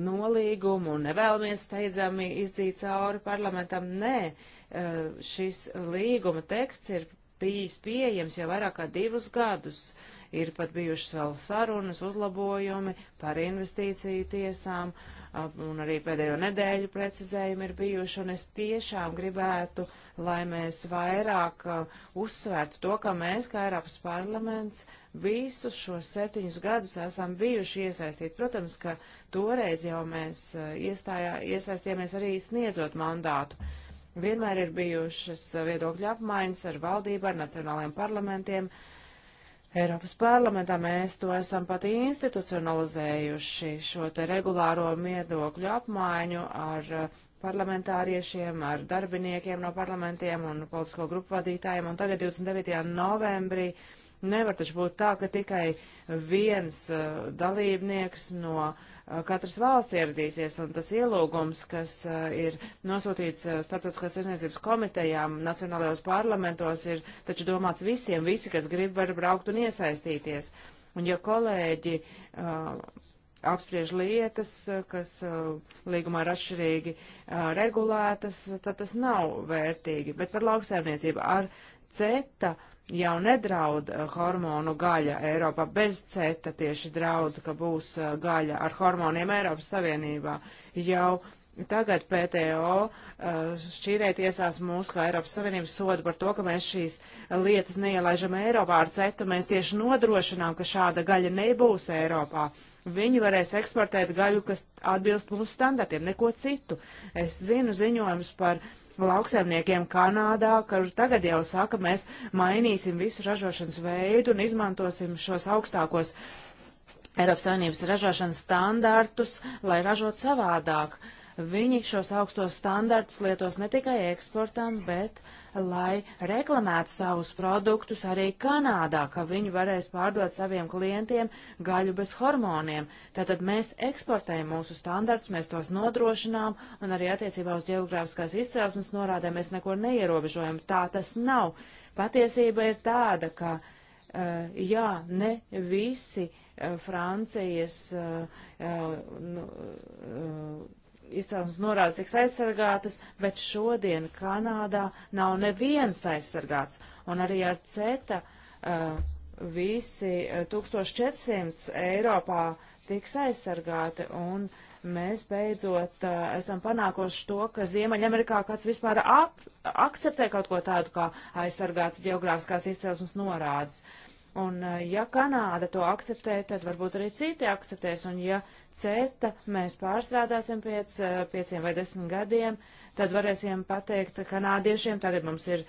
nolīgumu nevēlamies steidzami izdzīt cauri parlamentam. Nē, uh, šis līguma teksts ir bijis pieejams jau vairāk kā divus gadus. Ir pat bijušas vēl sarunas, uzlabojumi par investīciju tiesām. Uh, un arī pēdējo nedēļu precizējumi ir bijuši, un es tiešām gribētu, lai mēs vairāk uh, uzsvērtu to, ka mēs, kā Eiropas parlaments, visus šos septiņus gadus esam bijuši iesaistīti. Protams, ka toreiz jau mēs uh, iestājā, iesaistījāmies arī sniedzot mandātu. Vienmēr ir bijušas viedokļu apmaiņas ar valdību, ar nacionālajiem parlamentiem. Uh, Eiropas parlamentā mēs to esam pat institucionalizējuši, šo te regulāro miedokļu apmaiņu ar eh, parlamentāriešiem, ar darbiniekiem no parlamentiem un politisko grupu vadītājiem. Un tagad 29. novembrī nevar taču būt tā, ka tikai viens uh, dalībnieks no uh, Eh, katras valsts ieradīsies, un tas ielūgums, kas eh, ir nosūtīts eh, Startautiskās tiesniecības komitejām, nacionālajos parlamentos, ir taču domāts visiem, visi, kas grib, var braukt un iesaistīties. Un ja kolēģi uh, apspriež lietas, kas uh, līgumā ir atšķirīgi uh, regulētas, tad tas nav vērtīgi. Bet par lauksaimniecību ar CETA uh, jau nedraud eh, hormonu gaļa Eiropā, bez CETA tieši draud, ka būs eh, gaļa ar hormoniem Eiropas Savienībā. Jau tagad PTO eh, šķīrē tiesās mūs, kā Eiropas Savienības sodu par to, ka mēs šīs lietas neielaižam Eiropā ar CETU, mēs tieši nodrošinām, ka šāda gaļa nebūs Eiropā. Viņi varēs eksportēt gaļu, kas atbilst mūsu standartiem, neko citu. Es zinu ziņojums par uh, lauksaimniekiem Kanādā, ka tagad jau saka, mēs mainīsim visu ražošanas veidu un izmantosim šos augstākos Eiropas Savienības ražošanas standartus, lai ražot savādāk. Viņi šos augstos standartus lietos ne tikai eksportam, bet lai reklamētu savus produktus arī Kanādā, ka viņi varēs pārdot saviem klientiem gaļu bez hormoniem. Tātad mēs eksportējam mūsu standartus, mēs tos nodrošinām, un arī attiecībā uz geogrāfiskās izcelsmes norādēm mēs neko neierobežojam. Tā tas nav. Patiesība ir tāda, ka, uh, jā, ne visi uh, Francijas uh, uh, nu, uh, izcelsmes norādes tiks aizsargātas, bet šodien Kanādā nav neviens aizsargāts. Un arī ar CETA uh, visi 1400 uh, Eiropā tiks aizsargāti. Un mēs beidzot uh, esam panākoši to, ka Ziemeļamerikā kāds vispār ap, akceptē kaut ko tādu kā aizsargāts geogrāfiskās izcelsmes norādes. Un, uh, ja Kanāda to akceptē, tad varbūt arī citi akceptēs, un ja uh, CETA mēs pārstrādāsim pēc eh, pieciem vai desmit gadiem, tad varēsim pateikt kanādiešiem, tagad mums ir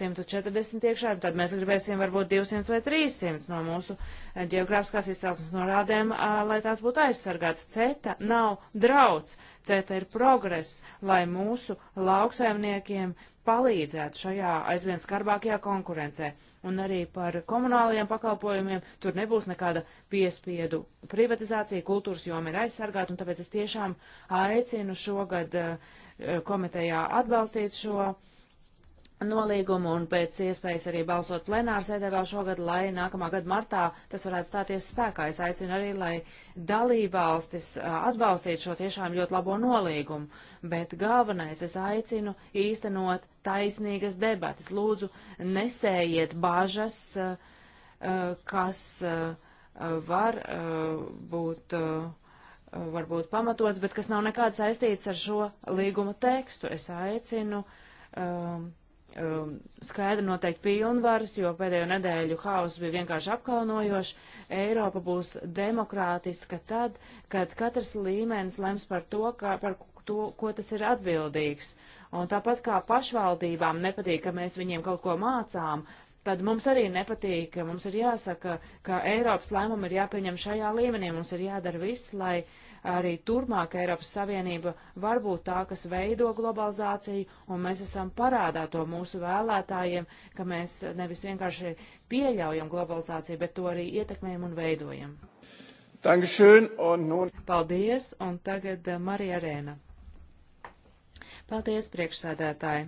140 eh, iekšā, tad mēs gribēsim varbūt 200 vai 300 no mūsu eh, geogrāfiskās izcelsmes norādēm, lai tās būtu aizsargāts. CETA nav drauds, CETA ir progress, lai mūsu lauksaimniekiem palīdzētu šajā aizvien skarbākajā konkurencē. Un arī par komunālajiem pakalpojumiem tur nebūs nekāda piespiedu privatizācija, kultūras joma ir aizsargāta, un tāpēc es tiešām aicinu šogad eh, komitejā atbalstīt šo uh, nolīgumu un pēc iespējas arī balsot plenāru sēdē vēl šogad, lai nākamā gada martā tas varētu stāties spēkā. Es aicinu arī, lai dalībvalstis atbalstītu šo tiešām ļoti labo nolīgumu, bet galvenais es aicinu īstenot taisnīgas debatas. Lūdzu, nesējiet bažas, kas var būt varbūt pamatots, bet kas nav nekāds saistīts ar šo līguma tekstu. Es aicinu um, um, skaidri noteikti pilnvaras, jo pēdējo nedēļu haoss bija vienkārši apkaunojošs. Eiropa būs demokrātiska tad, kad katrs līmenis lems par to, kā, par to, ko tas ir atbildīgs. Un tāpat kā pašvaldībām nepatīk, ka mēs viņiem kaut ko mācām, tad mums arī nepatīk, mums ir jāsaka, ka Eiropas lēmumi ir jāpieņem šajā līmenī, mums ir jādara viss, lai uh, arī turpmāk Eiropas Savienība var būt tā, kas veido globalizāciju, un mēs esam parādā to mūsu vēlētājiem, ka mēs nevis vienkārši pieļaujam globalizāciju, bet to arī ietekmējam un veidojam. Dankeschön, un nun... Paldies, un tagad eh, Marija Rēna. Paldies, priekšsēdētāji.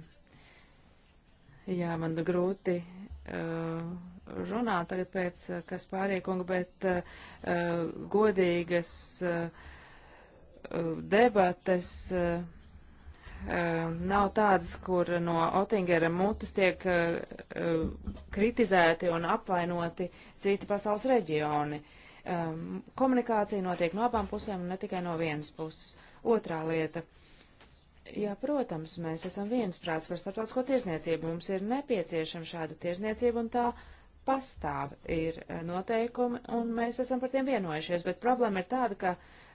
Jā, man grūti eh, runā tagad pēc eh, Kaspārija kunga, bet uh, godīgas uh, debates eh, eh, nav tādas, kur no Otingera mutes tiek eh, kritizēti un apvainoti citi pasaules reģioni. Komunikācija notiek no abām pusēm un ne tikai no vienas puses. Otrā lieta. Jā, protams, mēs esam viensprāts par starptautisko tiesniecību. Mums ir nepieciešama šāda tiesniecība un tā pastāv ir noteikumi, un mēs esam par tiem vienojušies, bet problēma ir tāda, ka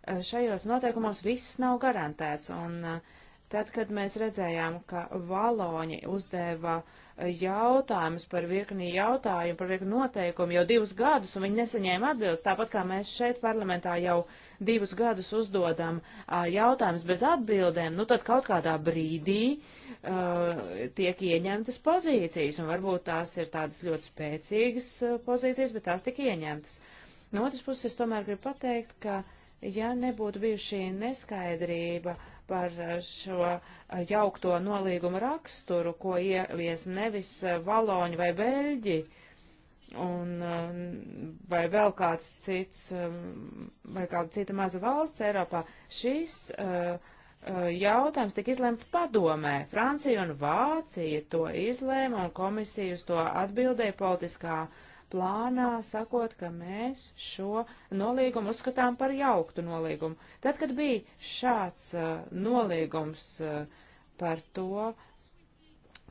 Eh, šajos noteikumos viss nav garantēts. Un eh, tad, kad mēs redzējām, ka valoņi uzdeva eh, jautājumus par virkni jautājumu, par virkni noteikumu jau divus gadus, un viņi nesaņēma atbildes, tāpat kā mēs šeit parlamentā jau divus gadus uzdodam jautājumus bez atbildēm, nu tad kaut kādā brīdī uh, tiek ieņemtas pozīcijas, un varbūt tās ir tādas ļoti spēcīgas pozīcijas, bet tās tika ieņemtas. No otras puses, es tomēr gribu pateikt, ka uh, Ja nebūtu bijusi neskaidrība par šo jaukto nolīgumu raksturu, ko ievies nevis Valoņi vai Beļģi, un mm, vai vēl kāds cits, mm, vai kāda cita maza valsts Eiropā, šis uh, uh jautājums tika izlēmts padomē. Francija un Vācija to izlēma, un komisija uz to atbildēja politiskā uh, plānā, sakot, ka mēs šo nolīgumu uzskatām par jauktu nolīgumu. Tad, kad bija šāds uh, nolīgums uh, par to,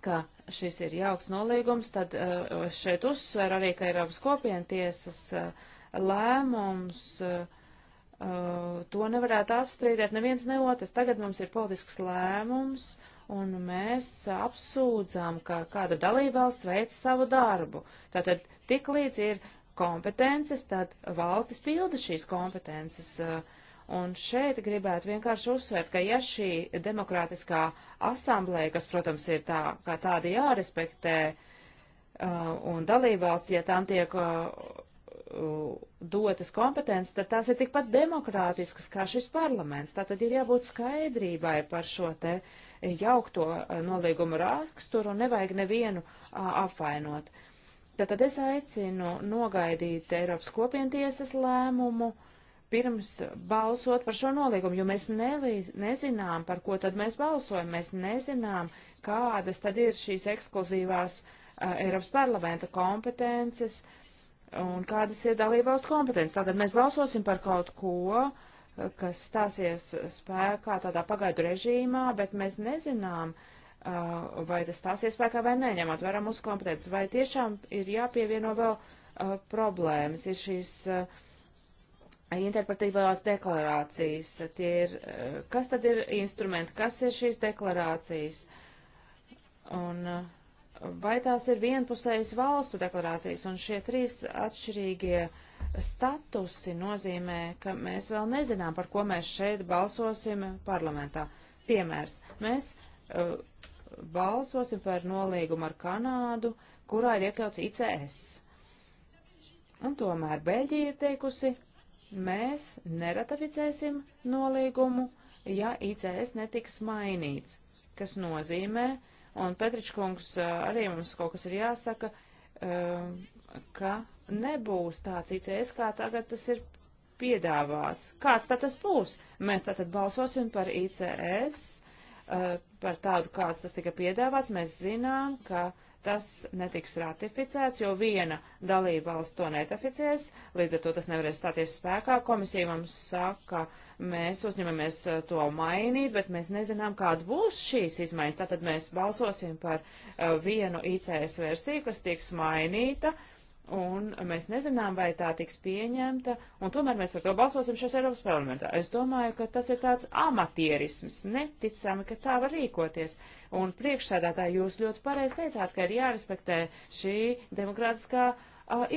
ka šis ir jauks nolīgums, tad uh, šeit uzsver arī, ka Eiropas kopientiesas uh, lēmums uh, Uh, to nevarētu apstrīdēt neviens ne otrs. Tagad mums ir politisks lēmums, un mēs apsūdzām, ka kāda dalībvalsts veic savu darbu. Tātad Tik līdz ir kompetences, tad valstis pilda šīs kompetences. Eh, un šeit gribētu vienkārši uzsvērt, ka ja šī demokrātiskā asamblēja, kas, protams, ir tā, kā tāda jārespektē, eh, un dalībvalsts, ja tām tiek eh, dotas kompetences, tad tās ir tikpat demokrātiskas kā šis parlaments. Tātad ir jābūt skaidrībai par šo te jaukto nolīgumu raksturu un nevajag nevienu a, apvainot. Tātad es aicinu nogaidīt Eiropas kopientiesas lēmumu pirms balsot par šo nolīgumu, jo mēs nelīz, nezinām, par ko tad mēs balsojam, mēs nezinām, kādas tad ir šīs ekskluzīvās uh, Eiropas parlamenta kompetences un kādas ir dalībvalstu kompetences. Tātad mēs balsosim par kaut ko, kas stāsies spēkā tādā pagaidu režīmā, bet mēs nezinām, uh, Uh, vai tas tās iespēkā vai neņemot vērā mūsu kompetences, vai tiešām ir jāpievieno vēl uh, problēmas, ir šīs uh, interpretīvās deklarācijas, tie ir, uh, kas tad ir instrumenti, kas ir šīs deklarācijas, un uh, vai tās ir vienpusējas valstu deklarācijas, un šie trīs atšķirīgie statusi nozīmē, ka mēs vēl nezinām, par ko mēs šeit balsosim parlamentā. Piemērs. Mēs uh, balsosim par nolīgumu ar Kanādu, kurā ir iekļauts ICS. Un tomēr Beļģija ir teikusi, mēs neratificēsim nolīgumu, ja ICS netiks mainīts, kas nozīmē, un Petričkungs arī mums kaut kas ir jāsaka, ka nebūs tāds ICS, kā tagad tas ir piedāvāts. Kāds tad tas būs? Mēs tātad balsosim par ICS Eh, par tādu, kāds tas tika piedāvāts, mēs zinām, ka tas netiks ratificēts, jo viena dalība valsts to netaficēs, līdz ar to tas nevarēs stāties spēkā. Komisija mums saka, mēs uzņemamies eh, to mainīt, bet mēs nezinām, kāds būs šīs izmaiņas. Tātad mēs balsosim par uh, vienu ICS versiju, kas tiks mainīta, un mēs nezinām, vai tā tiks pieņemta, un tomēr mēs par to balsosim šos Eiropas parlamentā. Es domāju, ka tas ir tāds amatierisms, neticami, ka tā var rīkoties. Un priekšsēdētāji jūs ļoti pareizi teicāt, ka ir jārespektē šī demokrātiskā a,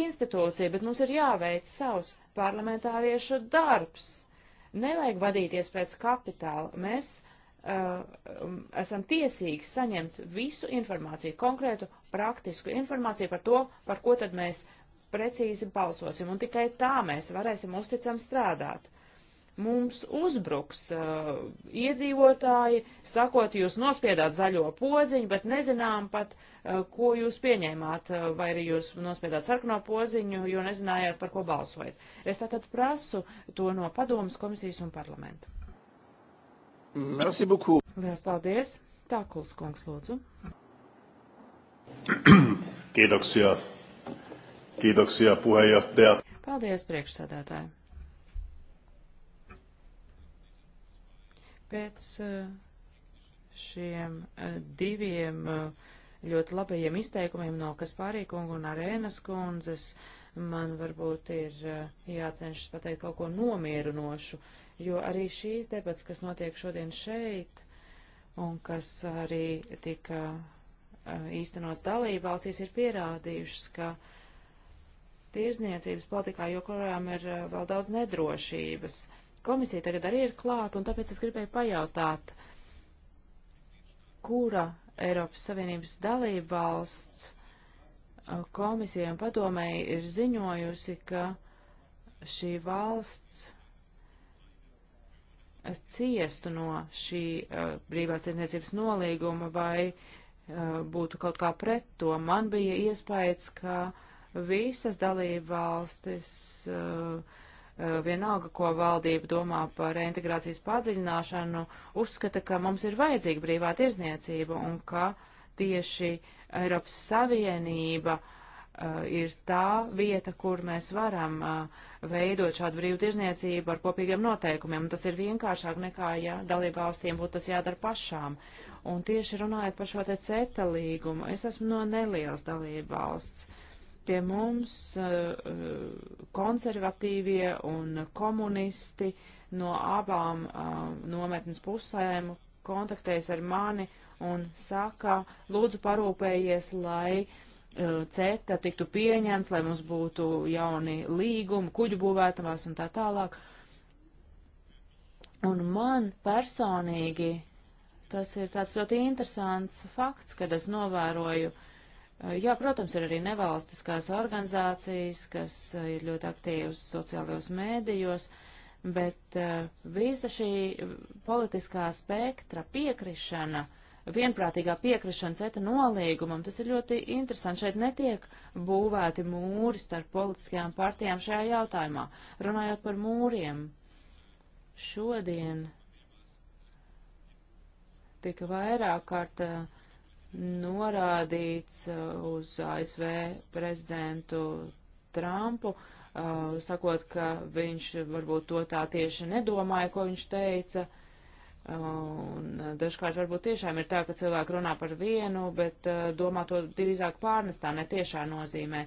institūcija, bet mums ir jāveic savs parlamentāriešu darbs. Nevajag vadīties pēc kapitāla. Mēs Eh, esam tiesīgi saņemt visu informāciju, konkrētu praktisku informāciju par to, par ko tad mēs precīzi balsosim, un tikai tā mēs varēsim uzticam strādāt. Mums uzbruks uh, iedzīvotāji, sakot, jūs nospiedāt zaļo podziņu, bet nezinām pat, uh, ko jūs pieņēmāt, uh, vai arī jūs nospiedāt sarkano podziņu, jo nezinājāt, par ko balsojat. Es tātad prasu to no padomas komisijas un parlamenta. Mhm. Merci beaucoup. Lielas paldies. Tā, Kulskungs, lūdzu. Kiitoksia. Kiitoksia, puheenjohtaja. Paldies, priekšsādātāji. Pēc eh, šiem eh, diviem eh, ļoti labajiem izteikumiem no Kaspārī kunga un Arēnas kundzes man varbūt ir jācenšas pateikt kaut ko nomierinošu. No jo arī šīs debats, kas notiek šodien šeit un kas arī tika eh, īstenots dalībvalstīs, ir pierādījušas, ka tirzniecības politikā joprojām ir eh, vēl daudz nedrošības. Komisija tagad arī ir klāta, un tāpēc es gribēju pajautāt, kura Eiropas Savienības dalībvalsts eh, komisija un padomēji ir ziņojusi, ka šī valsts ciestu no šī uh, brīvās tiesniecības nolīguma vai uh, būtu kaut kā pret to. Man bija iespējas, ka visas dalība valstis, uh, eh, vienalga, ko valdība domā par integrācijas padziļināšanu, uzskata, ka mums ir vajadzīga brīvā tiesniecība un ka tieši Eiropas Savienība uh, Uh, ir tā vieta, kur mēs varam uh, veidot šādu brīvu tirzniecību ar kopīgiem noteikumiem. Un tas ir vienkāršāk nekā, ja dalību valstīm būtu tas jādara pašām. Un tieši runājot par šo te CETA līgumu, es esmu no nelielas dalību valsts. Pie mums uh, konservatīvie un komunisti no abām nometnes pusēm kontaktējas ar mani un saka, lūdzu parūpējies, lai uh, CETA tiktu pieņemts, lai mums būtu jauni līgumi, kuģu būvētavās un tā tālāk. Un man personīgi tas ir tāds ļoti interesants fakts, kad es novēroju, eh, jā, protams, ir arī nevalstiskās organizācijas, kas eh, ir ļoti aktīvas sociālajos mēdījos, bet eh, visa šī politiskā spektra piekrišana uh, vienprātīgā piekrišana CETA nolīgumam. Tas ir ļoti interesanti. Šeit netiek būvēti mūri starp politiskajām partijām šajā jautājumā. Runājot par mūriem, šodien tika vairāk kārt eh, norādīts eh, uz ASV prezidentu Trumpu, eh, sakot, ka viņš varbūt to tā tieši nedomāja, ko viņš teica. Uh, Un eh, dažkārt varbūt tiešām ir tā, ka cilvēki runā par vienu, bet uh, domā to drīzāk pārnestā, ne tiešā nozīmē.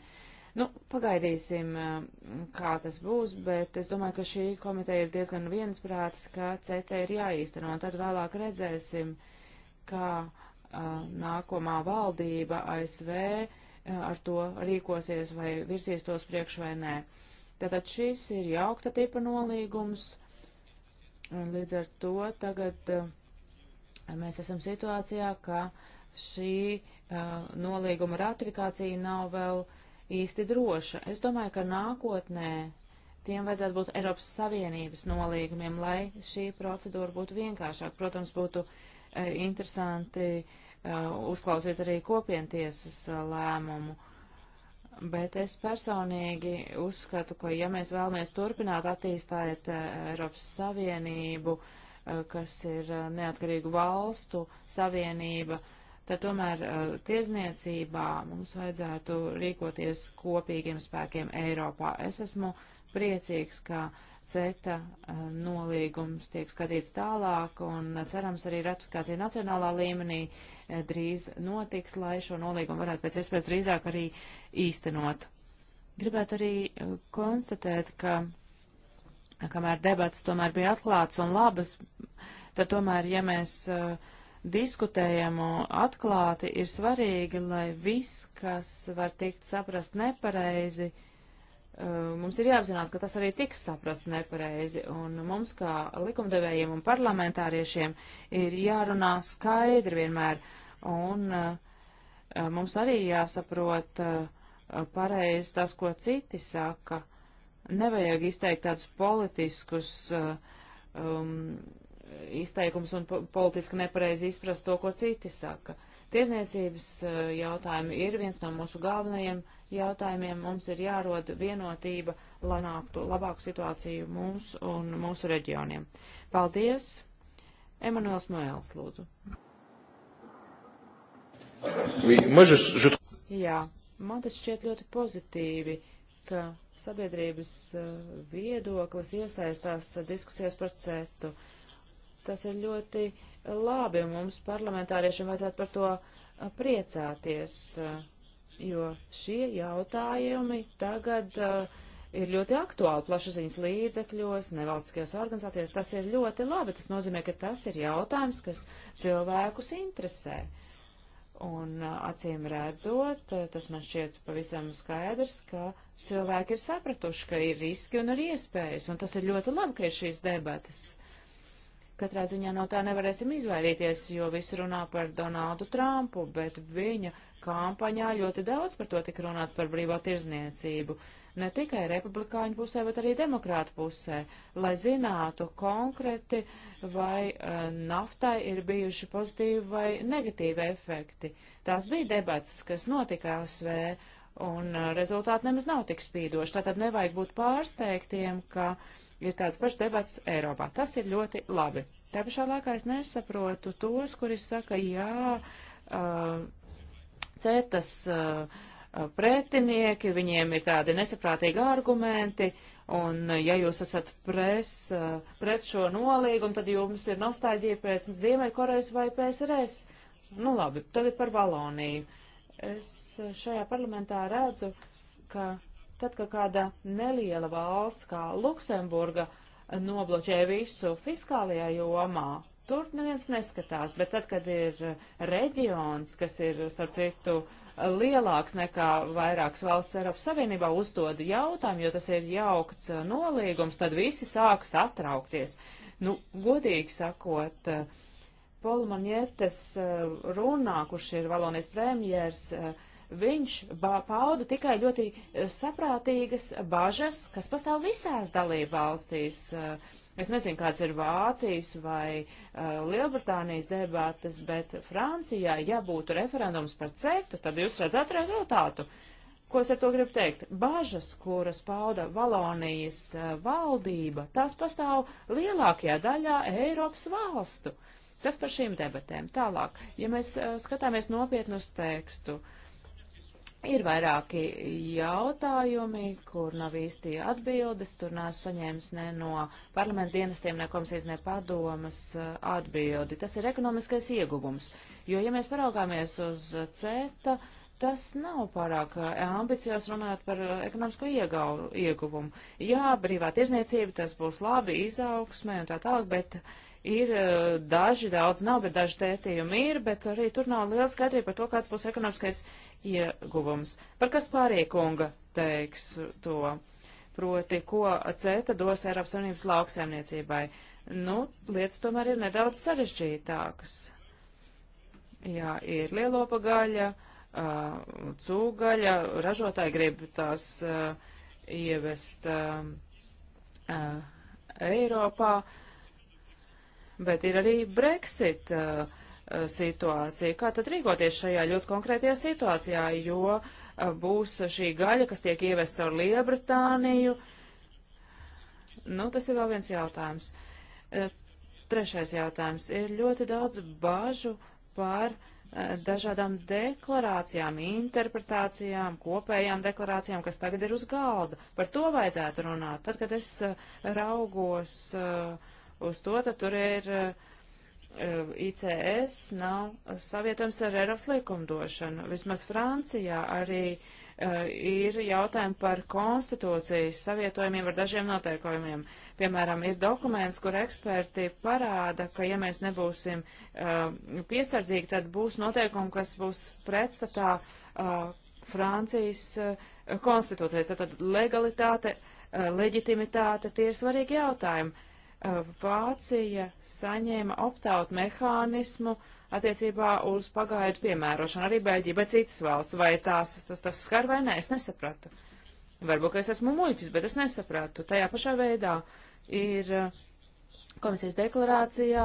Nu, pagaidīsim, uh, kā tas būs, bet es domāju, ka šī komiteja ir diezgan viensprātis, ka CT ir jāīsteno, un tad vēlāk redzēsim, kā uh, nākamā valdība ASV ar to rīkosies vai virsīs tos priekš vai nē. Tātad šis ir jaukta tipa nolīgums Un līdz ar to tagad eh, mēs esam situācijā, ka šī uh, nolīguma ratifikācija nav vēl īsti droša. Es domāju, ka nākotnē tiem vajadzētu būt Eiropas Savienības nolīgumiem, lai šī procedūra būtu vienkāršāka. Protams, būtu uh, interesanti uh, uzklausīt arī kopientiesas lēmumu. Uh, Bet es personīgi uzskatu, ka ja mēs vēlamies turpināt attīstāt eh, Eiropas Savienību, eh, kas ir eh, neatkarīgu valstu savienība, tad tomēr tiesniecībā mums vajadzētu rīkoties kopīgiem spēkiem Eiropā. Es esmu priecīgs, ka CETA nolīgums tiek skatīts tālāk un cerams arī ratifikācija nacionālā līmenī drīz notiks, lai šo nolīgumu varētu pēc iespējas drīzāk arī uh, īstenot. Gribētu arī uh, konstatēt, ka kamēr debats tomēr bija atklāts un labas, tad tomēr, ja mēs uh, diskutējam uh, atklāti, ir svarīgi, lai viss, kas var tikt saprast nepareizi, uh, mums ir jāapzinās, ka tas arī tiks saprast nepareizi, un mums kā likumdevējiem un parlamentāriešiem ir jārunā skaidri vienmēr, un uh, uh mums arī jāsaprot, uh, pareizi tas, ko citi saka. Nevajag izteikt tādus politiskus um, izteikums un po politiski nepareizi izprast to, ko citi saka. Tiesniecības jautājumi ir viens no mūsu galvenajiem jautājumiem. Mums ir jārod vienotība, lai nāktu labāku situāciju mums un mūsu reģioniem. Paldies! Emanuels Mēls, lūdzu. Oui, moi je, je... Jā, Man tas šķiet ļoti pozitīvi, ka sabiedrības eh, viedoklis iesaistās eh, diskusijās par CETU. Tas ir ļoti labi, un mums parlamentāriešiem vajadzētu par to eh, priecāties, jo šie jautājumi tagad ir ļoti aktuāli plašsaziņas līdzekļos, nevalstiskajās organizācijās. Tas ir ļoti labi, tas nozīmē, ka tas ir jautājums, kas cilvēkus interesē. Uh, Un uh, acīm redzot, uh, tas man šķiet pavisam skaidrs, ka cilvēki ir sapratuši, ka ir riski un ir iespējas, un tas ir ļoti labi, ka ir šīs debatas. Katrā ziņā no tā nevarēsim izvairīties, jo visi runā par Donaldu Trumpu, bet viņa kampaņā ļoti daudz par to tika runāts par brīvo tirzniecību. Uh, ne tikai republikāņu pusē, bet arī demokrātu pusē, lai zinātu konkrēti, vai uh, naftai ir bijuši pozitīvi vai negatīvi efekti. Tās bija debats, kas notika ASV, un uh, rezultāti nemaz nav tik spīdoši. Tātad nevajag būt pārsteigtiem, ka ir tāds pašs debats Eiropā. Tas ir ļoti labi. Tā pašā laikā es nesaprotu tos, kuri saka, jā, uh, eh, cetas. Uh, pretinieki, viņiem ir tādi nesaprātīgi argumenti, un ja jūs esat pres, pret šo nolīgumu, tad jums ir nostāģija pēc Ziemeļkorejas vai PSRS. Nu labi, tad ir par Valoniju. Es šajā parlamentā redzu, ka tad, kad kāda neliela valsts kā Luksemburga nobloķē visu fiskālajā jomā, tur neviens neskatās, bet tad, kad ir reģions, kas ir, starp citu, uh, lielāks nekā vairākas valsts Eiropas Savienībā uzdod jautājumu, jo tas ir jaukts uh, nolīgums, tad visi sāk satraukties. Nu, godīgi sakot, uh, Polmanietes uh, runā, kurš ir Valonijas premjers, viņš pauda tikai ļoti saprātīgas bažas, kas pastāv visās dalību valstīs. Uh, Es nezinu, kāds ir Vācijas vai uh, Lielbritānijas debātas, bet Francijā, ja būtu referendums par CETU, tad jūs redzat rezultātu. Ko es ar to gribu teikt? Bažas, kuras pauda Valonijas uh, valdība, tās pastāv lielākajā daļā Eiropas valstu. Tas par šīm debatēm. Tālāk, ja mēs uh, skatāmies nopietnu uz tekstu, uh, Ir vairāki jautājumi, kur nav īsti atbildes, tur nav saņēmis ne no parlamenta dienestiem, ne komisijas, ne padomas uh, atbildi. Tas ir ekonomiskais ieguvums, jo, ja mēs paraugāmies uz CETA, tas nav pārāk uh, ambiciozs runāt par uh, ekonomisko iegau, ieguvumu. Jā, brīvā tirzniecība, tas būs labi, izaugsmē un tā tālāk, bet ir eh, daži, daudz nav, bet daži pētījumi ir, bet arī tur nav liela skaidrība par to, kāds būs ekonomiskais ieguvums. Par kas pārīkunga teiks to? Proti, ko CETA dos Eiropas Savienības lauksēmniecībai? Nu, lietas tomēr ir nedaudz sarežģītākas. Jā, ir lielopa gaļa, eh, cūgaļa, ražotāji grib tās eh, ievest Eiropā. Uh, bet ir arī Brexit uh, uh, situācija. Kā tad rīkoties šajā ļoti konkrētajā situācijā, jo uh, būs šī gaļa, kas tiek ievests caur Liebritāniju? Nu, tas ir vēl viens jautājums. Uh, trešais jautājums. Ir ļoti daudz bažu par uh, dažādām deklarācijām, interpretācijām, kopējām deklarācijām, kas tagad ir uz galda. Par to vajadzētu runāt. Tad, kad es uh, raugos uh, uz to, tad tur ir eh, ICS nav savietojums ar Eiropas likumdošanu. Vismaz Francijā arī eh, ir jautājumi par konstitūcijas savietojumiem ar dažiem noteikumiem. Piemēram, ir dokuments, kur eksperti parāda, ka ja mēs nebūsim eh, piesardzīgi, tad būs noteikumi, kas būs pretstatā Francijas konstitūcijai. Tātad legalitāte, leģitimitāte, tie ir svarīgi jautājumi. Vācija saņēma optaut mehānismu attiecībā uz pagaidu piemērošanu, arī Beļģija, bet citas valsts, vai tās, tas, tas skar vai nē, es nesapratu. Varbūt, ka es esmu muļķis, bet es nesapratu. Tajā pašā veidā ir komisijas deklarācijā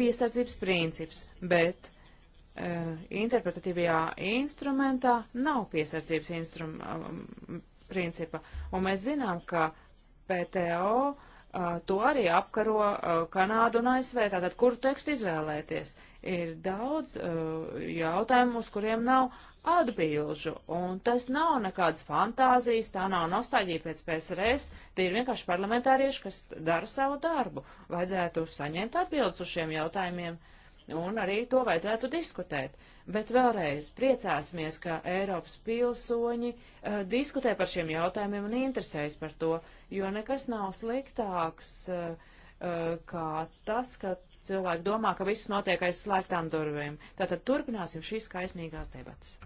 piesardzības princips, bet uh, interpretatīvajā instrumentā nav piesardzības instrum, um, principa. Un mēs zinām, ka PTO uh, Uh, to arī apkaro uh, Kanādu un ASV. Tātad, kuru tekstu izvēlēties? Ir daudz uh, jautājumu, uz kuriem nav atbilžu, un tas nav nekādas fantāzijas, tā nav nostāģija pēc PSRS, tie ir vienkārši parlamentārieši, kas dara savu darbu. Vajadzētu saņemt atbildes uz šiem jautājumiem. Uh, un arī to vajadzētu diskutēt. Bet vēlreiz priecāsimies, ka Eiropas pilsoņi uh, diskutē par šiem jautājumiem un interesēs par to, jo nekas nav sliktāks uh, uh, kā tas, ka cilvēki domā, ka viss notiek aiz slēgtām durvīm. Tātad turpināsim šīs kaismīgās debatas.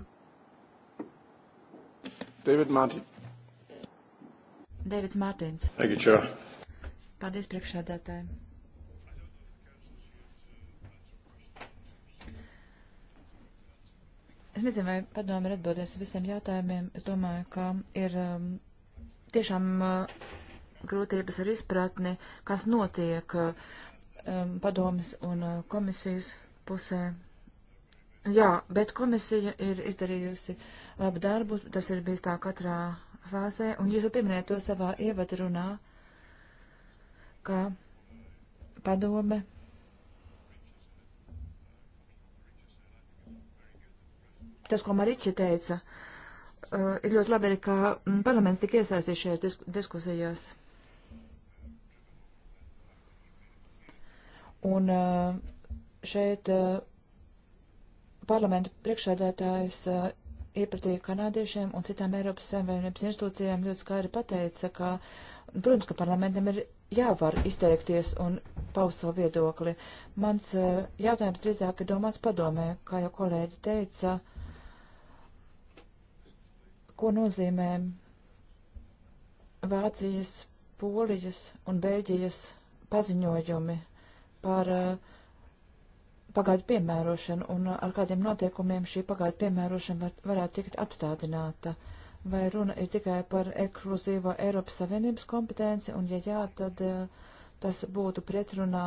David Martin. Davids Mārtiņš. Paldies priekšsēdētājiem. Es nezinu, vai padomu ir atbildēs visiem jautājumiem. Es domāju, ka ir um, tiešām uh, grūtības ar izpratni, kas notiek uh, um, padomas un uh, komisijas pusē. Jā, bet komisija ir izdarījusi labu darbu, tas ir bijis tā katrā fāzē, un jūs jau pieminējat to savā ievadrunā, ka padome tas, ko Mariči teica, eh, ir ļoti labi arī, ka mm, parlaments tik iesaistīs šajās disk diskusijās. Un eh, šeit eh, parlamentu priekšsēdētājs iepratīja kanādiešiem un citām Eiropas Savienības institūcijām ļoti skaidri pateica, ka, protams, ka parlamentam ir jāvar izteikties un paust savu viedokli. Mans jautājums drīzāk ir domāts padomē, kā jau kolēģi teica. Uh, ko nozīmē Vācijas, Polijas un Bēļģijas paziņojumi par uh, pagaidu piemērošanu un ar kādiem noteikumiem šī pagaidu piemērošana var, varētu tikt apstādināta. Vai runa ir tikai par ekskluzīvo Eiropas Savienības kompetenci, un ja jā, tad eh, tas būtu pretrunā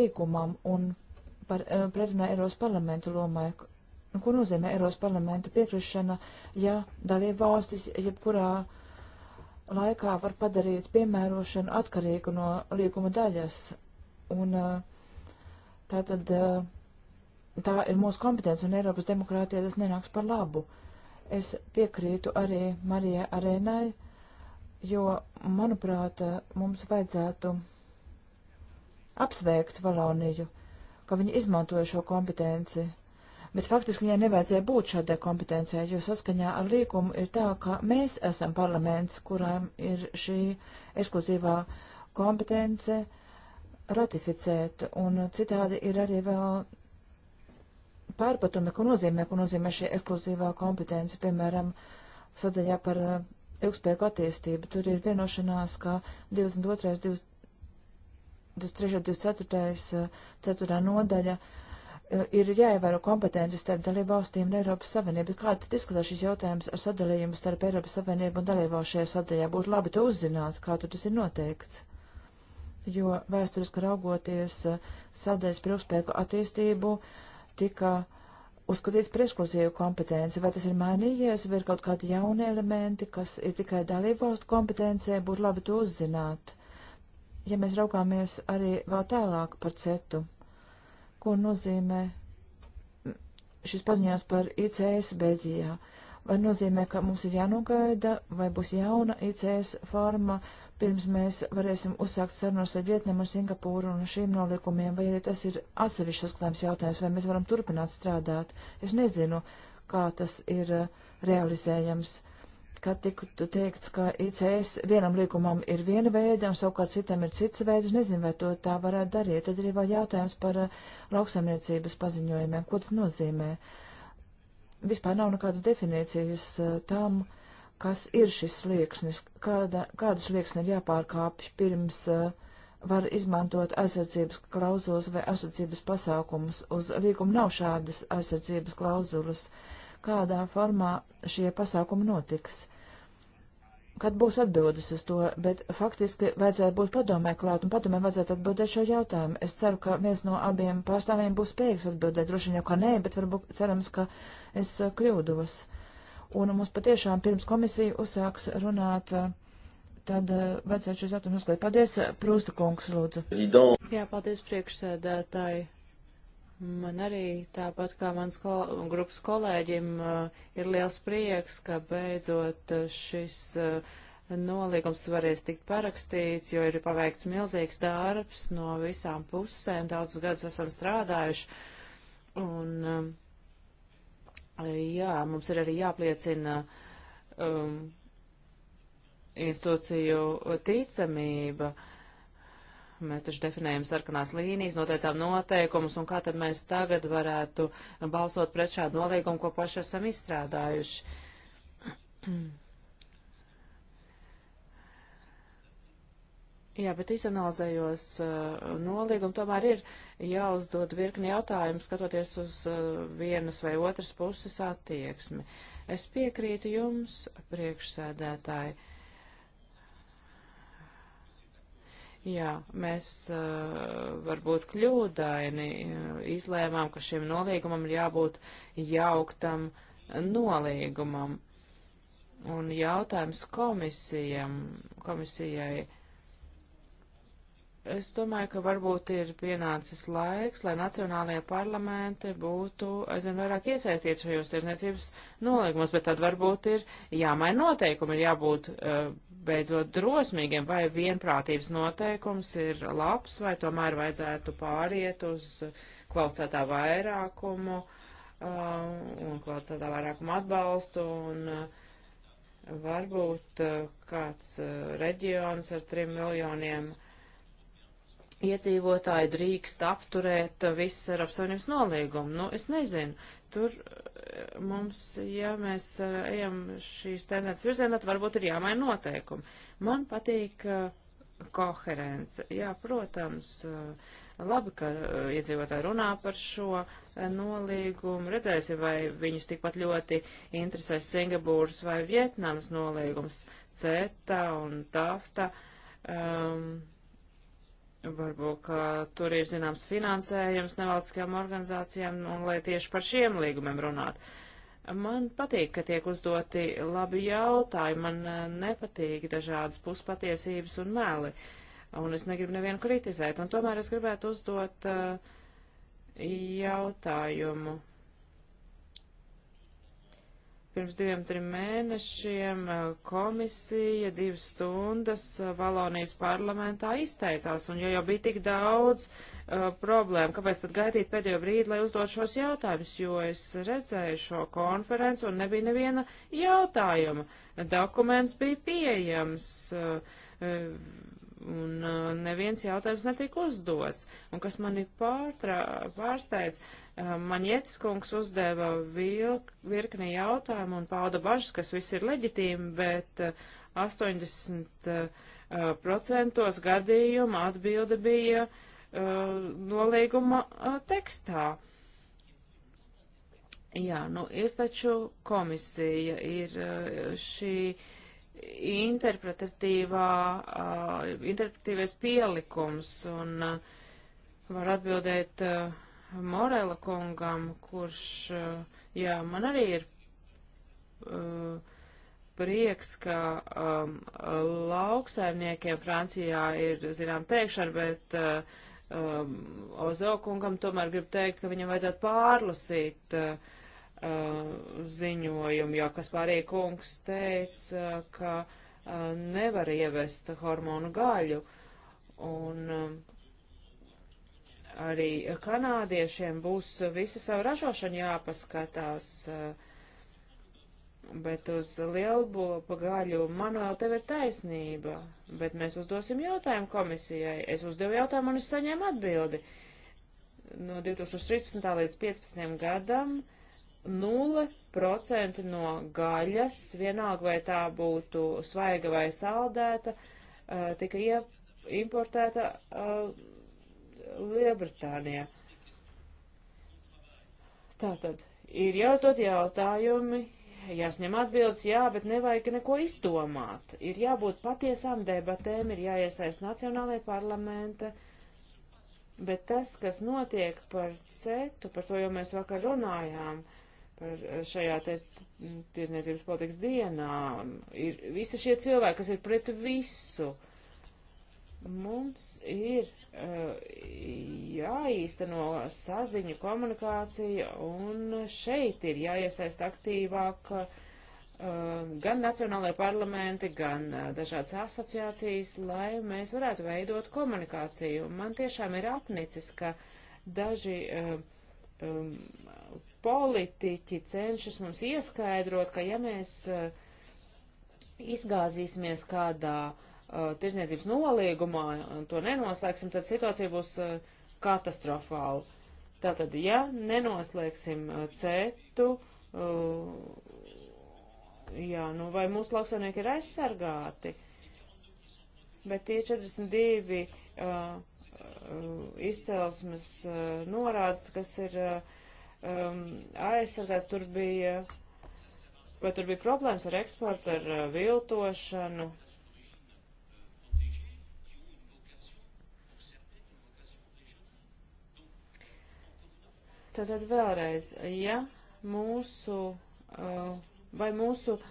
līgumam un par, eh, pretrunā Eiropas parlamentu lomai, Nu, ko nozīmē Eiropas parlamenta piekrišana, ja dalība valstis jebkurā laikā var padarīt piemērošanu atkarīgu no līguma daļas. Un eh, tā tad eh, tā ir mūsu kompetence un Eiropas demokrātija tas nenāks par labu. Es piekrītu arī Marijai Arēnai, jo, manuprāt, mums vajadzētu apsveikt Valoniju, ka viņi izmantoja šo kompetenci bet faktiski viņai nevajadzēja būt šādai kompetencijai, jo saskaņā ar līkumu ir tā, ka mēs esam parlaments, kurām ir šī ekskluzīvā kompetence ratificēt, un citādi ir arī vēl pārpatumi, ko nozīmē, ko nozīmē šī ekskluzīvā kompetence, piemēram, sadaļā par uh, ilgspējīgu attīstību. Tur ir vienošanās, ka 22. 23. 24. 4. nodaļa Eh, ir jāievēro kompetences starp dalību valstīm un Eiropas Savienību. Kā tad izskatās šis jautājums ar sadalījumu starp Eiropas Savienību un dalību valsts šajā sadaļā? Būtu labi to uzzināt, kā tur tas ir noteikts. Jo vēsturiski raugoties eh, sadaļas par uzspēku attīstību tika uzskatīts par ekskluzīvu kompetenci. Vai tas ir mainījies, vai ir kaut kādi jauni elementi, kas ir tikai dalību valstu kompetencē, būtu labi to uzzināt. Ja mēs raugāmies arī vēl tālāk par cetu ko nozīmē šis paziņojums par ICS Beļģijā. Vai nozīmē, ka mums ir jānogaida, vai būs jauna ICS forma, pirms mēs varēsim uzsākt sarunas ar Vietnamu, Singapūru un šīm nolikumiem, vai arī tas ir atsevišķs atklājums jautājums, vai mēs varam turpināt strādāt. Es nezinu, kā tas ir eh, realizējams kā tiktu teikts, ka ICS vienam līgumam ir viena veida, un savukārt citam ir cits veids. Nezinu, vai to tā varētu darīt. Tad ir vēl jautājums par uh, lauksaimniecības paziņojumiem. Ko tas nozīmē? Vispār nav nekādas definīcijas uh, tam, kas ir šis slieksnis, kāda, kāda slieksni ir jāpārkāpj pirms uh, var izmantot aizsardzības klauzulas vai aizsardzības pasākumus. Uz līguma nav šādas aizsardzības klauzulas. Uh, kādā formā šie pasākumi notiks. Kad būs atbildes uz to, bet faktiski vajadzētu būt padomē klāt un padomē vajadzētu atbildēt šo jautājumu. Es ceru, ka viens no abiem pārstāvjiem būs spējīgs atbildēt, droši vien jau kā nē, bet varbūt cerams, ka es eh, kļūdos. Un mums patiešām pirms komisija uzsāks runāt, eh, tad eh, vajadzētu šis jautājums uzklāt. Paldies, Prūsta kungs, lūdzu. Jā, paldies priekšsēdētāji. Man arī, tāpat kā mans kol grupas kolēģim, eh, ir liels prieks, ka beidzot eh, šis eh, nolīgums varēs tikt parakstīts, jo ir paveikts milzīgs darbs no visām pusēm, daudzus gadus esam strādājuši. Un, jā, mums ir arī jāpliecina um, institūciju ticamība. Uh, Mēs taču definējam sarkanās līnijas, noteicām noteikumus, un kā tad mēs tagad varētu balsot pret šādu nolīgumu, ko paši esam izstrādājuši. (clears throat) Jā, bet izanalizējos uh, nolīgumu, tomēr ir jāuzdod virkni jautājumu, skatoties uz uh, vienas vai otras puses attieksmi. Es piekrītu jums, priekšsēdētāji. Uh, Jā, mēs uh, varbūt kļūdaini eh, izlēmām, ka šim nolīgumam ir jābūt jauktam nolīgumam. Un jautājums komisijam, komisijai Es domāju, ka varbūt ir pienācis laiks, lai nacionālajie parlamenti būtu aizvien vairāk iesaistīti šajos tirzniecības nolīgumos, bet tad varbūt ir jāmaina noteikumi, ir jābūt eh, beidzot drosmīgiem, vai vienprātības noteikums ir labs, vai tomēr vajadzētu pāriet uz kvalificētā vairākumu eh, un kvalificētā vairākumu atbalstu. Un, eh, Varbūt kāds reģions ar trim miljoniem uh, iedzīvotāji drīkst apturēt visas Eiropas Savienības nolīgumu. Nu, es nezinu, tur eh, mums, ja mēs eh, ejam šīs tendences virzienā, tad varbūt ir jāmaina noteikumi. Man patīk eh, koherence. Jā, protams, labi, ka iedzīvotāji runā par šo nolīgumu. Redzēsim, vai viņus tikpat ļoti interesēs Singapūras vai Vietnams nolīgums CETA un TAFTA. Um, Varbūt, ka tur ir zināms finansējums nevalstiskajām organizācijām un lai tieši par šiem līgumiem runāt. Man patīk, ka tiek uzdoti labi jautājumi, man eh, nepatīk dažādas puspatiesības un meli, un es negribu nevienu kritizēt, un tomēr es gribētu uzdot uh, jautājumu Pirms diviem, trim mēnešiem eh, komisija divas stundas eh, Valonijas parlamentā izteicās, un jo jau bija tik daudz uh, problēmu, kāpēc tad gaidīt pēdējo brīdi, lai uzdot šos jautājumus, jo es redzēju šo konferenci un nebija neviena jautājuma. Dokuments bija pieejams. Uh, uh, un neviens jautājums netika uzdots. Un kas mani pārtrā, pārsteidz, Eh, Maņietis kungs uzdeva vilk, virkni jautājumu un pauda bažas, kas viss ir leģitīmi, bet 80% eh, eh, gadījuma atbilde bija nolīguma tekstā. Jā, nu ir taču komisija, ir šī interpretatīvā, interpretatīvais pielikums un var atbildēt uh, Morela kungam, kurš, eh, jā, man arī ir uh, prieks, ka um, lauksaimniekiem Francijā ir, zinām, teikšana, bet uh, um, Ozo kungam tomēr grib teikt, ka viņam vajadzētu pārlasīt uh, ziņojumu, jo Kaspārī kungs teica, ka nevar ievest hormonu gaļu. Un, uh, arī kanādiešiem būs visa savu ražošanu jāpaskatās. Eh, bet uz lielbopa gaļu, Manuēl, tev ir taisnība, bet mēs uzdosim jautājumu komisijai. Es uzdevu jautājumu un es saņēmu atbildi. No 2013. līdz 2015. gadam 0% no gaļas, vienalga vai tā būtu svaiga vai saldēta, eh, tika importēta eh, Lielbritānijā. Tātad ir jāuzdod jautājumi, jāsņem atbildes, jā, bet nevajag neko izdomāt. Ir jābūt patiesām debatēm, ir jāiesaist nacionālajie parlamenta, bet tas, kas notiek par CETU, par to jau mēs vakar runājām, par šajā te tiesniecības politikas dienā, ir visi šie cilvēki, kas ir pret visu. Mums ir uh, jāīsteno saziņu komunikācija un šeit ir jāiesaist aktīvāk uh, gan nacionālajie parlamenti, gan uh, dažādas asociācijas, lai mēs varētu veidot komunikāciju. Man tiešām ir apnicis, ka daži um, politiķi cenšas mums ieskaidrot, ka ja mēs izgāzīsimies kādā uh, Uh, tirzniecības nolīgumā to nenoslēgsim, tad situācija būs uh, katastrofāla. Tātad, ja nenoslēgsim uh, cetu, jā, nu vai mūsu lauksaimnieki ir aizsargāti, bet tie 42 uh, izcelsmes uh, norādes, kas ir um, aizsargāts, tur bija, vai tur bija problēmas ar eksportu, ar viltošanu, Tātad vēlreiz, ja mūsu, uh, vai mūsu uh,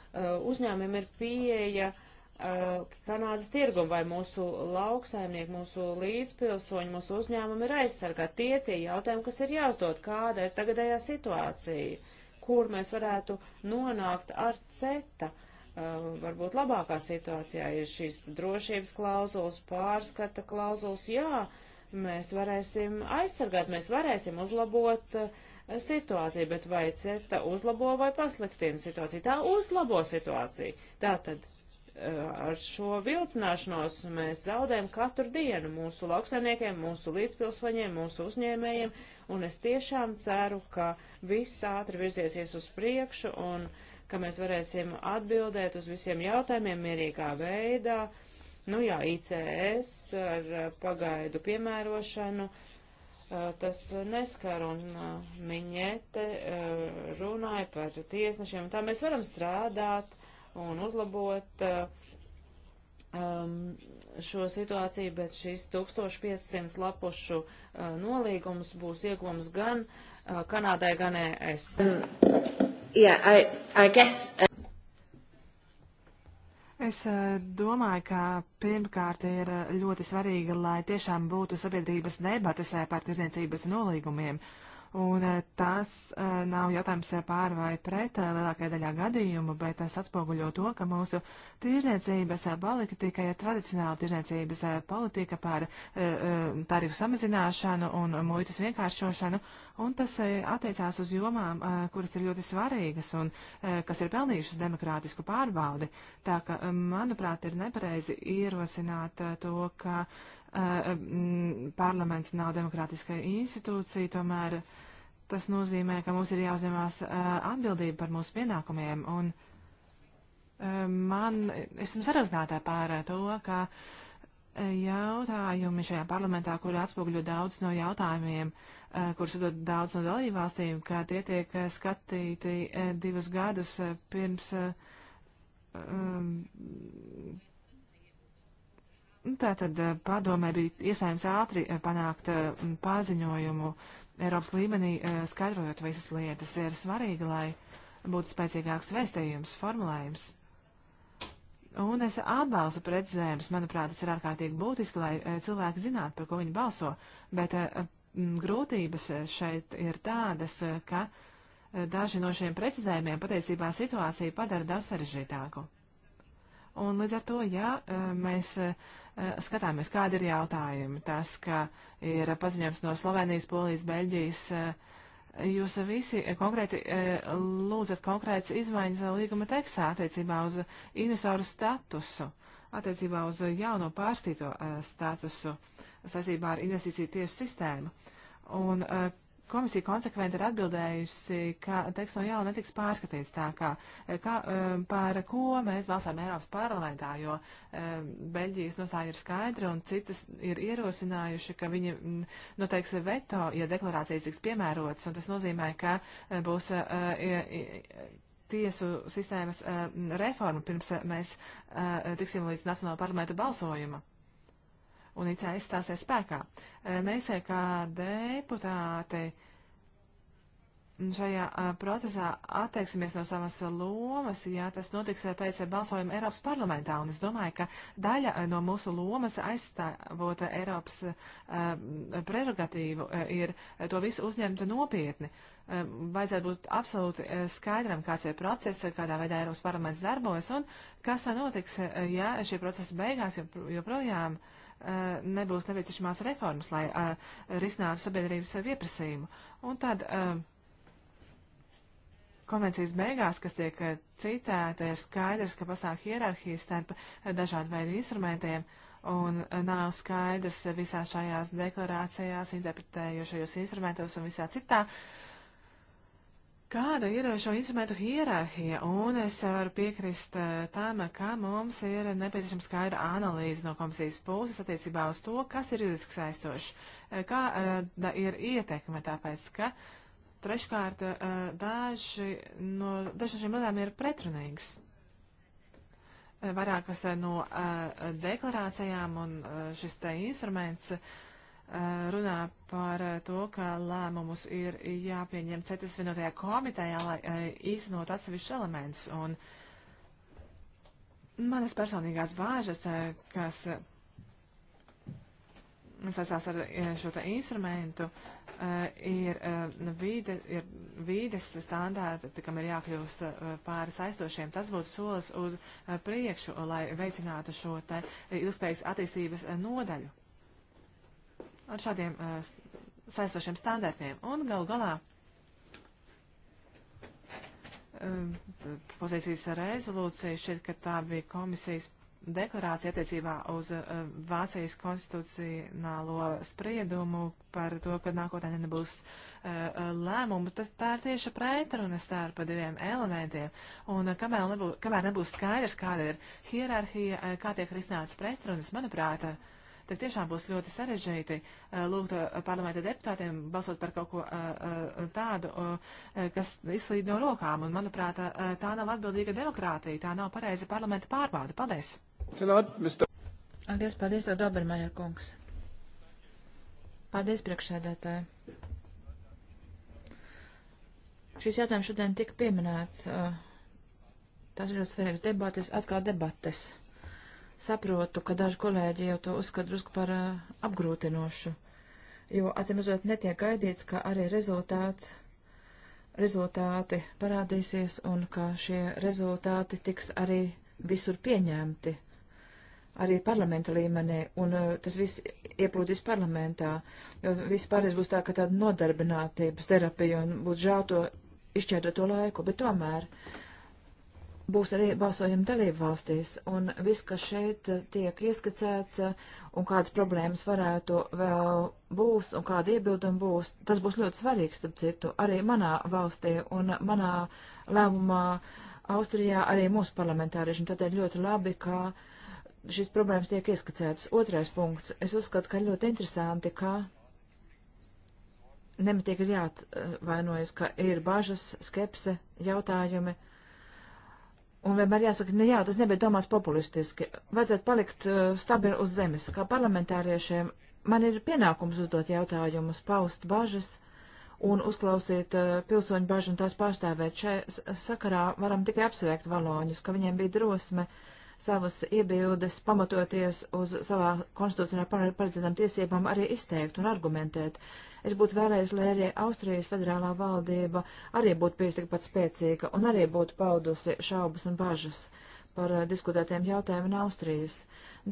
uzņēmumiem ir pieeja uh, Kanādas tirgumu, vai mūsu lauksaimnieki, mūsu līdzpilsoņi, mūsu uzņēmumi ir aizsargāti, tie tie jautājumi, kas ir jāuzdod, kāda ir tagadējā situācija, kur mēs varētu nonākt ar CETA. Uh, varbūt labākā situācijā ir šīs drošības klauzulas, pārskata klauzulas, jā, uh, mēs varēsim aizsargāt, mēs varēsim uzlabot uh, situāciju, bet vai CETA uzlabo vai pasliktina situāciju? Tā uzlabo situāciju. Tātad eh, ar šo vilcināšanos mēs zaudējam katru dienu mūsu lauksaimniekiem, mūsu līdzpilsoņiem, mūsu uzņēmējiem, un es tiešām ceru, ka viss ātri virziesies uz priekšu un ka mēs varēsim atbildēt uz visiem jautājumiem mierīgā veidā. Uh, Nu jā, ICS ar eh, pagaidu piemērošanu, eh, tas neskar un eh, miņete runāja par tiesnešiem. Tā mēs varam strādāt un uzlabot um, šo situāciju, bet šīs 1500 lapušu uh, nolīgums būs iegums gan uh, Kanādai, gan ES. Mm. Yeah, I, I guess, uh... Es eh, domāju, ka pirmkārt ir eh, ļoti svarīgi, lai tiešām būtu sabiedrības debates par tirdzniecības nolīgumiem. Uh, Un eh, tas eh, nav jautājums eh, pār vai pret lielākajā daļā gadījumu, bet tas atspoguļo to, ka mūsu tirzniecības politika ir tradicionāla tirzniecības politika par tarifu samazināšanu un muitas vienkāršošanu, un tas attiecās uz jomām, kuras ir ļoti svarīgas un kas ir pelnījušas demokrātisku pārbaudi. Tā ka, manuprāt, ir nepareizi ierosināt to, ka Eh, mm, parlaments nav demokrātiskai institūcija, tomēr tas nozīmē, ka mums ir jāuzņemās eh, atbildība par mūsu pienākumiem. Un eh, man, esmu sarazinātā pār to, ka jautājumi šajā parlamentā, kuri atspoguļo daudz no jautājumiem, kurus dod daudz no dalībvalstīm, ka tie tiek skatīti divus gadus pirms Nu, tātad eh, padomē bija iespējams ātri eh, panākt eh, paziņojumu Eiropas līmenī, skaidrojot visas lietas. Ir svarīgi, lai būtu spēcīgāks vēstījums, formulējums. Un es atbalstu precizējumus. Manuprāt, tas ir ārkārtīgi būtiski, lai cilvēki zinātu, par ko viņi balso. Bet grūtības šeit ir tādas, ka daži no šiem precizējumiem patiesībā situāciju padara daudz sarežģītāku. Un līdz ar to, ja mēs Eh, skatāmies, kādi ir jautājumi. Tas, ka ir paziņojums no Slovenijas, Polijas, Beļģijas, eh, jūs visi eh, konkrēti lūdzat konkrētas izmaiņas līguma tekstā attiecībā uz investoru statusu, attiecībā uz jauno pārstīto statusu saistībā ar investīciju tiesu sistēmu. Un Komisija konsekventi ir atbildējusi, ka teksts no jauna netiks pārskatīts tā, kā, e, kā, e, par ko mēs balsām Eiropas parlamentā, jo e, Beļģijas nostāja ir skaidra un citas ir ierosinājuši, ka viņi mm, noteiks nu, veto, ja deklarācijas tiks piemērotas, un tas nozīmē, ka būs tiesu sistēmas reforma pirms mēs tiksim līdz Nacionālo parlamentu balsojumu un ICS stāsies spēkā. Mēs, kā deputāti, šajā procesā atteiksimies no savas lomas, ja tas notiks pēc balsojuma Eiropas parlamentā. Un es domāju, ka daļa no mūsu lomas aizstāvot Eiropas uh, prerogatīvu ir to visu uzņemta nopietni. Uh, vajadzētu būt absolūti skaidram, kāds ir process, kādā veidā Eiropas parlaments darbojas un kas notiks, ja šī procesa beigās joprojām. Jo Eh, nebūs nepieciešamās reformas, lai eh, risinātu sabiedrības pieprasījumu. Un tad eh, konvencijas beigās, kas tiek citēta, ir skaidrs, ka pasāk hierarhijas starp dažādu veidu instrumentiem. Un nav skaidrs visās šajās deklarācijās, interpretējošajos instrumentos un visā citā uh, Kāda ir šo instrumentu hierarhija? Un es varu piekrist eh, tam, ka mums ir nepieciešama skaidra analīze no komisijas puses attiecībā uz to, kas ir juridiski saistoši, eh, kāda eh, ir ietekme, tāpēc ka treškārt daži no, daži no šiem lietām ir pretrunīgs. Vairākas no deklarācijām un šis te instruments Eh, runā par eh, to, ka lēmumus ir jāpieņem CETES vienotajā komitejā, lai eh, īstenot atsevišķus elementus. Un manas personīgās bāžas, kas saistās ar šo te instrumentu, ir vīde, ir vīdes standārti, kam ir jākļūst pāri saistošiem. Tas būtu solis uz priekšu, lai veicinātu šo te ilgspējas attīstības nodaļu ar šādiem uh, saistošiem standartiem. Un galu galā uh, pozīcijas rezolūcija šķiet, ka tā bija komisijas deklarācija attiecībā uz uh, Vācijas konstitucionālo spriedumu par to, ka nākotnē nebūs uh, lēmumu. Tas, tā ir tieša pretruna starp diviem elementiem. Un uh, kamēr, nebū, kamēr nebūs skaidrs, kāda ir hierarhija, kā tiek risināts pretrunas, manuprāt, uh, tad tiešām būs ļoti sarežģīti eh, lūgt eh, parlamenta deputātiem balsot par kaut ko eh, tādu, kas izslīd no rokām. Un, manuprāt, tā nav atbildīga demokrātija, tā nav pareiza parlamenta pārbauda. Paldies! Paldies, paldies, Dobermajer kungs! Paldies, priekšsēdētāji! Šis jautājums šodien tika pieminēts. Uh, Tas ir ļoti svarīgs debates, atkal debates. Saprotu, ka daži kolēģi jau to uzskata drusku par uh, apgrūtinošu, jo atsimredzot netiek gaidīts, ka arī rezultāts, rezultāti parādīsies un ka šie rezultāti tiks arī visur pieņemti, arī parlamenta līmenī, un uh, tas viss ieplūdīs parlamentā, jo viss pārējais būs tā, ka tāda nodarbinātības terapija un būs žēl to izšķērdot to laiku, bet tomēr. Uh, būs arī balsojumi dalību valstīs, un viss, kas šeit tiek ieskicēts, un kādas problēmas varētu vēl būs, un kāda iebilduma būs, tas būs ļoti svarīgs, starp citu, arī manā valstī un manā lēmumā Austrijā arī mūsu parlamentāriešiem. Tad ir ļoti labi, ka šīs problēmas tiek ieskicētas. Otrais punkts. Es uzskatu, ka ļoti interesanti, ka nemitīgi ir jāatvainojas, ka ir bažas, skepse, jautājumi. Uh, Un vienmēr jāsaka, ne nu jā, tas nebija domāts populistiski. Vajadzētu palikt uh, stabili uz zemes. Kā parlamentāriešiem man ir pienākums uzdot jautājumus, paust bažas un uzklausīt uh, pilsoņu bažu un tās pārstāvēt. Šai sakarā varam tikai apsveikt valoņus, ka viņiem bija drosme uh, savas iebildes, pamatoties uz savā konstitūcijā paredzētām tiesībām, arī izteikt un argumentēt. Es būtu vēlējis, lai arī Austrijas federālā valdība arī būtu bijusi tikpat spēcīga un arī būtu paudusi šaubas un bažas par eh, diskutētiem jautājumiem no Austrijas.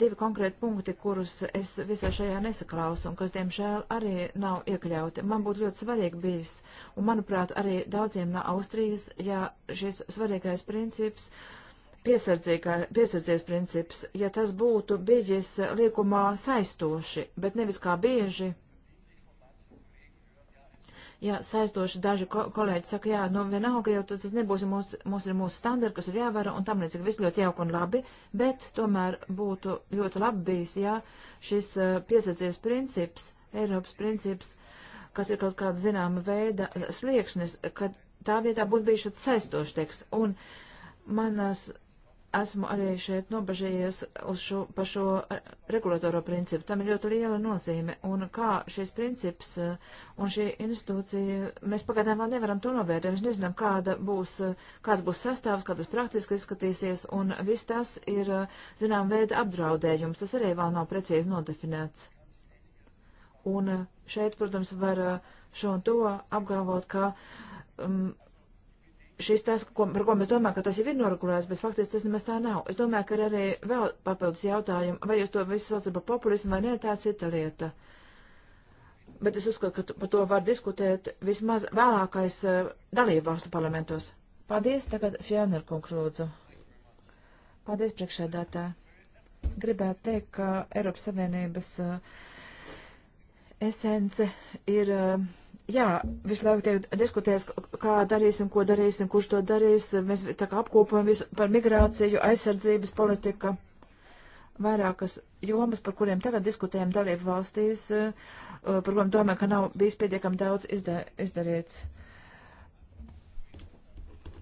Divi konkrēti punkti, kurus es visā šajā nesaklausu un kas, diemžēl, arī nav iekļauti. Man būtu ļoti svarīgi bijis, un, manuprāt, arī daudziem no Austrijas, ja šis svarīgais princips uh, piesardzies princips, ja tas būtu bijis liekumā saistoši, bet nevis kā bieži. Jā, saistoši daži ko kolēģi saka, jā, nu vienalga jau tas nebūs, mums, mums ir mūsu standarti, kas ir jāvēro un tam līdzīgi viss ļoti jauki un labi, bet tomēr būtu ļoti labi bijis, ja šis uh, piesardzies princips, Eiropas princips, kas ir kaut kāda zināma veida slieksnis, kad tā vietā būtu bijis šāds saistošs teksts. Un manas esmu arī šeit nobežījies uz šo, par šo eh, regulatoro principu. Tam ir ļoti liela nozīme. Un kā šis princips eh, un šī institūcija, mēs pagaidām vēl nevaram to novērtēt. Mēs nezinām, kāda būs, eh, kāds būs sastāvs, kā tas praktiski izskatīsies. Un viss tas ir, zinām, veida apdraudējums. Tas arī vēl nav precīzi nodefinēts. Un šeit, protams, var šo un to apgalvot, ka. Um, šis tas, ko, par ko mēs domājam, ka tas jau ir noregulēts, bet faktiski tas nemaz tā nav. Es domāju, ka ir arī vēl papildus jautājumi, vai jūs to visu saucat par populismu vai nē, tā cita lieta. Bet es uzskatu, ka par to var diskutēt vismaz vēlākais uh, dalībvalstu parlamentos. Paldies, tagad Fjāner konklūdzu. Paldies, priekšēdētā. Gribētu teikt, ka Eiropas Savienības uh, esence ir uh, jā, visu laiku tiek diskutēts, kā darīsim, ko darīsim, kurš to darīs. Mēs tā kā apkopojam visu par migrāciju, aizsardzības politika, vairākas jomas, par kuriem tagad diskutējam dalību valstīs, eh, par kuriem domāju, ka nav bijis pietiekami daudz izda izdarīts.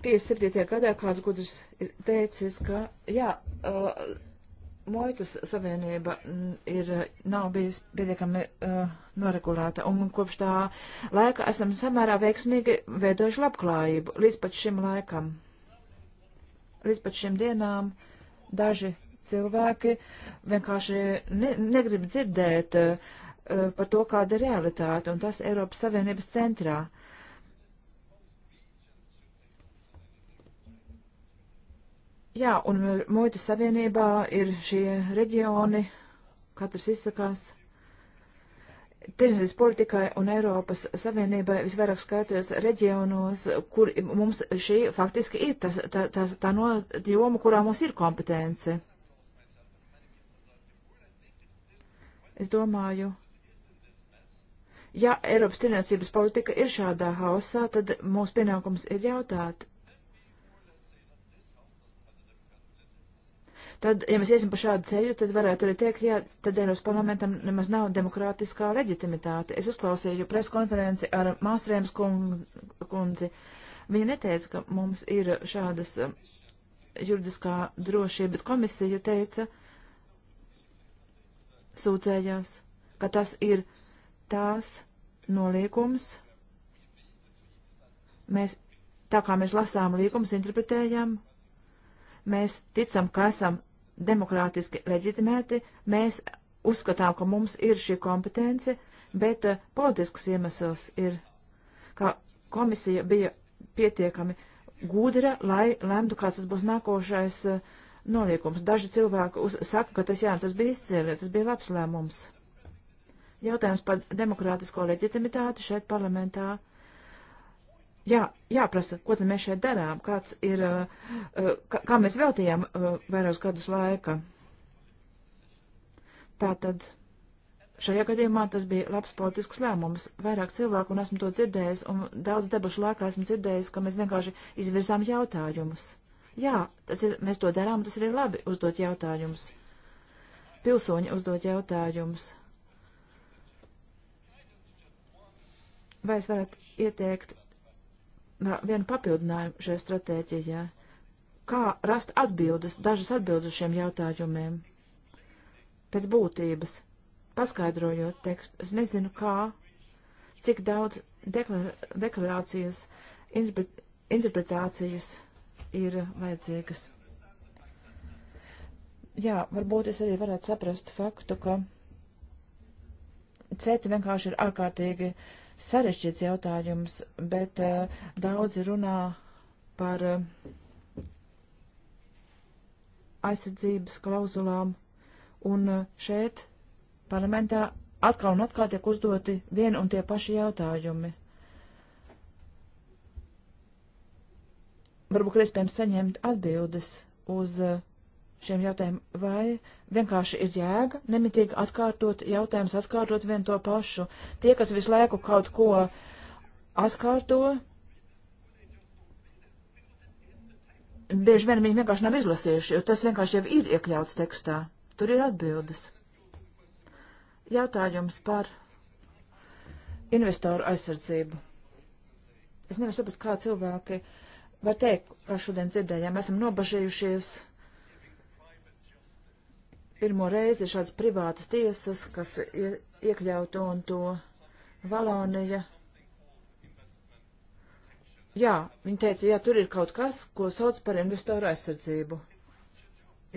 57. gadā kāds gudrs teicis, ka jā, eh, muitas savienība mm, ir, nav bijis pietiekami uh, noregulēta, un kopš tā laika esam samērā veiksmīgi veidojuši labklājību līdz pat šim laikam. Līdz pat šim dienām daži cilvēki vienkārši ne, negrib dzirdēt uh, par to, kāda ir realitāte, un tas Eiropas Savienības centrā. Uh, Jā, un muitas savienībā ir šie reģioni, katrs izsakās. Tirdzniecības politikai un Eiropas Savienībai visvairāk skaities reģionos, kur mums šī faktiski ir tas, tā, tā, tā no joma, kurā mums ir kompetence. Es domāju, ja Eiropas tirdzniecības politika ir šādā hausā, tad mūsu pienākums ir jautāt, Tad, ja mēs iesim pa šādu ceļu, tad varētu arī teikt, ja tad Eiropas parlamentam nemaz nav demokrātiskā leģitimitāte. Es uzklausīju preskonferenci ar Māstrēmas kundzi. Viņa neteica, ka mums ir šādas um, juridiskā drošība, bet komisija teica, sūdzējās, ka tas ir tās noliekums. Mēs, tā kā mēs lasām līkumus, interpretējam, mēs ticam, ka esam demokrātiski leģitimēti, mēs uzskatām, ka mums ir šī kompetence, bet uh, politisks iemesls ir, ka komisija bija pietiekami gudra, lai lemtu, kāds tas būs nākošais uh, noliekums. Daži cilvēki uz, saka, ka tas jā, tas bija izcēlē, tas bija labs lēmums. Jautājums par demokrātisko leģitimitāti šeit parlamentā jā, jāprasa, ko tad mēs šeit darām, kāds ir, eh, eh, kā, kā mēs veltījām eh, vairākus gadus laika. Tātad šajā gadījumā tas bija labs politisks lēmums. Vairāk cilvēku, un esmu to dzirdējis, un daudz debašu laikā esmu dzirdējis, ka mēs vienkārši izvirzām jautājumus. Jā, tas ir, mēs to darām, tas ir labi uzdot jautājumus. Pilsoņi uzdot jautājumus. Vai es varētu ieteikt vienu papildinājumu šajā stratēģijā. Kā rast atbildes, dažas atbildes uz šiem jautājumiem? Pēc būtības, paskaidrojot tekstu, es nezinu, kā, cik daudz deklar, deklarācijas, interpret, interpretācijas ir vajadzīgas. Jā, varbūt es arī varētu saprast faktu, ka ceti vienkārši ir ārkārtīgi uh, sarešķīts jautājums, bet uh, daudzi runā par uh, aizsardzības klauzulām, un uh, šeit parlamentā atkal un atkal tiek uzdoti vien un tie paši jautājumi. Varbūt, ka iespējams saņemt atbildes uz uh, šiem jautājumiem, vai vienkārši ir jēga nemitīgi atkārtot jautājumus, atkārtot vien to pašu. Tie, kas visu laiku kaut ko atkārto, bieži vien viņi vienkārši nav izlasījuši, jo tas vienkārši jau ir iekļauts tekstā. Tur ir atbildes. Jautājums par investoru aizsardzību. Es nevaru saprast, kā cilvēki var teikt, kā šodien dzirdējām, esam nobažījušies pirmo reizi šādas privātas tiesas, kas iekļautu un to Valonija. Jā, viņi teica, jā, tur ir kaut kas, ko sauc par investoru aizsardzību.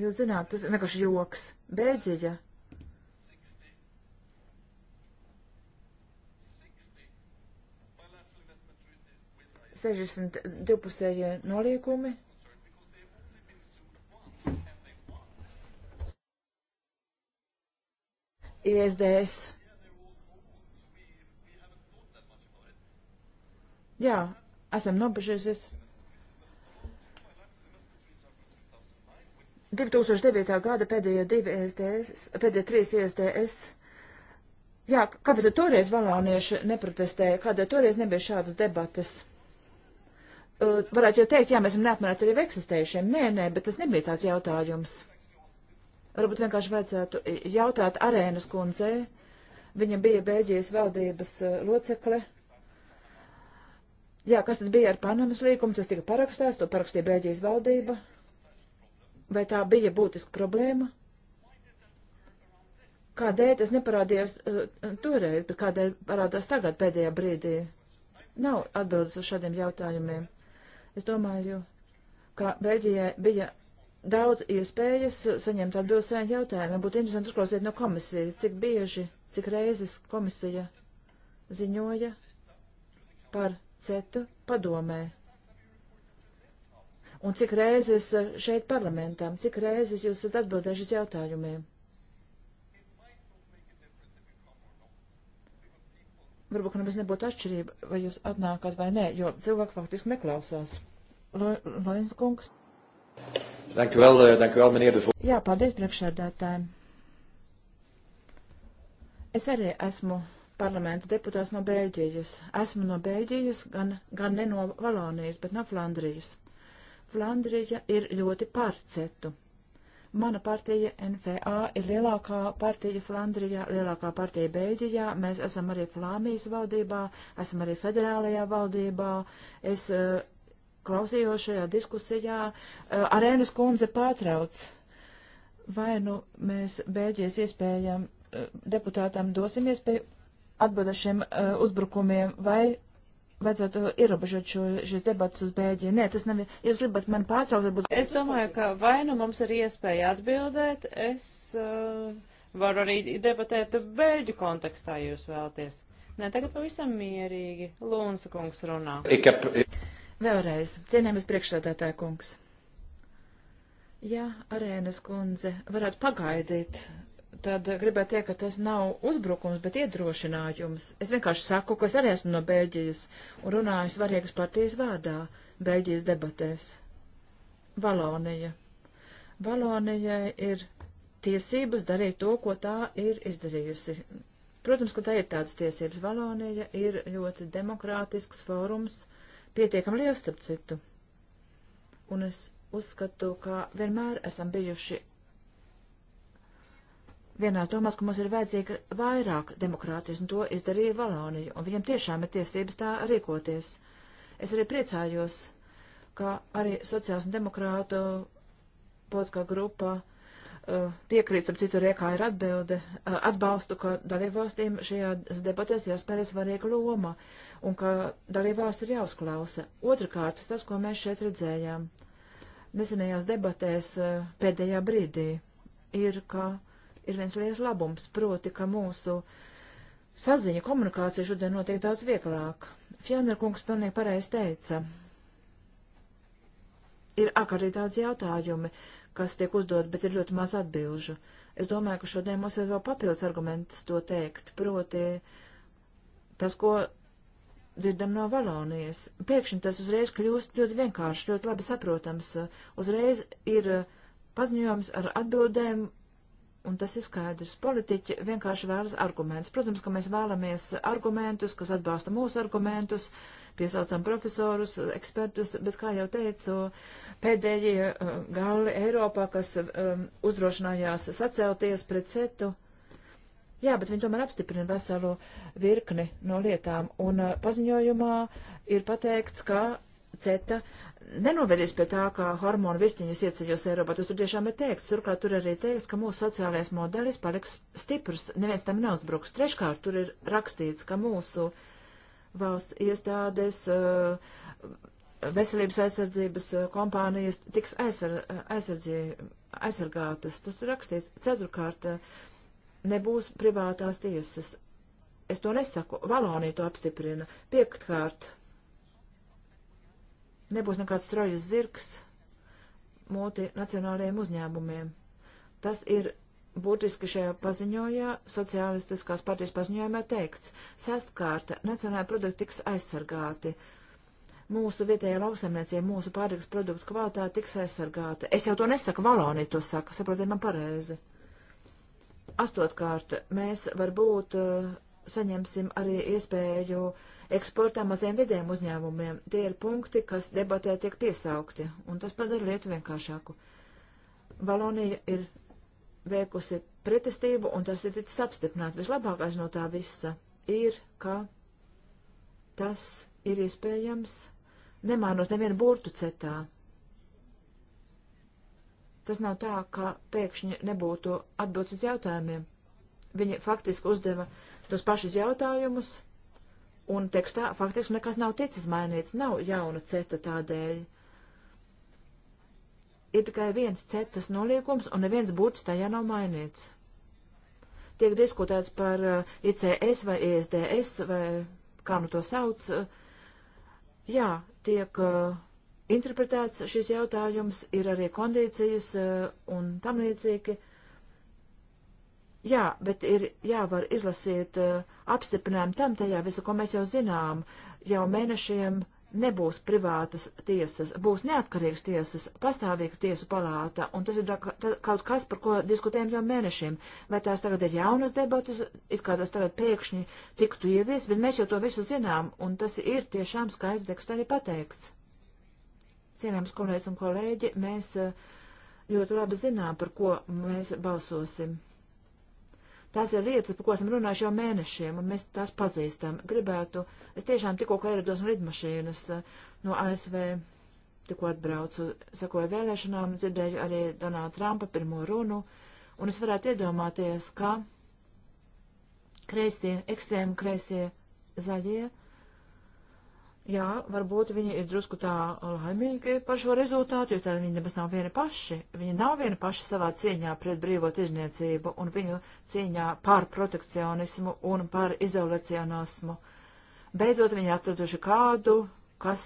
Jūs zināt, tas ir vienkārši joks. Bēģija. Sešdesmit divpusējie noliekumi ISDS. Jā, esam nobežījusies. 2009. gada pēdējie divi ISDS, pēdējie trīs ISDS. Jā, kāpēc toreiz valānieši neprotestēja, kādēļ toreiz nebija šādas debatas? Uh, varētu jau teikt, jā, mēs esam neapmierināti arī eksistējušiem. Nē, nē, bet tas nebija tāds jautājums. Varbūt vienkārši vajadzētu jautāt arēnas kundzei. Viņa bija Bēļģijas valdības eh, locekle. Jā, kas tad bija ar Panamas līgumu? Tas tika parakstīts, to parakstīja Bēļģijas valdība. Vai tā bija būtiska problēma? Kādēļ tas neparādījās uh, toreiz, bet kādēļ parādās tagad pēdējā brīdī? Nav atbildes uz šādiem jautājumiem. Es domāju, ka Beļģijai bija daudz iespējas saņemt atbildes saviem jautājumiem. Būtu interesanti uzklausīt no komisijas, cik bieži, cik reizes komisija ziņoja par CETU padomē. Un cik reizes šeit parlamentām, cik reizes jūs esat atbildējuši uz jautājumiem? Varbūt, ka nemaz nebūtu atšķirība, vai jūs atnākat vai nē, jo cilvēki faktiski neklausās. Loins kungs. Lo, Dank u wel, eh, dank u wel, meneer de voorzitter. Jā, paldies priekšsēdētājiem. Es arī esmu parlamenta deputāts no Bēļģijas. Esmu no Bēļģijas, gan, gan ne no Valonijas, bet no Flandrijas. Flandrija ir ļoti par cetu. Mana partija NFA ir lielākā partija Flandrijā, lielākā partija Bēļģijā. Mēs esam arī Flāmijas valdībā, esam arī federālajā valdībā. Es uh, klausījos šajā diskusijā, eh, arēnas kundze pārtrauc. Vai nu mēs Bēļģijas iespējam eh, deputātam dosim iespēju atbildēt šiem eh, uzbrukumiem, vai vajadzētu ierobežot šo, šīs debatas uz Bēļģiju. Nē, tas nav, jūs gribat mani pārtraukt, varbūt. Es domāju, ka vai nu mums ir iespēja atbildēt, es uh, varu arī debatēt Bēļģu kontekstā, ja jūs vēlaties. Nē, tagad pavisam mierīgi. Lūnsa kungs runā. Ik ap... Vēlreiz, cienējamies priekšsēdētāja kungs. Ja arēnas kundze varētu pagaidīt, tad gribētu teikt, ka tas nav uzbrukums, bet iedrošinājums. Es vienkārši saku, ka es arī esmu no Bēļģijas un runāju svarīgas partijas vārdā Bēļģijas debatēs. Valonija. Valonijai ir tiesības darīt to, ko tā ir izdarījusi. Protams, ka tā ir tādas tiesības. Valonija ir ļoti demokrātisks fórums. Uh, pietiekami liels, starp citu. Un es uzskatu, ka vienmēr esam bijuši vienās domās, ka mums ir vajadzīga vairāk demokrātijas, un to izdarīja Valonija, un viņam tiešām ir tiesības tā rīkoties. Es arī priecājos, ka arī sociāls un demokrātu politiskā grupa uh, Eh, piekrīts, ap citu riekā ir atbilde, eh, atbalstu, ka dalībvalstīm šajā debatēs jāspēlē svarīga loma un ka dalībvalsts ir jāuzklausa. Otrakārt, tas, ko mēs šeit redzējām nesenajās debatēs eh, pēdējā brīdī, ir, ka ir viens liels labums, proti, ka mūsu saziņa komunikācija šodien notiek daudz vieglāk. Fjāner kungs pilnīgi pareizi teica. Ir akarī daudz jautājumi. Uh, kas tiek uzdot, bet ir ļoti maz atbilžu. Es domāju, ka šodien mums ir vēl papildus arguments to teikt, proti tas, ko dzirdam no Valonijas. Pēkšņi tas uzreiz kļūst ļoti vienkārši, ļoti labi saprotams. Uzreiz ir paziņojums ar atbildēm, un tas ir skaidrs. Politiķi vienkārši vēlas argumentus. Protams, ka mēs vēlamies argumentus, kas atbalsta mūsu argumentus. Uh, piesaucam profesorus, ekspertus, bet, kā jau teicu, pēdējie uh, gali Eiropā, kas um, uzdrošinājās sacelties pret CETU. Jā, bet viņi tomēr apstiprina veselu virkni no lietām. Un uh, paziņojumā ir pateikts, ka CETA nenovedīs pie tā, ka hormonu vistiņas ieceļos Eiropā. Tas tur tiešām ir teikts. Turklāt tur arī teikts, ka mūsu sociālais modelis paliks stiprs. Neviens tam neuzbruks. Treškārt, tur ir rakstīts, ka mūsu valsts iestādes, eh, veselības aizsardzības eh, kompānijas tiks aizsar, eh, aizsardzī, aizsargātas. Tas tur rakstīts. Ceturkārt, nebūs privātās tiesas. Es to nesaku. Valonija to apstiprina. Piektkārt, nebūs nekāds trojas zirgs multinacionālajiem uzņēmumiem. Tas ir būtiski šajā paziņojā, sociālistiskās partijas paziņojumā teikts, sestkārta, nacionālai produkti tiks aizsargāti. Mūsu vietējā lauksaimniecība, mūsu pārtiks produktu kvalitāte tiks aizsargāta. Es jau to nesaku, Valonija to saka, saprotiet man pareizi. Astotkārt, mēs varbūt uh, saņemsim arī iespēju eksportā maziem vidiem uzņēmumiem. Tie ir punkti, kas debatē tiek piesaukti, un tas padara lietu vienkāršāku. Valonija ir veikusi pretestību, un tas ir cits apstiprināt. Vislabākais no tā visa ir, ka tas ir iespējams nemānot nevienu burtu cetā. Tas nav tā, ka pēkšņi nebūtu atbildes uz jautājumiem. Viņi faktiski uzdeva tos pašus jautājumus, un tekstā faktiski nekas nav ticis mainīts, nav jauna ceta tādēļ ir tikai viens cetas noliekums un neviens būtis tajā nav mainīts. Tiek diskutēts par eh, ICS vai ESDS vai kā nu to sauc. Jā, tiek eh, interpretēts šis jautājums, ir arī kondīcijas eh, un tam līdzīgi. Jā, bet ir jāvar izlasīt apstiprinājumu tam tajā visu, ko mēs jau zinām, jau mēnešiem uh, nebūs privātas tiesas, būs neatkarīgas tiesas, pastāvīga tiesu palāta, un tas ir kaut kas, par ko diskutējam jau mēnešiem. Vai tās tagad ir jaunas debatas, it kā tas tagad pēkšņi tiktu ievies, bet mēs jau to visu zinām, un tas ir tiešām skaidri tekstā arī pateikts. Cienējams kolēģis un kolēģi, mēs eh, ļoti labi zinām, par ko mēs balsosim. Tās ir lietas, par ko esam runājuši jau mēnešiem, un mēs tās pazīstam. Gribētu, es tiešām tikko ierados no lidmašīnas eh, no ASV, tikko atbraucu, sekoju vēlēšanām, dzirdēju arī Donāla Trumpa pirmo runu, un es varētu iedomāties, ka kreisie, ekstrēmi kreisie zaļie, Jā, varbūt viņi ir drusku tā laimīgi par šo rezultātu, jo tad viņi nemaz nav vieni paši. Viņi nav vieni paši savā cīņā pret brīvo tirzniecību un viņu cīņā par protekcionismu un par izolacionismu. Beidzot, viņi atraduši kādu, kas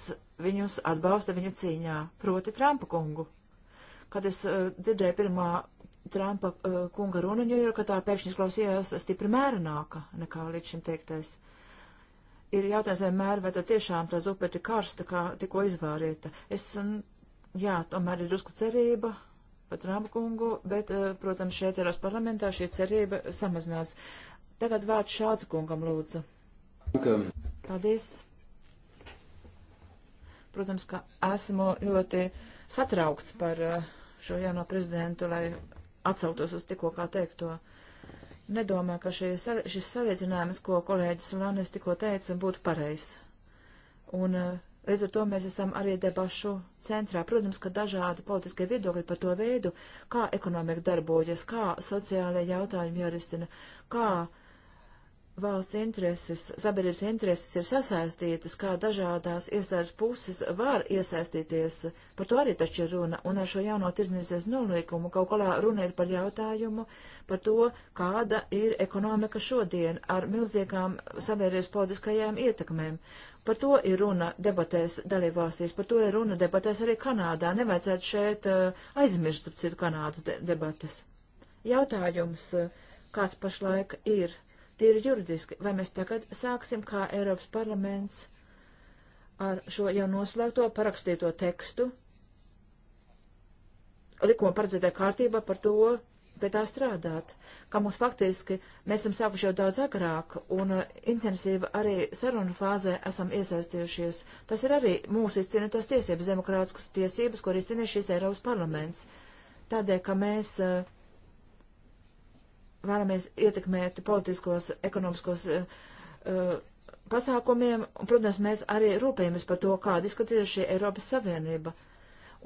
viņus atbalsta viņu cīņā, proti Trumpa kungu. Kad es uh, dzirdēju pirmā Trumpa uh, kunga runu Ņujorkā, tā pēkšņi izklausījās stipri mērenāka nekā līdz šim teiktais. Uh, ir jautājums vienmēr, vai tad tiešām tā zupa ir tik karsta, kā tikko izvārīta. Es, jā, tomēr ir drusku cerība pat Rāmkungu, bet, eh, protams, šeit Eiros parlamentā šī cerība samazinās. Tagad vārds šāds kungam lūdzu. Paldies. Protams, ka esmu ļoti satraukts par eh, šo jauno prezidentu, lai atsauktos uz tikko kā teikto. Uh, nedomāju, ka šie, šis salīdzinājums, ko kolēģis Lanes tikko teica, būtu pareizs. Un eh, līdz ar to mēs esam arī debašu centrā. Protams, ka dažādi politiskie viedokļi par to veidu, kā ekonomika darbojas, kā sociālajie jautājumi jārisina, kā uh, valsts intereses, sabiedrības intereses ir sasaistītas, kā dažādās iestādes puses var iesaistīties. Par to arī taču ir runa. Un ar šo jauno tirdzniecības nolīkumu kaut kādā runa ir par jautājumu par to, kāda ir ekonomika šodien ar milzīgām sabiedrības politiskajām ietekmēm. Par to ir runa debatēs dalībvalstīs, par to ir runa debatēs arī Kanādā. Nevajadzētu šeit uh, aizmirst, ap citu, Kanādas de debates. Jautājums, uh, kāds pašlaik ir? tīri juridiski, vai mēs tagad sāksim kā Eiropas parlaments ar šo jau noslēgto parakstīto tekstu, likuma paredzētā kārtībā par to, pie tā strādāt, ka mums faktiski mēs esam sākuši jau daudz agrāk un uh, intensīvi arī sarunu fāzē esam iesaistījušies. Tas ir arī mūsu izcīnītās tiesības, demokrātiskas tiesības, kur izcīnīja šis Eiropas parlaments. Tādēļ, ka mēs uh, vēlamies ietekmēt politiskos, ekonomiskos uh, pasākumiem, un, protams, mēs arī rūpējamies par to, kāda izskatījās šī Eiropas Savienība.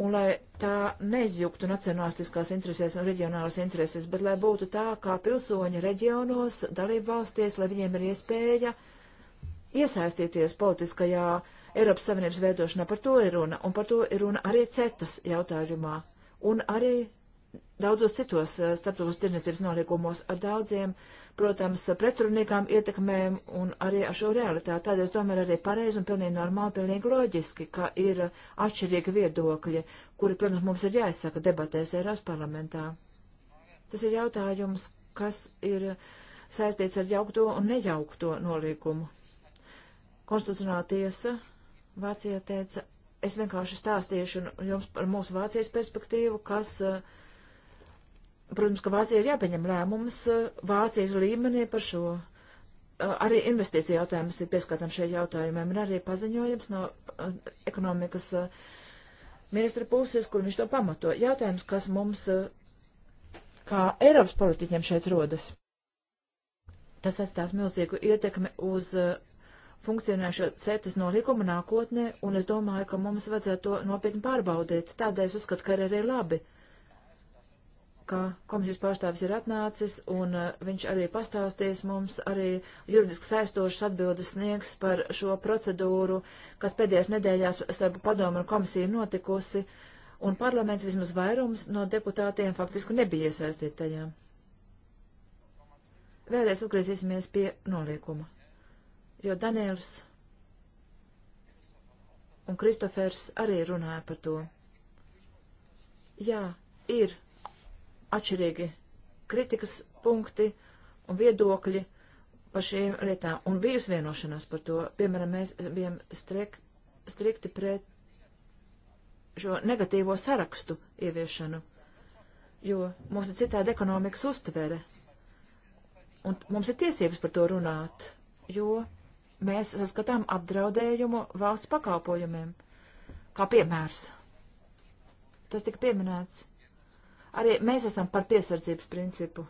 Un lai tā neizjuktu nacionālistiskās interesēs un reģionālās intereses, bet lai būtu tā, kā pilsoņi reģionos, dalību valstīs, lai viņiem ir iespēja iesaistīties politiskajā Eiropas Savienības veidošanā, par to ir runa, un par to ir runa arī cetas jautājumā, un arī daudzos citos eh, starptautiskos tirdzniecības noliekumos ar daudziem, protams, pretrunīgām ietekmēm un arī ar šo realitāti. Tādēļ es domāju, arī pareizi un pilnīgi normāli, pilnīgi loģiski, ka ir atšķirīgi viedokļi, kuri, protams, mums ir jāizsaka debatēs Eiropas parlamentā. Tas ir jautājums, kas ir saistīts ar jaukto un nejaukto noliekumu. Konstitucionāla tiesa Vācijā teica, es vienkārši stāstīšu jums par mūsu Vācijas perspektīvu, kas uh, Protams, ka Vācija ir jāpieņem lēmums eh, Vācijas līmenī par šo. Eh, arī investīcija jautājums ir pieskatām šajā jautājumiem. Ir arī paziņojums no eh, ekonomikas ministra puses, kur viņš to pamato. Jautājums, kas mums kā Eiropas politiķiem šeit rodas. Tas atstās milzīgu ietekmi uz funkcionēšu cetas nolikumu nākotnē, un es domāju, ka mums vajadzētu to nopietni pārbaudīt. Tādēļ es uzskatu, ka ir arī labi, ka komisijas pārstāvis ir atnācis un uh, viņš arī pastāstīs mums arī juridiski saistošas atbildes sniegs par šo procedūru, kas pēdējās nedēļās starp padomu un komisiju notikusi, un parlaments vismaz vairums no deputātiem faktiski nebija iesaistīti tajā. Vēlreiz atgriezīsimies pie noliekuma, jo Daniels un Kristofers arī runāja par to. Jā, ir atšķirīgi kritikas punkti un viedokļi par šīm lietām. Un bijusi vienošanās par to. Piemēram, mēs bijām strik, strikti pret šo negatīvo sarakstu ieviešanu, jo mums ir citāda ekonomikas uztvere. Un mums ir tiesības par to runāt, jo mēs saskatām apdraudējumu valsts pakalpojumiem, kā piemērs. Tas tika pieminēts. Arī mēs esam par piesardzības principu.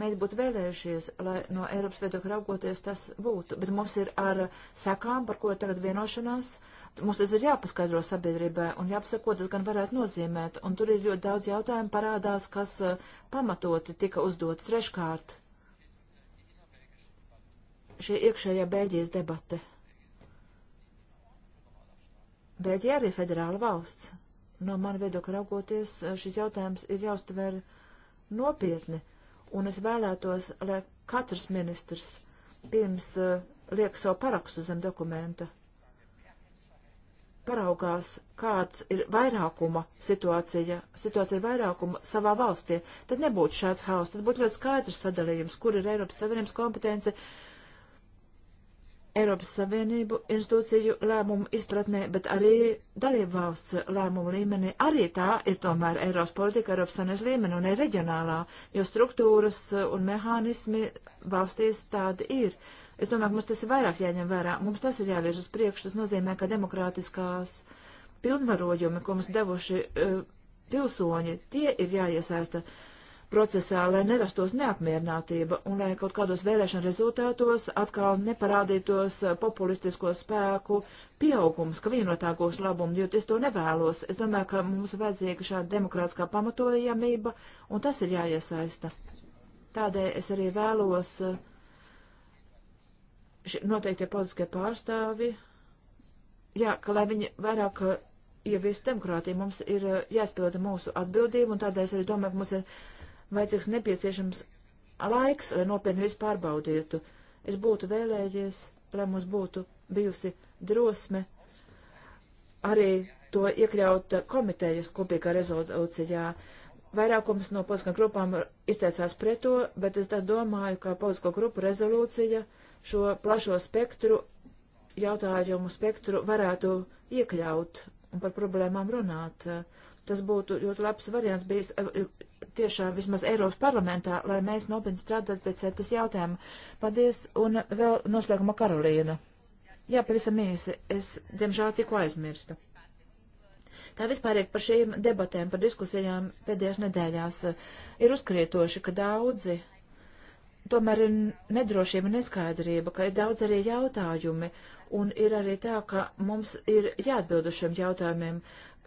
Mēs būtu vēlējušies, lai no Eiropas viedokļa raugoties tas būtu, bet mums ir ar sekām, par ko ir tagad vienošanās, mums tas ir jāpaskaidro sabiedrībai un jāpasaka, ko tas gan varētu nozīmēt, un tur ir ļoti daudz jautājumu parādās, kas eh, pamatoti tika uzdoti treškārt šī iekšējā Bēļģijas debate. Bēļģija arī federāla valsts no mana viedokļa raugoties, eh, šis jautājums ir jāuztver nopietni, un es vēlētos, lai katrs ministrs pirms uh, liek savu parakstu zem dokumenta paraugās, kāds ir vairākuma situācija, situācija ir vairākuma savā valstī, tad nebūtu šāds haus, tad būtu ļoti skaidrs sadalījums, kur ir Eiropas Savienības kompetence, uh, Eiropas Savienību institūciju lēmumu izpratnē, bet arī dalībvalsts lēmumu līmenī. Arī tā ir tomēr Eiropas politika, Eiropas Savienības līmenī un ir reģionālā, jo struktūras un mehānismi valstīs tādi ir. Es domāju, ka mums tas ir vairāk jāņem vērā. Mums tas ir jāvirz uz priekšu. Tas nozīmē, ka demokrātiskās pilnvarojumi, ko mums devuši uh, pilsoņi, tie ir jāiesaista. Uh, procesā, lai nerastos neapmierinātība un lai kaut kādos vēlēšana rezultātos atkal neparādītos eh, populistisko spēku pieaugums, ka vienotā gūs labumu, jo es to nevēlos. Es domāju, ka mums vajadzīga šāda demokrātiskā pamatojamība, un tas ir jāiesaista. Tādēļ es arī vēlos eh, noteikti politiskie pārstāvi, jā, ka lai viņi vairāk eh, ieviestu demokrātiju, mums ir jāspilda mūsu atbildība, un tādēļ es arī domāju, ka mums ir vajadzīgs nepieciešams laiks, lai nopietni visu pārbaudītu. Es būtu vēlējies, lai mums būtu bijusi drosme arī to iekļaut komitejas kopīgā rezolūcijā. Vairākums no politiskām grupām izteicās pret to, bet es domāju, ka politisko grupu rezolūcija šo plašo spektru, jautājumu spektru varētu iekļaut un par problēmām runāt. Tas būtu ļoti labs variants bijis tiešām vismaz Eiropas parlamentā, lai mēs nopietni strādātu pēc tas jautājumu. Paldies, un vēl noslēguma Karolīna. Jā, pavisam īsi, es diemžēl tikko aizmirstu. Tā vispārīgi par šīm debatēm, par diskusijām pēdējās nedēļās eh, ir uzkrietoši, ka daudzi tomēr ir nedrošība, neskaidrība, ka ir daudz arī jautājumi, un ir arī tā, ka mums ir jāatbild uz šiem jautājumiem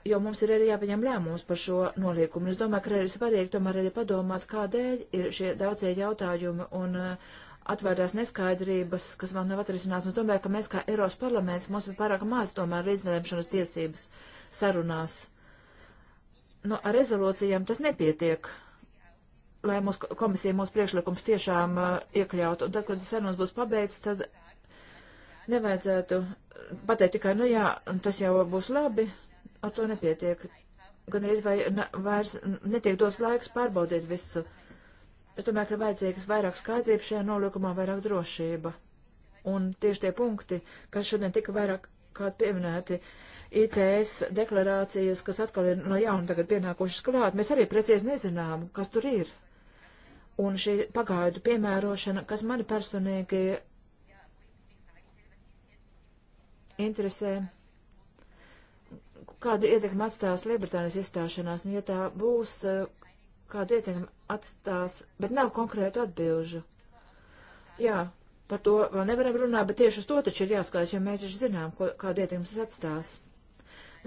jo mums ir arī jāpieņem lēmums par šo noliekumu. Es domāju, ka arī svarīgi tomēr arī padomāt, kādēļ ir šie daudzie jautājumi un uh, atvērtās neskaidrības, kas vēl nav atrisināts, un tomēr, ka mēs kā Eiropas parlaments, mums ir pārāk maz tomēr līdzlēmšanas tiesības sarunās. Nu, ar rezolūcijām tas nepietiek, lai mūs komisija mūsu priekšlikums tiešām uh, iekļautu. Un tad, kad sarunas būs pabeigts, tad nevajadzētu pateikt tikai, nu jā, tas jau būs labi, ar to nepietiek. Gan arī vai, vairs netiek dos laiks pārbaudīt visu. Es domāju, ka ir vajadzīgs vairāk skaidrība šajā nolikumā, vairāk drošība. Un tieši tie punkti, kas šodien tika vairāk kā pieminēti, ICS deklarācijas, kas atkal ir no jauna tagad pienākušas klāt, mēs arī precīzi nezinām, kas tur ir. Un šī pagaidu piemērošana, kas mani personīgi interesē kādu ietekmi atstās Lielbritānijas izstāšanās, un nu, ja tā būs, eh, kādu ietekmi atstās, bet nav konkrētu atbilžu. Jā, par to vēl nevaram runāt, bet tieši uz to taču ir jāskatās, jo mēs taču zinām, ko, kādu ietekmi tas atstās.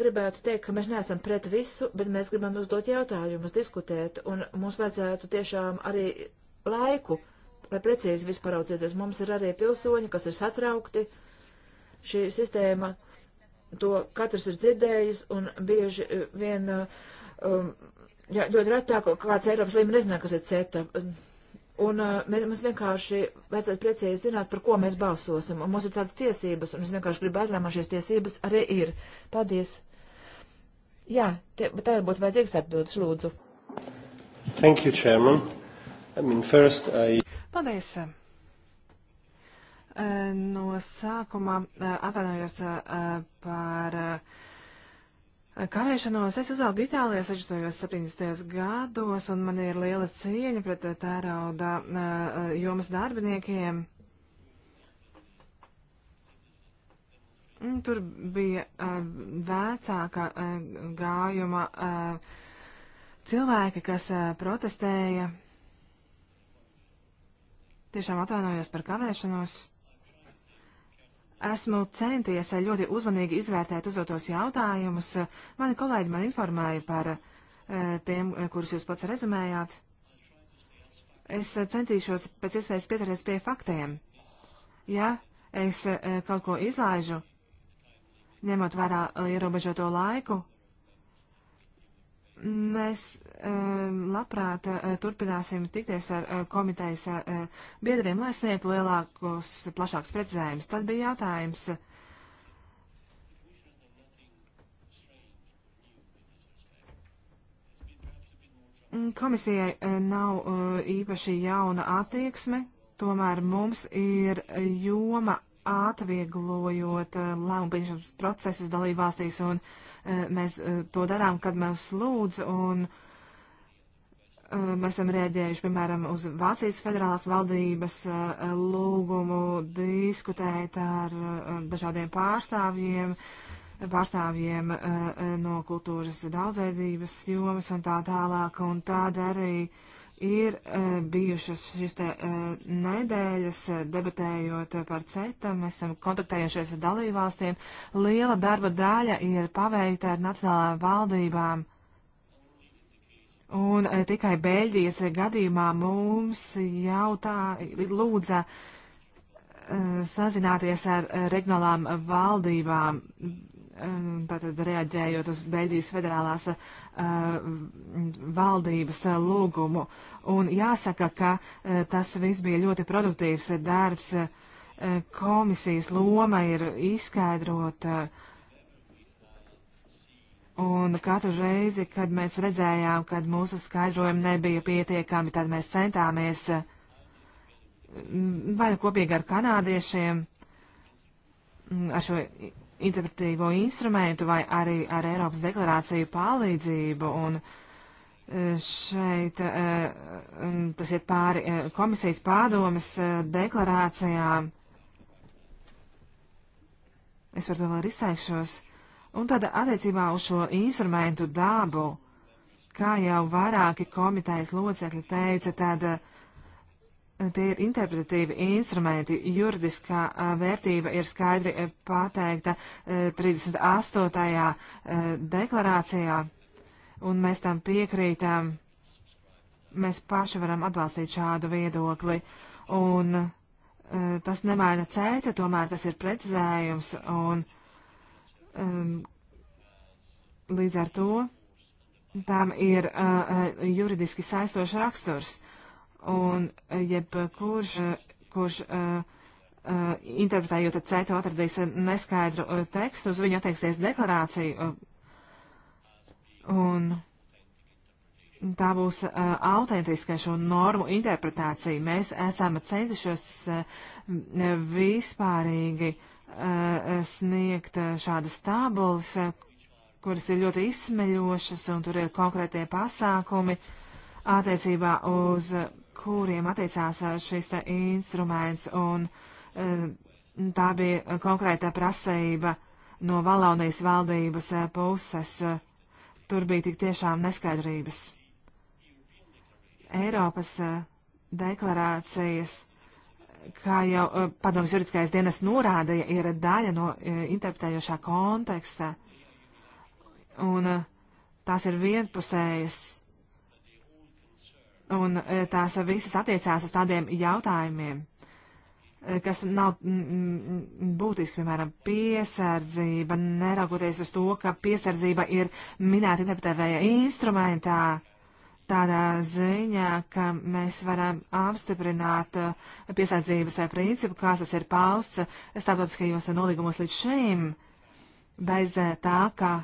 Gribētu teikt, ka mēs neesam pret visu, bet mēs gribam uzdot jautājumus, diskutēt, un mums vajadzētu tiešām arī laiku, lai precīzi vispār audzēties. Mums ir arī pilsoņi, kas ir satraukti. Šī sistēma uh, to katrs ir dzirdējis, un bieži eh, vien eh, um, jā, ļoti retāk kāds Eiropas līmenī nezina, kas ir CETA. Un uh, mums vienkārši vajadzētu priecīgi zināt, par ko mēs balsosim. Un mums ir tādas tiesības, un es vienkārši gribētu, lai man šīs tiesības arī ir. Paldies! Jā, te, bet tagad būtu vajadzīgs atbildes, lūdzu. Thank you, Chairman. I mean, first I... Paldies! Eh, no sākuma eh, atvainojos eh, par kavēšanos. Es uzaugu Itālijā 60. un 70. gados, un man ir liela cieņa pret tērauda jomas darbiniekiem. Tur bija vecāka gājuma cilvēki, kas protestēja. Tiešām atvainojos par kavēšanos. Esmu centies ļoti uzmanīgi izvērtēt uzdotos jautājumus. Mani kolēģi man informēja par eh, tiem, kurus jūs pats rezumējāt. Es eh, centīšos pēc iespējas pieturēties pie faktiem. Ja es eh, kaut ko izlaižu, ņemot vērā ierobežoto laiku, Mēs eh, labprāt eh, turpināsim tikties ar eh, komitejas biedriem, lai sniegtu lielākus, plašākus precizējumus. Tad bija jautājums. Komisijai nav īpaši jauna attieksme, tomēr mums ir joma atvieglojot eh, lēmumu pieņemšanas procesus dalībvalstīs, un eh, mēs eh, to darām, kad mēs lūdz, un mēs esam rēģējuši, piemēram, uz Vācijas federālās valdības lūgumu diskutēt ar dažādiem pārstāvjiem, pārstāvjiem no kultūras daudzveidības jomas un tā tālāk, un tāda arī ir eh, bijušas šīs te eh, nedēļas eh, debatējot par CETA, mēs esam kontaktējušies ar dalībvalstīm. Liela darba daļa ir paveikta ar nacionālām valdībām. Un tikai Beļģijas gadījumā mums jau tā lūdza sazināties ar reģionālām valdībām Ehm, tātad reaģējot uz Beļģijas federālās uh, valdības uh, lūgumu. Un jāsaka, ka uh, tas viss bija ļoti produktīvs darbs. Komisijas loma ir izskaidrot. Un katru reizi, kad mēs redzējām, kad mūsu skaidrojumi nebija pietiekami, tad mēs centāmies vai nu kopīgi ar kanādiešiem ar šo interpretīvo instrumentu vai arī ar Eiropas deklarāciju palīdzību. Un e, šeit e, tas iet pāri e, komisijas pārdomas deklarācijām. Es par to vēl izteikšos. Un tad attiecībā uz šo instrumentu dabu, kā jau vairāki komitejas locekļi teica, tad Tie ir interpretatīvi instrumenti. Juridiskā vērtība ir skaidri pateikta 38. deklarācijā, un mēs tam piekrītam. Mēs paši varam atbalstīt šādu viedokli. Un tas nemaina ceļu, tomēr tas ir precizējums, un um, līdz ar to tam ir uh, juridiski saistošs raksturs un eh, jebkurš, eh, kurš uh, uh, interpretējot CETO atradīs neskaidru uh, tekstu, uz viņu attieksies deklarācija. Un tā būs autentiska šo normu interpretācija. Mēs esam centušos vispārīgi sniegt šādas tabulas, kuras ir ļoti izsmeļošas, un tur ir konkrētie pasākumi attiecībā uz kuriem attiecās šis te, instruments, un tā bija konkrēta prasība no Valaunijas valdības puses. Tur bija tik tiešām neskaidrības. Eiropas deklarācijas, kā jau padoms juridiskais dienas norādīja, ir daļa no interpretējošā konteksta, un tās ir vienpusējas Un e, tās visas attiecās uz tādiem jautājumiem, e, kas nav būtiski, piemēram, piesardzība, neraugoties uz to, ka piesardzība ir minēta interpretēvēja instrumentā, tādā ziņā, ka mēs varam apstiprināt e, piesardzības principu, kā tas ir pausts starptautiskajos nolīgumos līdz šim, bez tā, ka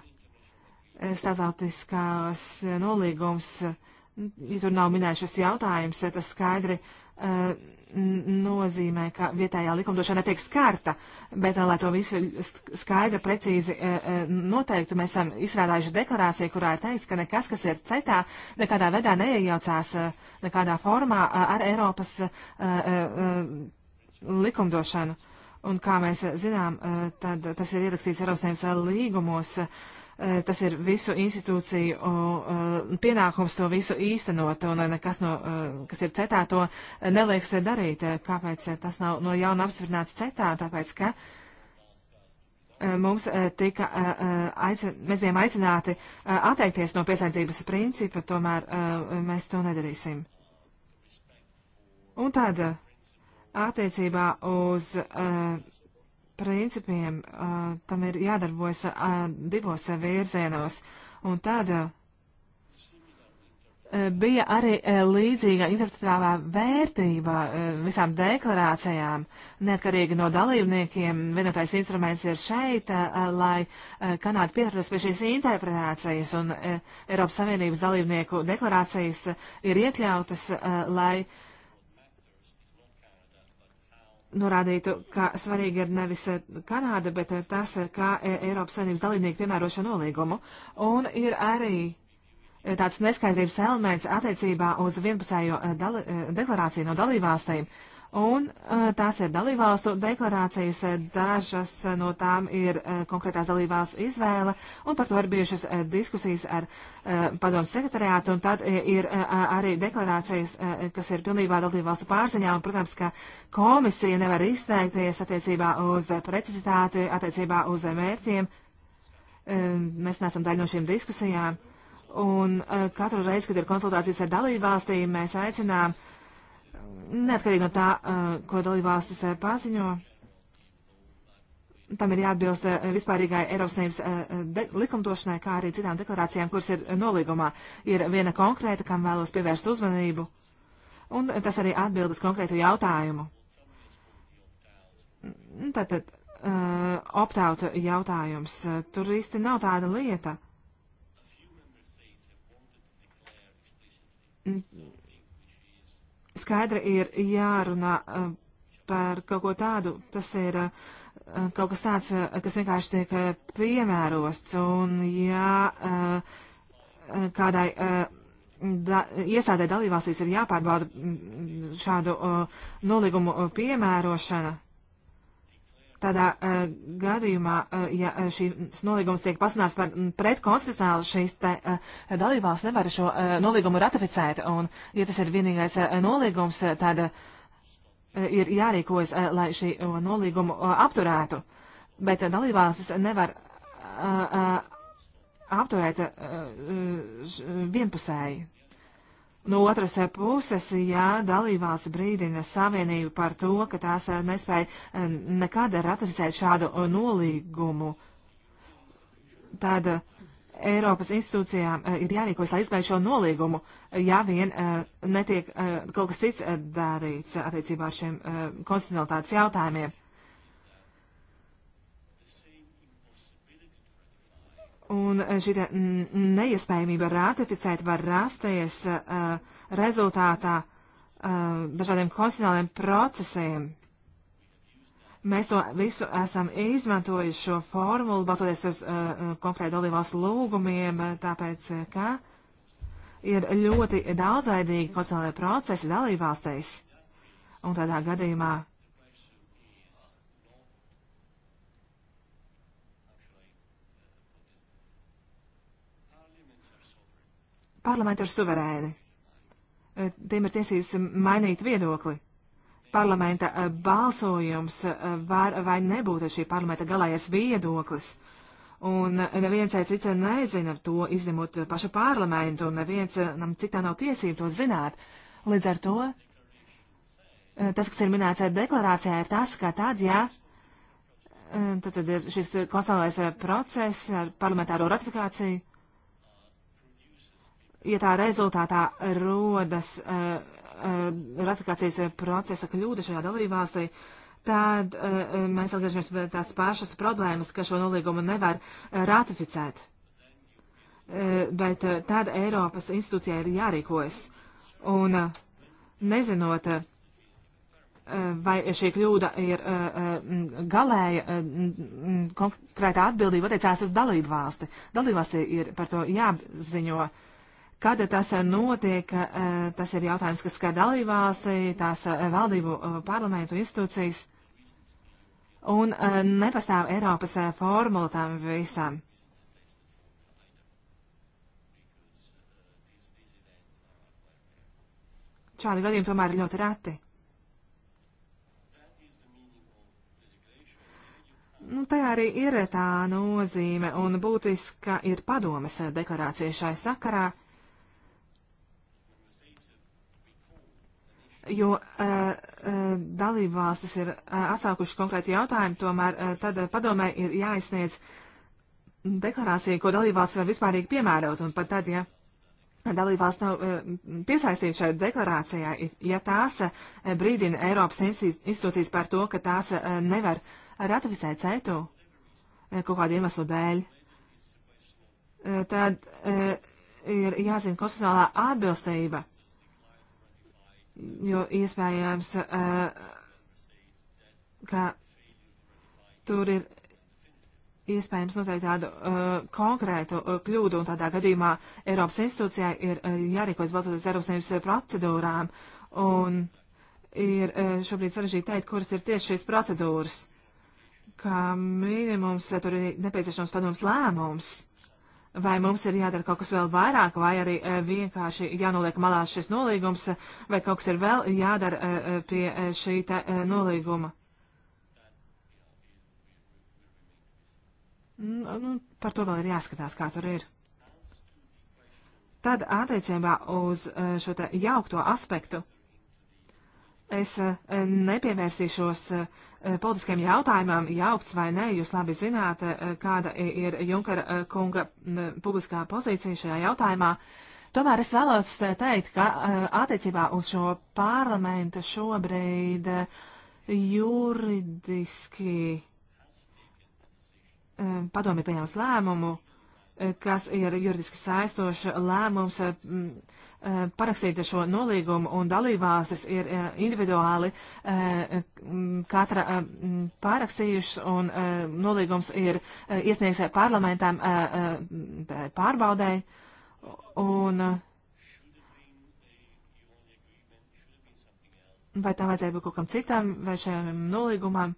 starptautiskās nolīgums uh, ja tur nav minēts šis jautājums, eh, tas skaidri uh, nozīmē, ka vietējā likumdošana netiek skarta, bet, eh, lai to visu skaidri, precīzi uh, noteiktu, mēs esam izstrādājuši deklarāciju, kurā ir teikts, ka nekas, kas ir cetā, nekādā veidā neiejaucās uh, nekādā formā ar Eiropas likumdošanu. Un kā mēs zinām, tad tas ir ierakstīts Eiropas Savienības līgumos. Uh, Eh, tas ir visu institūciju eh, pienākums to visu īstenot, un eh, nekas, no, kas ir cetā, to neliekas darīt. Kāpēc tas nav no jauna apsvērnāts cetā? Tāpēc, ka mums tika, aicin, mēs bijām aicināti atteikties no piesaistības principa, tomēr mēs to nedarīsim. Un tad attiecībā uz uh, principiem uh, tam ir jādarbojas uh, divos uh, virzienos. Un tad uh, bija arī uh, līdzīga interpretatīvā vērtība uh, visām deklarācijām, neatkarīgi no dalībniekiem. Vienotais instruments ir šeit, uh, lai uh, Kanāda pieturas pie šīs interpretācijas, un uh, Eiropas Savienības dalībnieku deklarācijas uh, ir iekļautas, uh, lai uh, norādītu, ka svarīgi ir nevis eh, Kanāda, bet eh, tas, eh, kā Eiropas Savienības dalībnieki piemēro šo nolīgumu. Un ir arī tāds neskaidrības elements attiecībā uz vienpusējo deklarāciju no dalībvalstīm. Uh, Un eh, tās ir dalībvalstu deklarācijas, eh, dažas eh, no tām ir konkrētās dalībvalsts izvēle, un par to ir bijušas diskusijas ar padomu sekretariātu, un tad ir arī deklarācijas, kas ir pilnībā dalībvalstu pārziņā, un, protams, ka komisija nevar izteikties attiecībā uz precizitāti, attiecībā uz mērķiem. Mēs neesam daļa no šīm diskusijām, un katru reizi, kad ir konsultācijas ar dalībvalstīm, mēs aicinām uh, neatkarīgi no tā, uh, ko dalībvalstis uh, paziņo, tam ir jāatbilst uh, vispārīgai Eiropas Savienības likumdošanai, kā arī citām deklarācijām, kuras ir nolīgumā. Ir viena konkrēta, kam vēlos pievērst uzmanību, un tas arī atbild uz konkrētu jautājumu. Tātad, nu, optauta jautājums. Tur īsti nav tāda lieta skaidri ir jārunā eh, par kaut ko tādu. Tas ir eh, kaut kas tāds, eh, kas vienkārši tiek piemērosts. Un ja kādai da, iestādē dalībvalstīs ir jāpārbauda mm, šādu nolīgumu piemērošana, Tādā uh, gadījumā, uh, ja e, šīs nolīgums tiek pasunāts par pretkonstitucionālu, šīs te, uh, dalībvalsts nevar šo uh, nolīgumu ratificēt. Un, ja tas ir vienīgais uh, nolīgums, tad uh, ir jārīkojas, uh, lai šī uh, nolīgumu uh, apturētu. Bet uh, dalībvalstis nevar uh, uh, apturēt uh, vienpusēji No otras puses, ja dalībvalsts brīdina Savienību par to, ka tās eh, nespēja eh, nekad ratificēt šādu eh, nolīgumu, tad Eiropas institūcijām ir jārīkojas, lai izbeigtu šo nolīgumu, ja vien netiek kaut kas cits darīts attiecībā ar šiem konstitucionalitātes jautājumiem. Un eh, šī mm, neiespējamība ratificēt var rasties uh, rezultātā uh, dažādiem konstitucionāliem procesiem. Mēs to visu esam izmantojuši šo formulu, balsoties uz uh, konkrēti dalībvalstu lūgumiem, tāpēc, ka ir ļoti daudzveidīgi konstitucionālajie procesi dalībvalstīs. Un tādā gadījumā Parlamenti ir suverēni. E, tiem ir tiesības mainīt viedokli. Parlamenta e, balsojums e, var vai nebūt šī parlamenta galējais viedoklis. Un neviens cits nezina to, izņemot pašu parlamentu, un neviens citā nav tiesība to zināt. Līdz ar to tas, kas ir minēts deklarācijā, ir tas, ka tad, ja tad, tad ir šis konstitucionālais process ar parlamentāro ratifikāciju, ja tā rezultātā rodas uh, uh, ratifikācijas procesa kļūda šajā dalībvalstī, tad uh, uh mēs atgriežamies pie tās pašas problēmas, ka šo nolīgumu nevar uh, ratificēt. Uh, bet tad Eiropas institūcijai ir jārīkojas. Un nezinot, vai šī kļūda ir galēja, konkrētā atbildība attiecās uz dalību valsti. Dalību valsti ir par to jāziņo. Uh, Kad tas notiek, eh, tas ir jautājums, kas skar dalībvalstī, tās eh, valdību eh, parlamentu institūcijas, un nepastāv Eiropas formula tam visam. Šādi gadījumi tomēr ir ļoti reti. Nu, tajā arī ir tā nozīme, un būtiska ir padomas deklarācija šai sakarā. jo uh, uh, dalībvalstis ir uh, atsākuši konkrēti jautājumi, tomēr uh, tad uh, padomē ir jāizsniedz deklarācija, ko dalībvalsts var vispārīgi piemērot, un pat tad, ja dalībvalsts nav uh, piesaistīta šai deklarācijai, ja tās uh, brīdina Eiropas institūcijas par to, ka tās uh, nevar ratificēt CETU kaut kādu iemeslu dēļ, tad ir jāzina konstitucionālā atbilstība jo iespējams, eh, ka tur ir iespējams noteikti tādu uh, konkrētu uh, kļūdu, un tādā gadījumā Eiropas institūcijai ir uh, jārīkojas balstoties Eiropas Savienības procedūrām, un ir uh, šobrīd sarežģīti teikt, kuras ir tieši šīs procedūras. Kā minimums uh, tur ir nepieciešams padoms lēmums. Uh, Vai mums ir jādara kaut kas vēl vairāk, vai arī e, vienkārši jānoliek malā šis nolīgums, vai kaut kas ir vēl jādara e, e, pie šī nolīguma? Nu, nu, par to vēl ir jāskatās, kā tur ir. Tad attiecībā uz šo te jaukto aspektu es nepievērsīšos E, politiskiem jautājumam jaukts vai nē, jūs labi zināt, e, kāda ir Junkara e, kunga publiskā pozīcija šajā jautājumā. Tomēr es vēlos teikt, ka attiecībā uz šo parlamentu šobrīd juridiski padomi pieņems lēmumu, kas ir juridiski saistoša lēmums Eh, parakstīta šo nolīgumu un dalībvalstis ir eh, individuāli eh, katra pārakstījušas un nolīgums ir iesniegts parlamentām pārbaudēji. Un vai tā vajadzēja būt kaut kam citam vai šajam nolīgumam?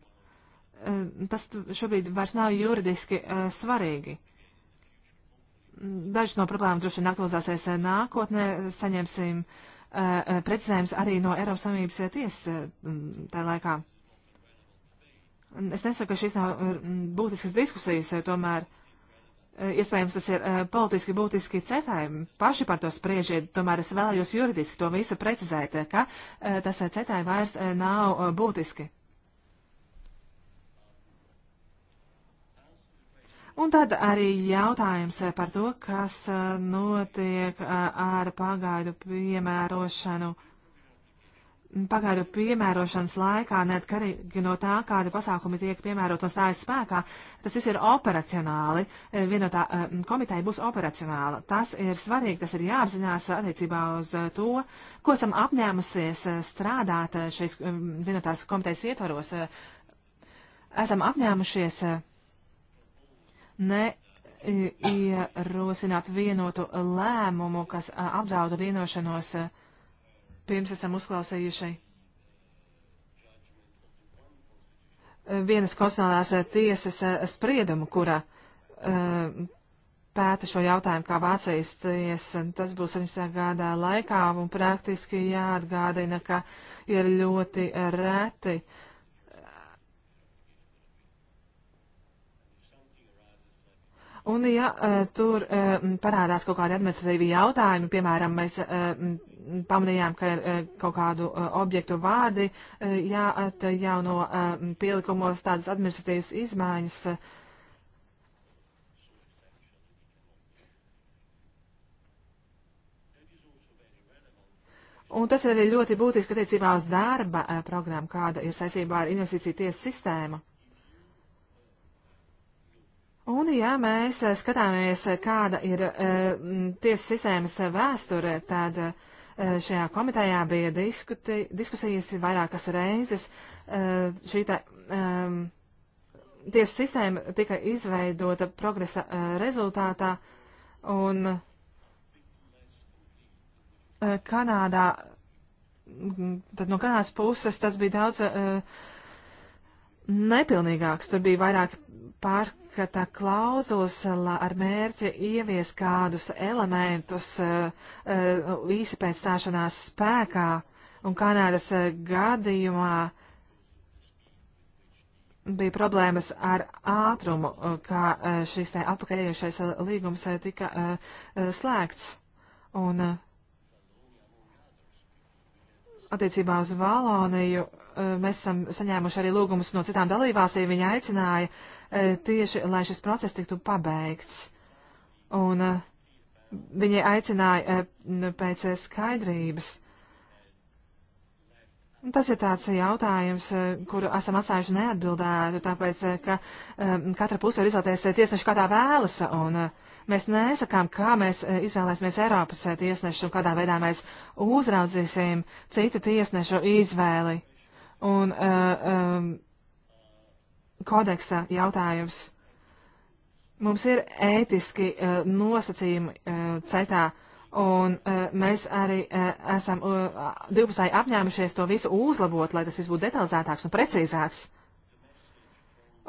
Tas šobrīd vairs nav juridiski svarīgi. Dažas no problēmām droši vien aktualizēsies eh, nākotnē. Saņemsim uh, eh, eh, precizējums arī no Eiropas Savienības tiesas tajā laikā. Es nesaku, ka šīs nav būtiskas diskusijas, tomēr iespējams tas ir politiski būtiski cetai. Paši par to spriežiet, tomēr es vēlējos juridiski to visu precizēt, ka tas cetai vairs nav būtiski. Un tad arī jautājums par to, kas e, notiek e, ar pagaidu piemērošanu. Pagaidu piemērošanas laikā, neatkarīgi no tā, kāda pasākumi tiek piemērot un stājas spēkā, tas viss ir operacionāli. E, vienotā komiteja būs operacionāla. Tas ir svarīgi, tas ir jāapzinās attiecībā uz to, ko esam apņēmusies strādāt šīs vienotās komitejas ietvaros. Esam apņēmušies neierosināt vienotu lēmumu, kas apdrauda vienošanos pirms esam uzklausījuši vienas konstitucionālās tiesas spriedumu, kura pēta šo jautājumu kā Vācijas tiesa. Tas būs 17. gadā laikā un praktiski jāatgādina, ka ir ļoti reti uh, Un, ja eh, tur eh, parādās kaut kādi administratīvi jautājumi, piemēram, mēs eh, pamanījām, ka ir kaut kādu objektu vārdi jāatjauno pielikumos tādas administratīvas izmaiņas. Un tas ir arī ļoti būtiski attiecībā uz darba programmu, kāda ir saistībā ar investīciju tiesu sistēmu. Un, ja mēs eh, skatāmies, eh, kāda ir eh, tiesu sistēmas vēsture, tad šajā komitejā bija diskuti, diskusijas vairākas reizes. Šī tā, ehm, tiesu sistēma tika izveidota progresa rezultātā, un Kanādā, tad no Kanādas puses tas bija daudz nepilnīgāks. Tur bija vairāk pārskata klauzulas ar mērķi ievies kādus elementus e, e, īsi pēc stāšanās spēkā, un Kanādas e, gadījumā bija problēmas ar ātrumu, kā šis te atpakaļējušais līgums tika slēgts. Un attiecībā uz Valoniju mēs esam saņēmuši arī lūgumus no citām dalībvalstīm. Viņa aicināja E, tieši, lai šis process tiktu pabeigts. Un e, viņai aicināja e, pēc skaidrības. Tas ir tāds jautājums, kuru esam atstājuši neatbildētu, tāpēc, ka um, katra puse var izvēlēties tiesnešu, kā tā vēlas, un uh, mēs nesakām, kā mēs izvēlēsimies Eiropas tiesnešu un kādā veidā mēs uzraudzīsim citu tiesnešu izvēli. Un, uh, um, kodeksa jautājums. Mums ir ētiski uh, nosacījumi uh, CETā, un uh, mēs arī uh, esam uh, divpusēji apņēmušies to visu uzlabot, lai tas viss būtu detalizētāks un precīzāks.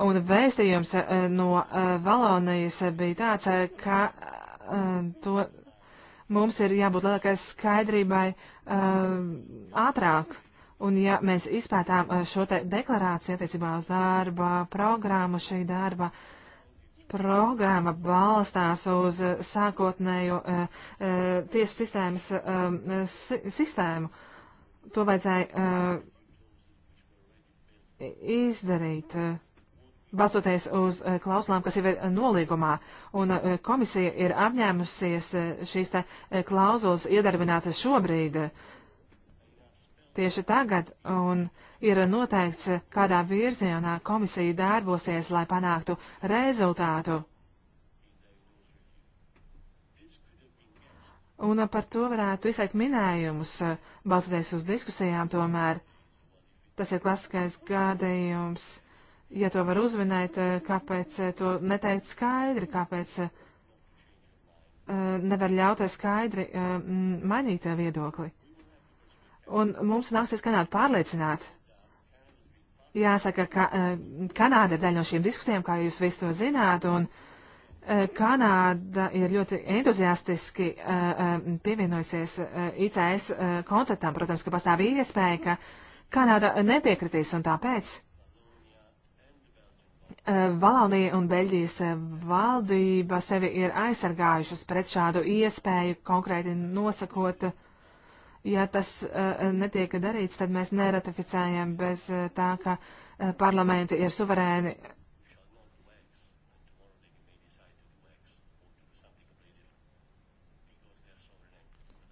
Un vēstījums uh, no uh, Valonijas bija tāds, uh, ka uh, to mums ir jābūt lielākai skaidrībai uh, ātrāk. Uh, Un ja mēs izpētām eh, šo te deklarāciju attiecībā uz darba programmu, šī darba programma balstās uz eh, sākotnēju uh, eh, uh, tiesu sistēmas uh, si sistēmu. To vajadzēja izdarīt, balstoties uz klausulām, kas jau ir nolīgumā. Un komisija ir apņēmusies šīs te klauzulas iedarbināt šobrīd. Uh, tieši tagad, un ir noteikts, kādā virzienā komisija darbosies, lai panāktu rezultātu. Un par to varētu izsaikt minējumus, balstoties uz diskusijām tomēr. Tas ir klasiskais gadījums. Ja to var uzvinēt, kāpēc to neteikt skaidri, kāpēc eh, nevar ļauties skaidri eh, mainīt viedokli? Un mums nāksies Kanādu pārliecināt. Jāsaka, ka eh, Kanāda ir daļa no šīm diskusijām, kā jūs visi to zināt, un eh, Kanāda ir ļoti entuziastiski eh, pievienojusies ICS konceptam. Protams, ka pastāv iespēja, ka Kanāda nepiekritīs, un tāpēc Valonija un Beļģijas valdība sevi ir aizsargājušas pret šādu iespēju konkrēti nosakot uh, ja tas eh, netiek darīts, tad mēs neratificējam bez eh, tā, ka eh, parlamenti ir suverēni.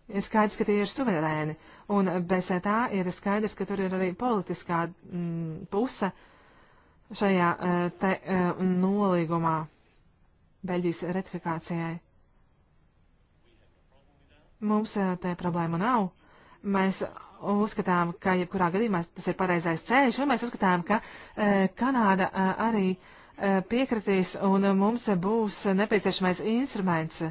Ir skaidrs, ka tie ir suverēni, un bez tā ir skaidrs, ka tur ir arī politiskā m, mm, puse šajā te, nolīgumā Beļģijas ratifikācijai. Mums te problēmu nav. Mēs uzskatām, ka jebkurā gadījumā tas ir pareizais ceļš, un mēs uzskatām, ka e, Kanāda a, e, arī e, piekritīs, un mums būs nepieciešamais instruments,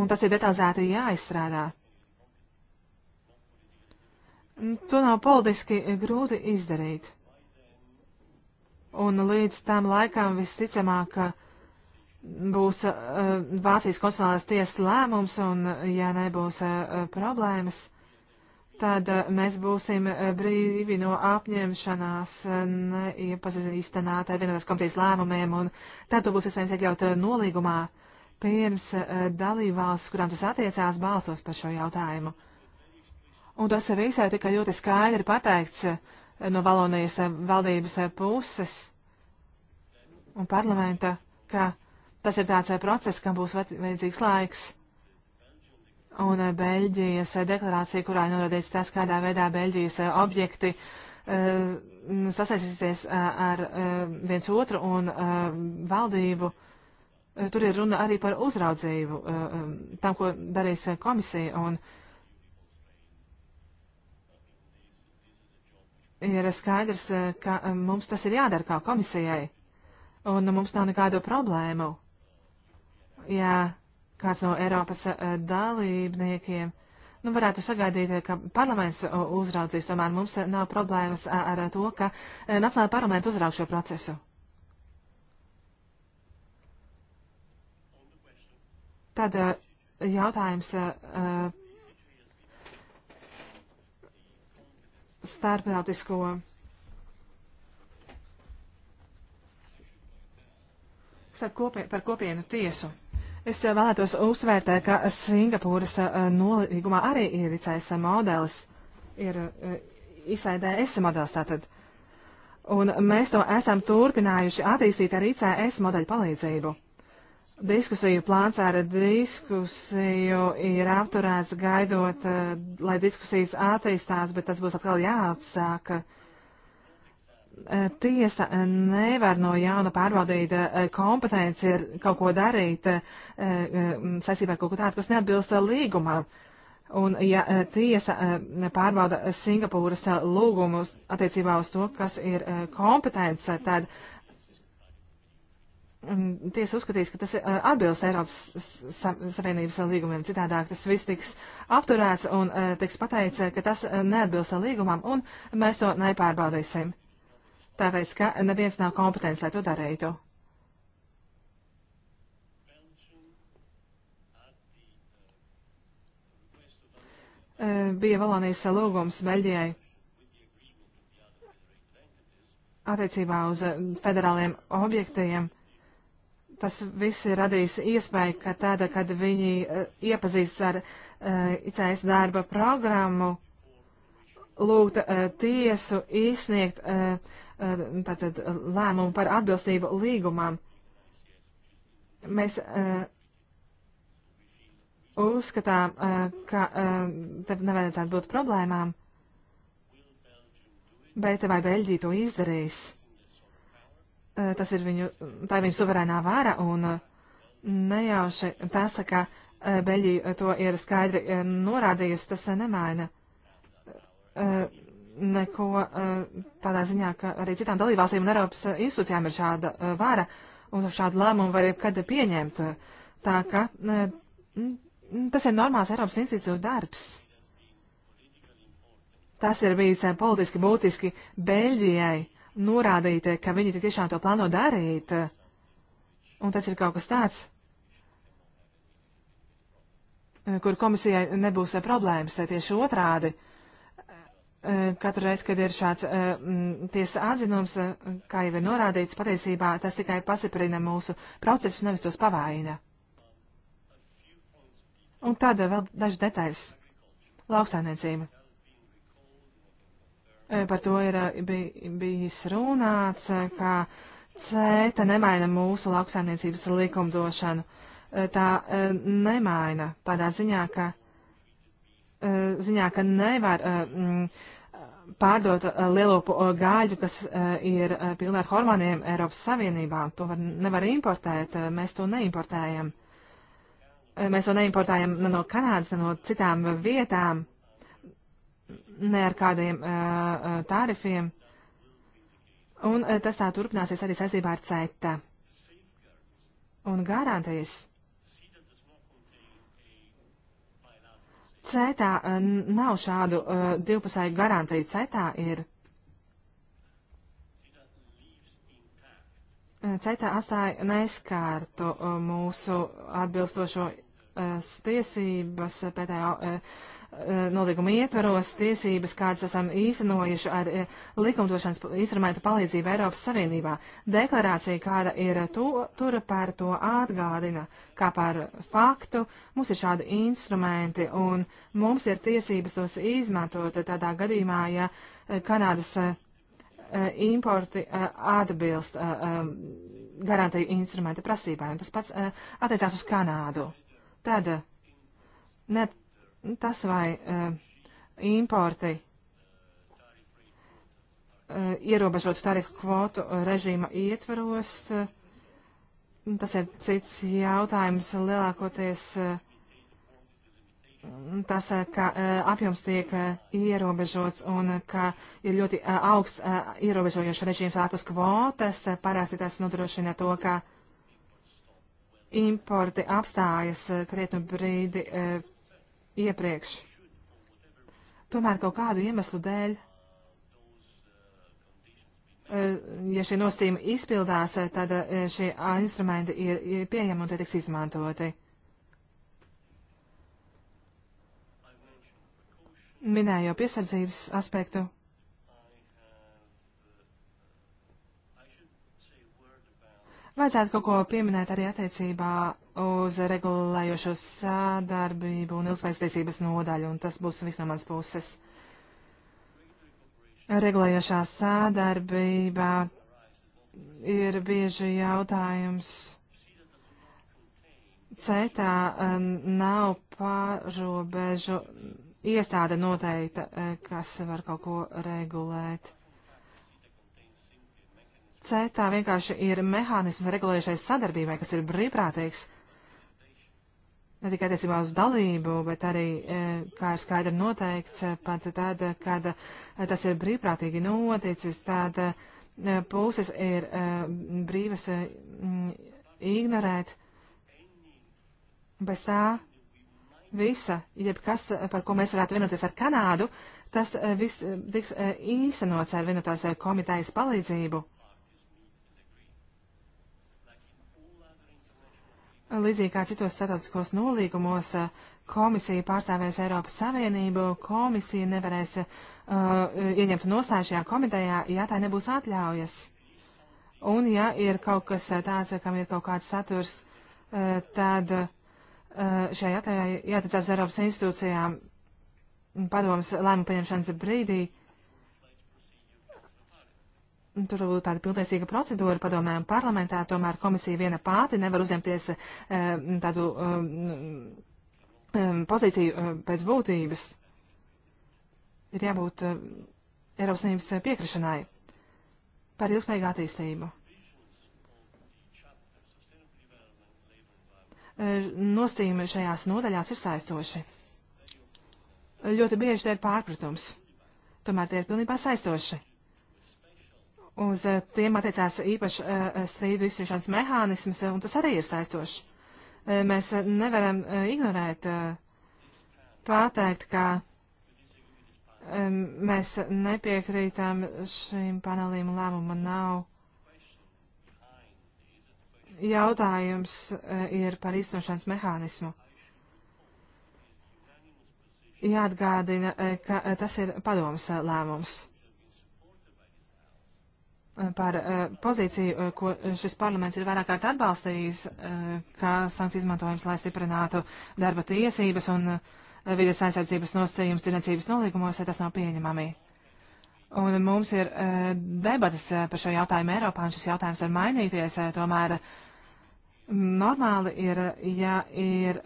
un tas ir detalizēti jāizstrādā. To nav politiski grūti izdarīt. Un līdz tam laikam visticamāk, ka būs uh, Vācijas konstitucionālās tiesas lēmums un, eh, ja nebūs uh, problēmas, tad uh, mēs būsim brīvi no apņemšanās neiepazīstinātā vienotās komitejas lēmumiem, un tad to būs iespējams iekļaut nolīgumā pirms dalībvalsts, kurām tas attiecās, balsos par šo jautājumu. Un tas visai tika ļoti skaidri pateikts no Valonijas valdības puses un parlamenta, ka Tas ir tāds eh, process, kam būs vajadzīgs laiks. Un eh, Beļģijas eh, deklarācija, kurā norādīts tas, kādā veidā Beļģijas objekti sasaistīsies ar viens otru un valdību. Tur ir runa arī par uzraudzību tam, ko darīs komisija. Un, ir skaidrs, ka mums tas ir jādara kā komisijai, un mums nav nekādu problēmu ja kāds no Eiropas eh, dalībniekiem nu, varētu sagaidīt, eh, ka parlaments eh, uzraudzīs. Tomēr mums nav problēmas ar to, ka Nacionāla parlamenta uzraug šo procesu. Tad jautājums starptautisko. Starp kopie, par kopienu tiesu. Es eh, vēlētos uzsvērt, ka Singapūras eh, nolīgumā arī ir licējas modelis, ir eh, ISDS modelis tātad. Un mēs to esam turpinājuši attīstīt ar ICS modeļu palīdzību. Diskusiju plāns ar diskusiju ir apturēts gaidot, lai diskusijas attīstās, bet tas būs atkal jāatsāka. Uh, tiesa nevar no jauna pārbaudīt eh, kompetenci ir kaut ko darīt eh, eh, saistībā ar kaut ko tādu, kas neatbilst līgumam. Un ja tiesa pārbauda Singapūras lūgumus attiecībā uz to, kas ir kompetence, tad mm, tiesa uzskatīs, ka tas atbilst Eiropas Savienības līgumiem. Citādāk tas viss tiks apturēts un tiks pateicis, ka tas neatbilst līgumam un mēs to nepārbaudīsim tāpēc, ka neviens nav kompetents, lai to darītu. E, bija Valonijas lūgums Beļģijai attiecībā uz federāliem objektiem. Tas viss ir radījis iespēju, ka tāda, kad viņi e, iepazīstas ar e, ICS darba programmu, lūgt eh, tiesu izsniegt eh, eh, tātad, lēmumu par atbilstību līgumam. Mēs uzskatām, ka te nevajadzētu būt problēmām, bet vai Beļģija to izdarīs? Tas ir viņu, tā ir viņu suverēnā vāra un nejauši tas, ka Beļģija to ir skaidri norādījusi, tas nemaina. Eh, neko eh, tādā ziņā, ka arī citām dalībvalstīm un Eiropas eh, institūcijām ir šāda vara un šādu lēmumu var jebkad pieņemt. Tā ka tas ir normāls Eiropas institūciju darbs. Tas ir bijis politiski būtiski Beļģijai norādīt, ka viņi tiešām to plāno darīt. Un tas ir kaut kas tāds, kur komisijai nebūs problēmas, tieši otrādi. Eh, katru reizi, kad ir šāds eh, tiesas atzinums, eh, kā jau ir norādīts, patiesībā tas tikai pastiprina mūsu procesus, nevis tos pavājina. Un tad vēl daži detaļas. Lauksainiecība. Par to ir bij, bijis runāts, ka CETA nemaina mūsu lauksainiecības likumdošanu. Tā nemaina tādā ziņā, ka, ziņā, ka nevar. Mm, pārdot uh, lielopu uh, gāļu, kas uh, ir pilnā ar hormoniem Eiropas Savienībā. To var, nevar importēt, mēs to neimportējam. Mēs to neimportējam ne no Kanādas, ne no citām vietām, ne ar kādiem tārifiem. Un tas tā turpināsies arī saistībā ar CETA. Un garantējas CETA eh, nav šādu uh, divpusēju garantiju. CETA ir. Eh, CETA atstāja neskārtu mūsu atbilstošo tiesības PTO Eh, nolīguma ietvaros tiesības, kādas esam īstenojuši ar eh, likumdošanas instrumentu palīdzību Eiropas Savienībā. Deklarācija, kāda ir eh, to, tur par to atgādina, kā par faktu. Mums ir šādi instrumenti un mums ir tiesības tos izmantot tādā gadījumā, ja Kanādas importi atbilst garantiju instrumenta prasībām. Tas pats attiecās uz Kanādu. Tad, net, Tas vai eh, importi eh, ierobežotu tarifu kvotu režīma ietvaros, eh, tas ir cits jautājums lielākoties tas, ka apjoms tiek ierobežots un ka ir ļoti augsts ierobežojošs režīms ārpus kvotas, parasti tas nodrošina to, ka importi apstājas krietnu brīdi iepriekš. Tomēr kaut kādu iemeslu dēļ, e, ja šie nosacījumi izpildās, e, tad e, šie instrumenti ir pieejami un tie tiks izmantoti. Minēju piesardzības aspektu. Vajadzētu kaut ko pieminēt arī attiecībā uz regulējošo sādarbību un ilgspējastīsības nodaļu, un tas būs viss no manas puses. Regulējošā sādarbība ir bieži jautājums. CETA eh, nav pārobežu iestāde noteikta, eh, kas var kaut ko regulēt. CETA vienkārši ir mehānisms regulējušais sadarbībai, kas ir brīvprātīgs. Ne tikai attiecībā uz dalību, bet arī, e, kā ir skaidri noteikts, pat tad, kad tas ir brīvprātīgi noticis, tad e, puses ir e, brīvas ignorēt. Bez tā visa, jebkas, par ko mēs varētu vienoties ar Kanādu, tas viss tiks īstenots ar vienotās komitejas palīdzību. Līdzīgi kā citos starptautiskos nolīgumos, eh, komisija pārstāvēs Eiropas Savienību, komisija nevarēs uh, ieņemt nostāju šajā komitejā, ja tā nebūs atļaujas. Un ja ir kaut kas tāds, kam ir kaut kāds saturs, uh, tad uh, šai atļaujai jāticās Eiropas institūcijām padomas lēmu pieņemšanas brīdī. Uh, Tur būtu tāda pilntiesīga procedūra padomē un parlamentā, tomēr komisija viena pāti nevar uzņemties eh, tādu eh, mm, pozīciju eh, pēc būtības. Ir jābūt Eiropas Savienības piekrišanai par ilgspējīgu attīstību. Nostīme šajās nodaļās ir saistoši. Ļoti bieži tie ir pārpratums, tomēr tie ir pilnībā saistoši uz eh, tiem attiecās īpaši eh, eh, strīdu izšķiršanas mehānisms, un tas arī ir saistošs. Mēs nevaram ignorēt, pateikt, ka mēs nepiekrītam šīm panelīm lēmuma nav. Jautājums ir par iznošanas mehānismu jāatgādina, ka tas ir padomas lēmums par eh, pozīciju, eh, ko šis parlaments ir vairāk kārt atbalstījis, eh, kā sankciju izmantojums, lai stiprinātu darba tiesības un vides aizsardzības nosacījums tirniecības nolīgumos, ja tas nav pieņemami. Un mums ir debatas par šo jautājumu Eiropā, un šis jautājums var mainīties. Tomēr normāli ir, ja ir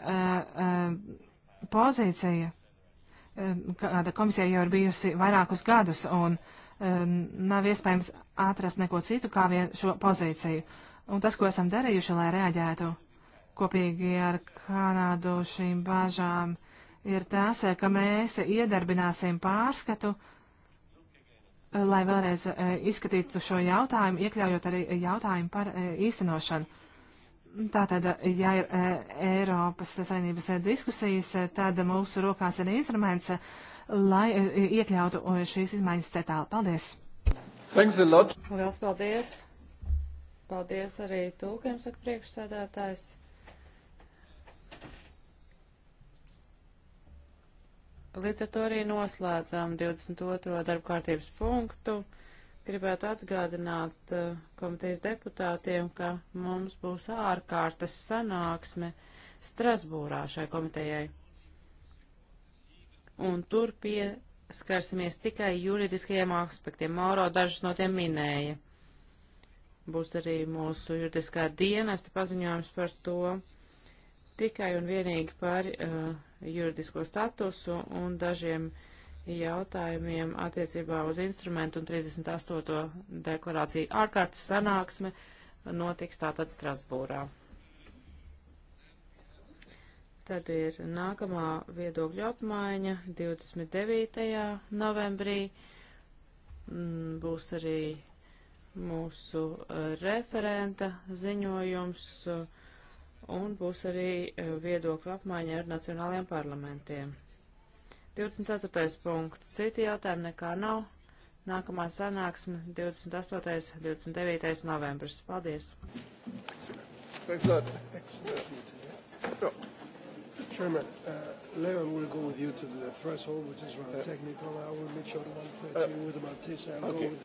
pozīcija, kāda komisija jau ir bijusi vairākus gadus, un nav iespējams atrast neko citu kā vien šo pozīciju. Un tas, ko esam darījuši, lai reaģētu kopīgi ar Kanādu šīm bāžām, ir tas, ka mēs iedarbināsim pārskatu, lai vēlreiz e, izskatītu šo jautājumu, iekļaujot arī jautājumu par e, īstenošanu. Tātad, ja ir e, Eiropas Savienības diskusijas, tad mūsu rokās ir instruments, lai iekļautu šīs izmaiņas cetāli. Paldies! Thanks a lot. Liels paldies. Paldies arī tūkiem, saka priekšsēdētājs. Līdz ar to arī noslēdzām 22. darba kārtības punktu. Gribētu atgādināt uh, komitejas deputātiem, ka mums būs ārkārtas sanāksme Strasbūrā šai komitejai. Un tur pie skarsimies tikai juridiskajiem aspektiem. Mauro dažus no tiem minēja. Būs arī mūsu juridiskā dienesta paziņojums par to tikai un vienīgi par uh, juridisko statusu un dažiem jautājumiem attiecībā uz instrumentu un 38. deklarāciju ārkārtas sanāksme notiks tātad Strasbūrā. Tad ir nākamā viedokļa apmaiņa 29. novembrī. Mm, būs arī mūsu eh, referenta ziņojums eh, un būs arī eh, viedokļa apmaiņa ar nacionālajiem parlamentiem. 24. punkts. Citi jautājumi nekā nav. Nākamā sanāksme 28. 29. novembris. Paldies! Excellent. Excellent. Excellent. Yeah. Chairman, uh, Leon will go with you to the threshold, which is rather uh, technical. I will meet you at 1.30 uh, with Matisse. I'll okay. go with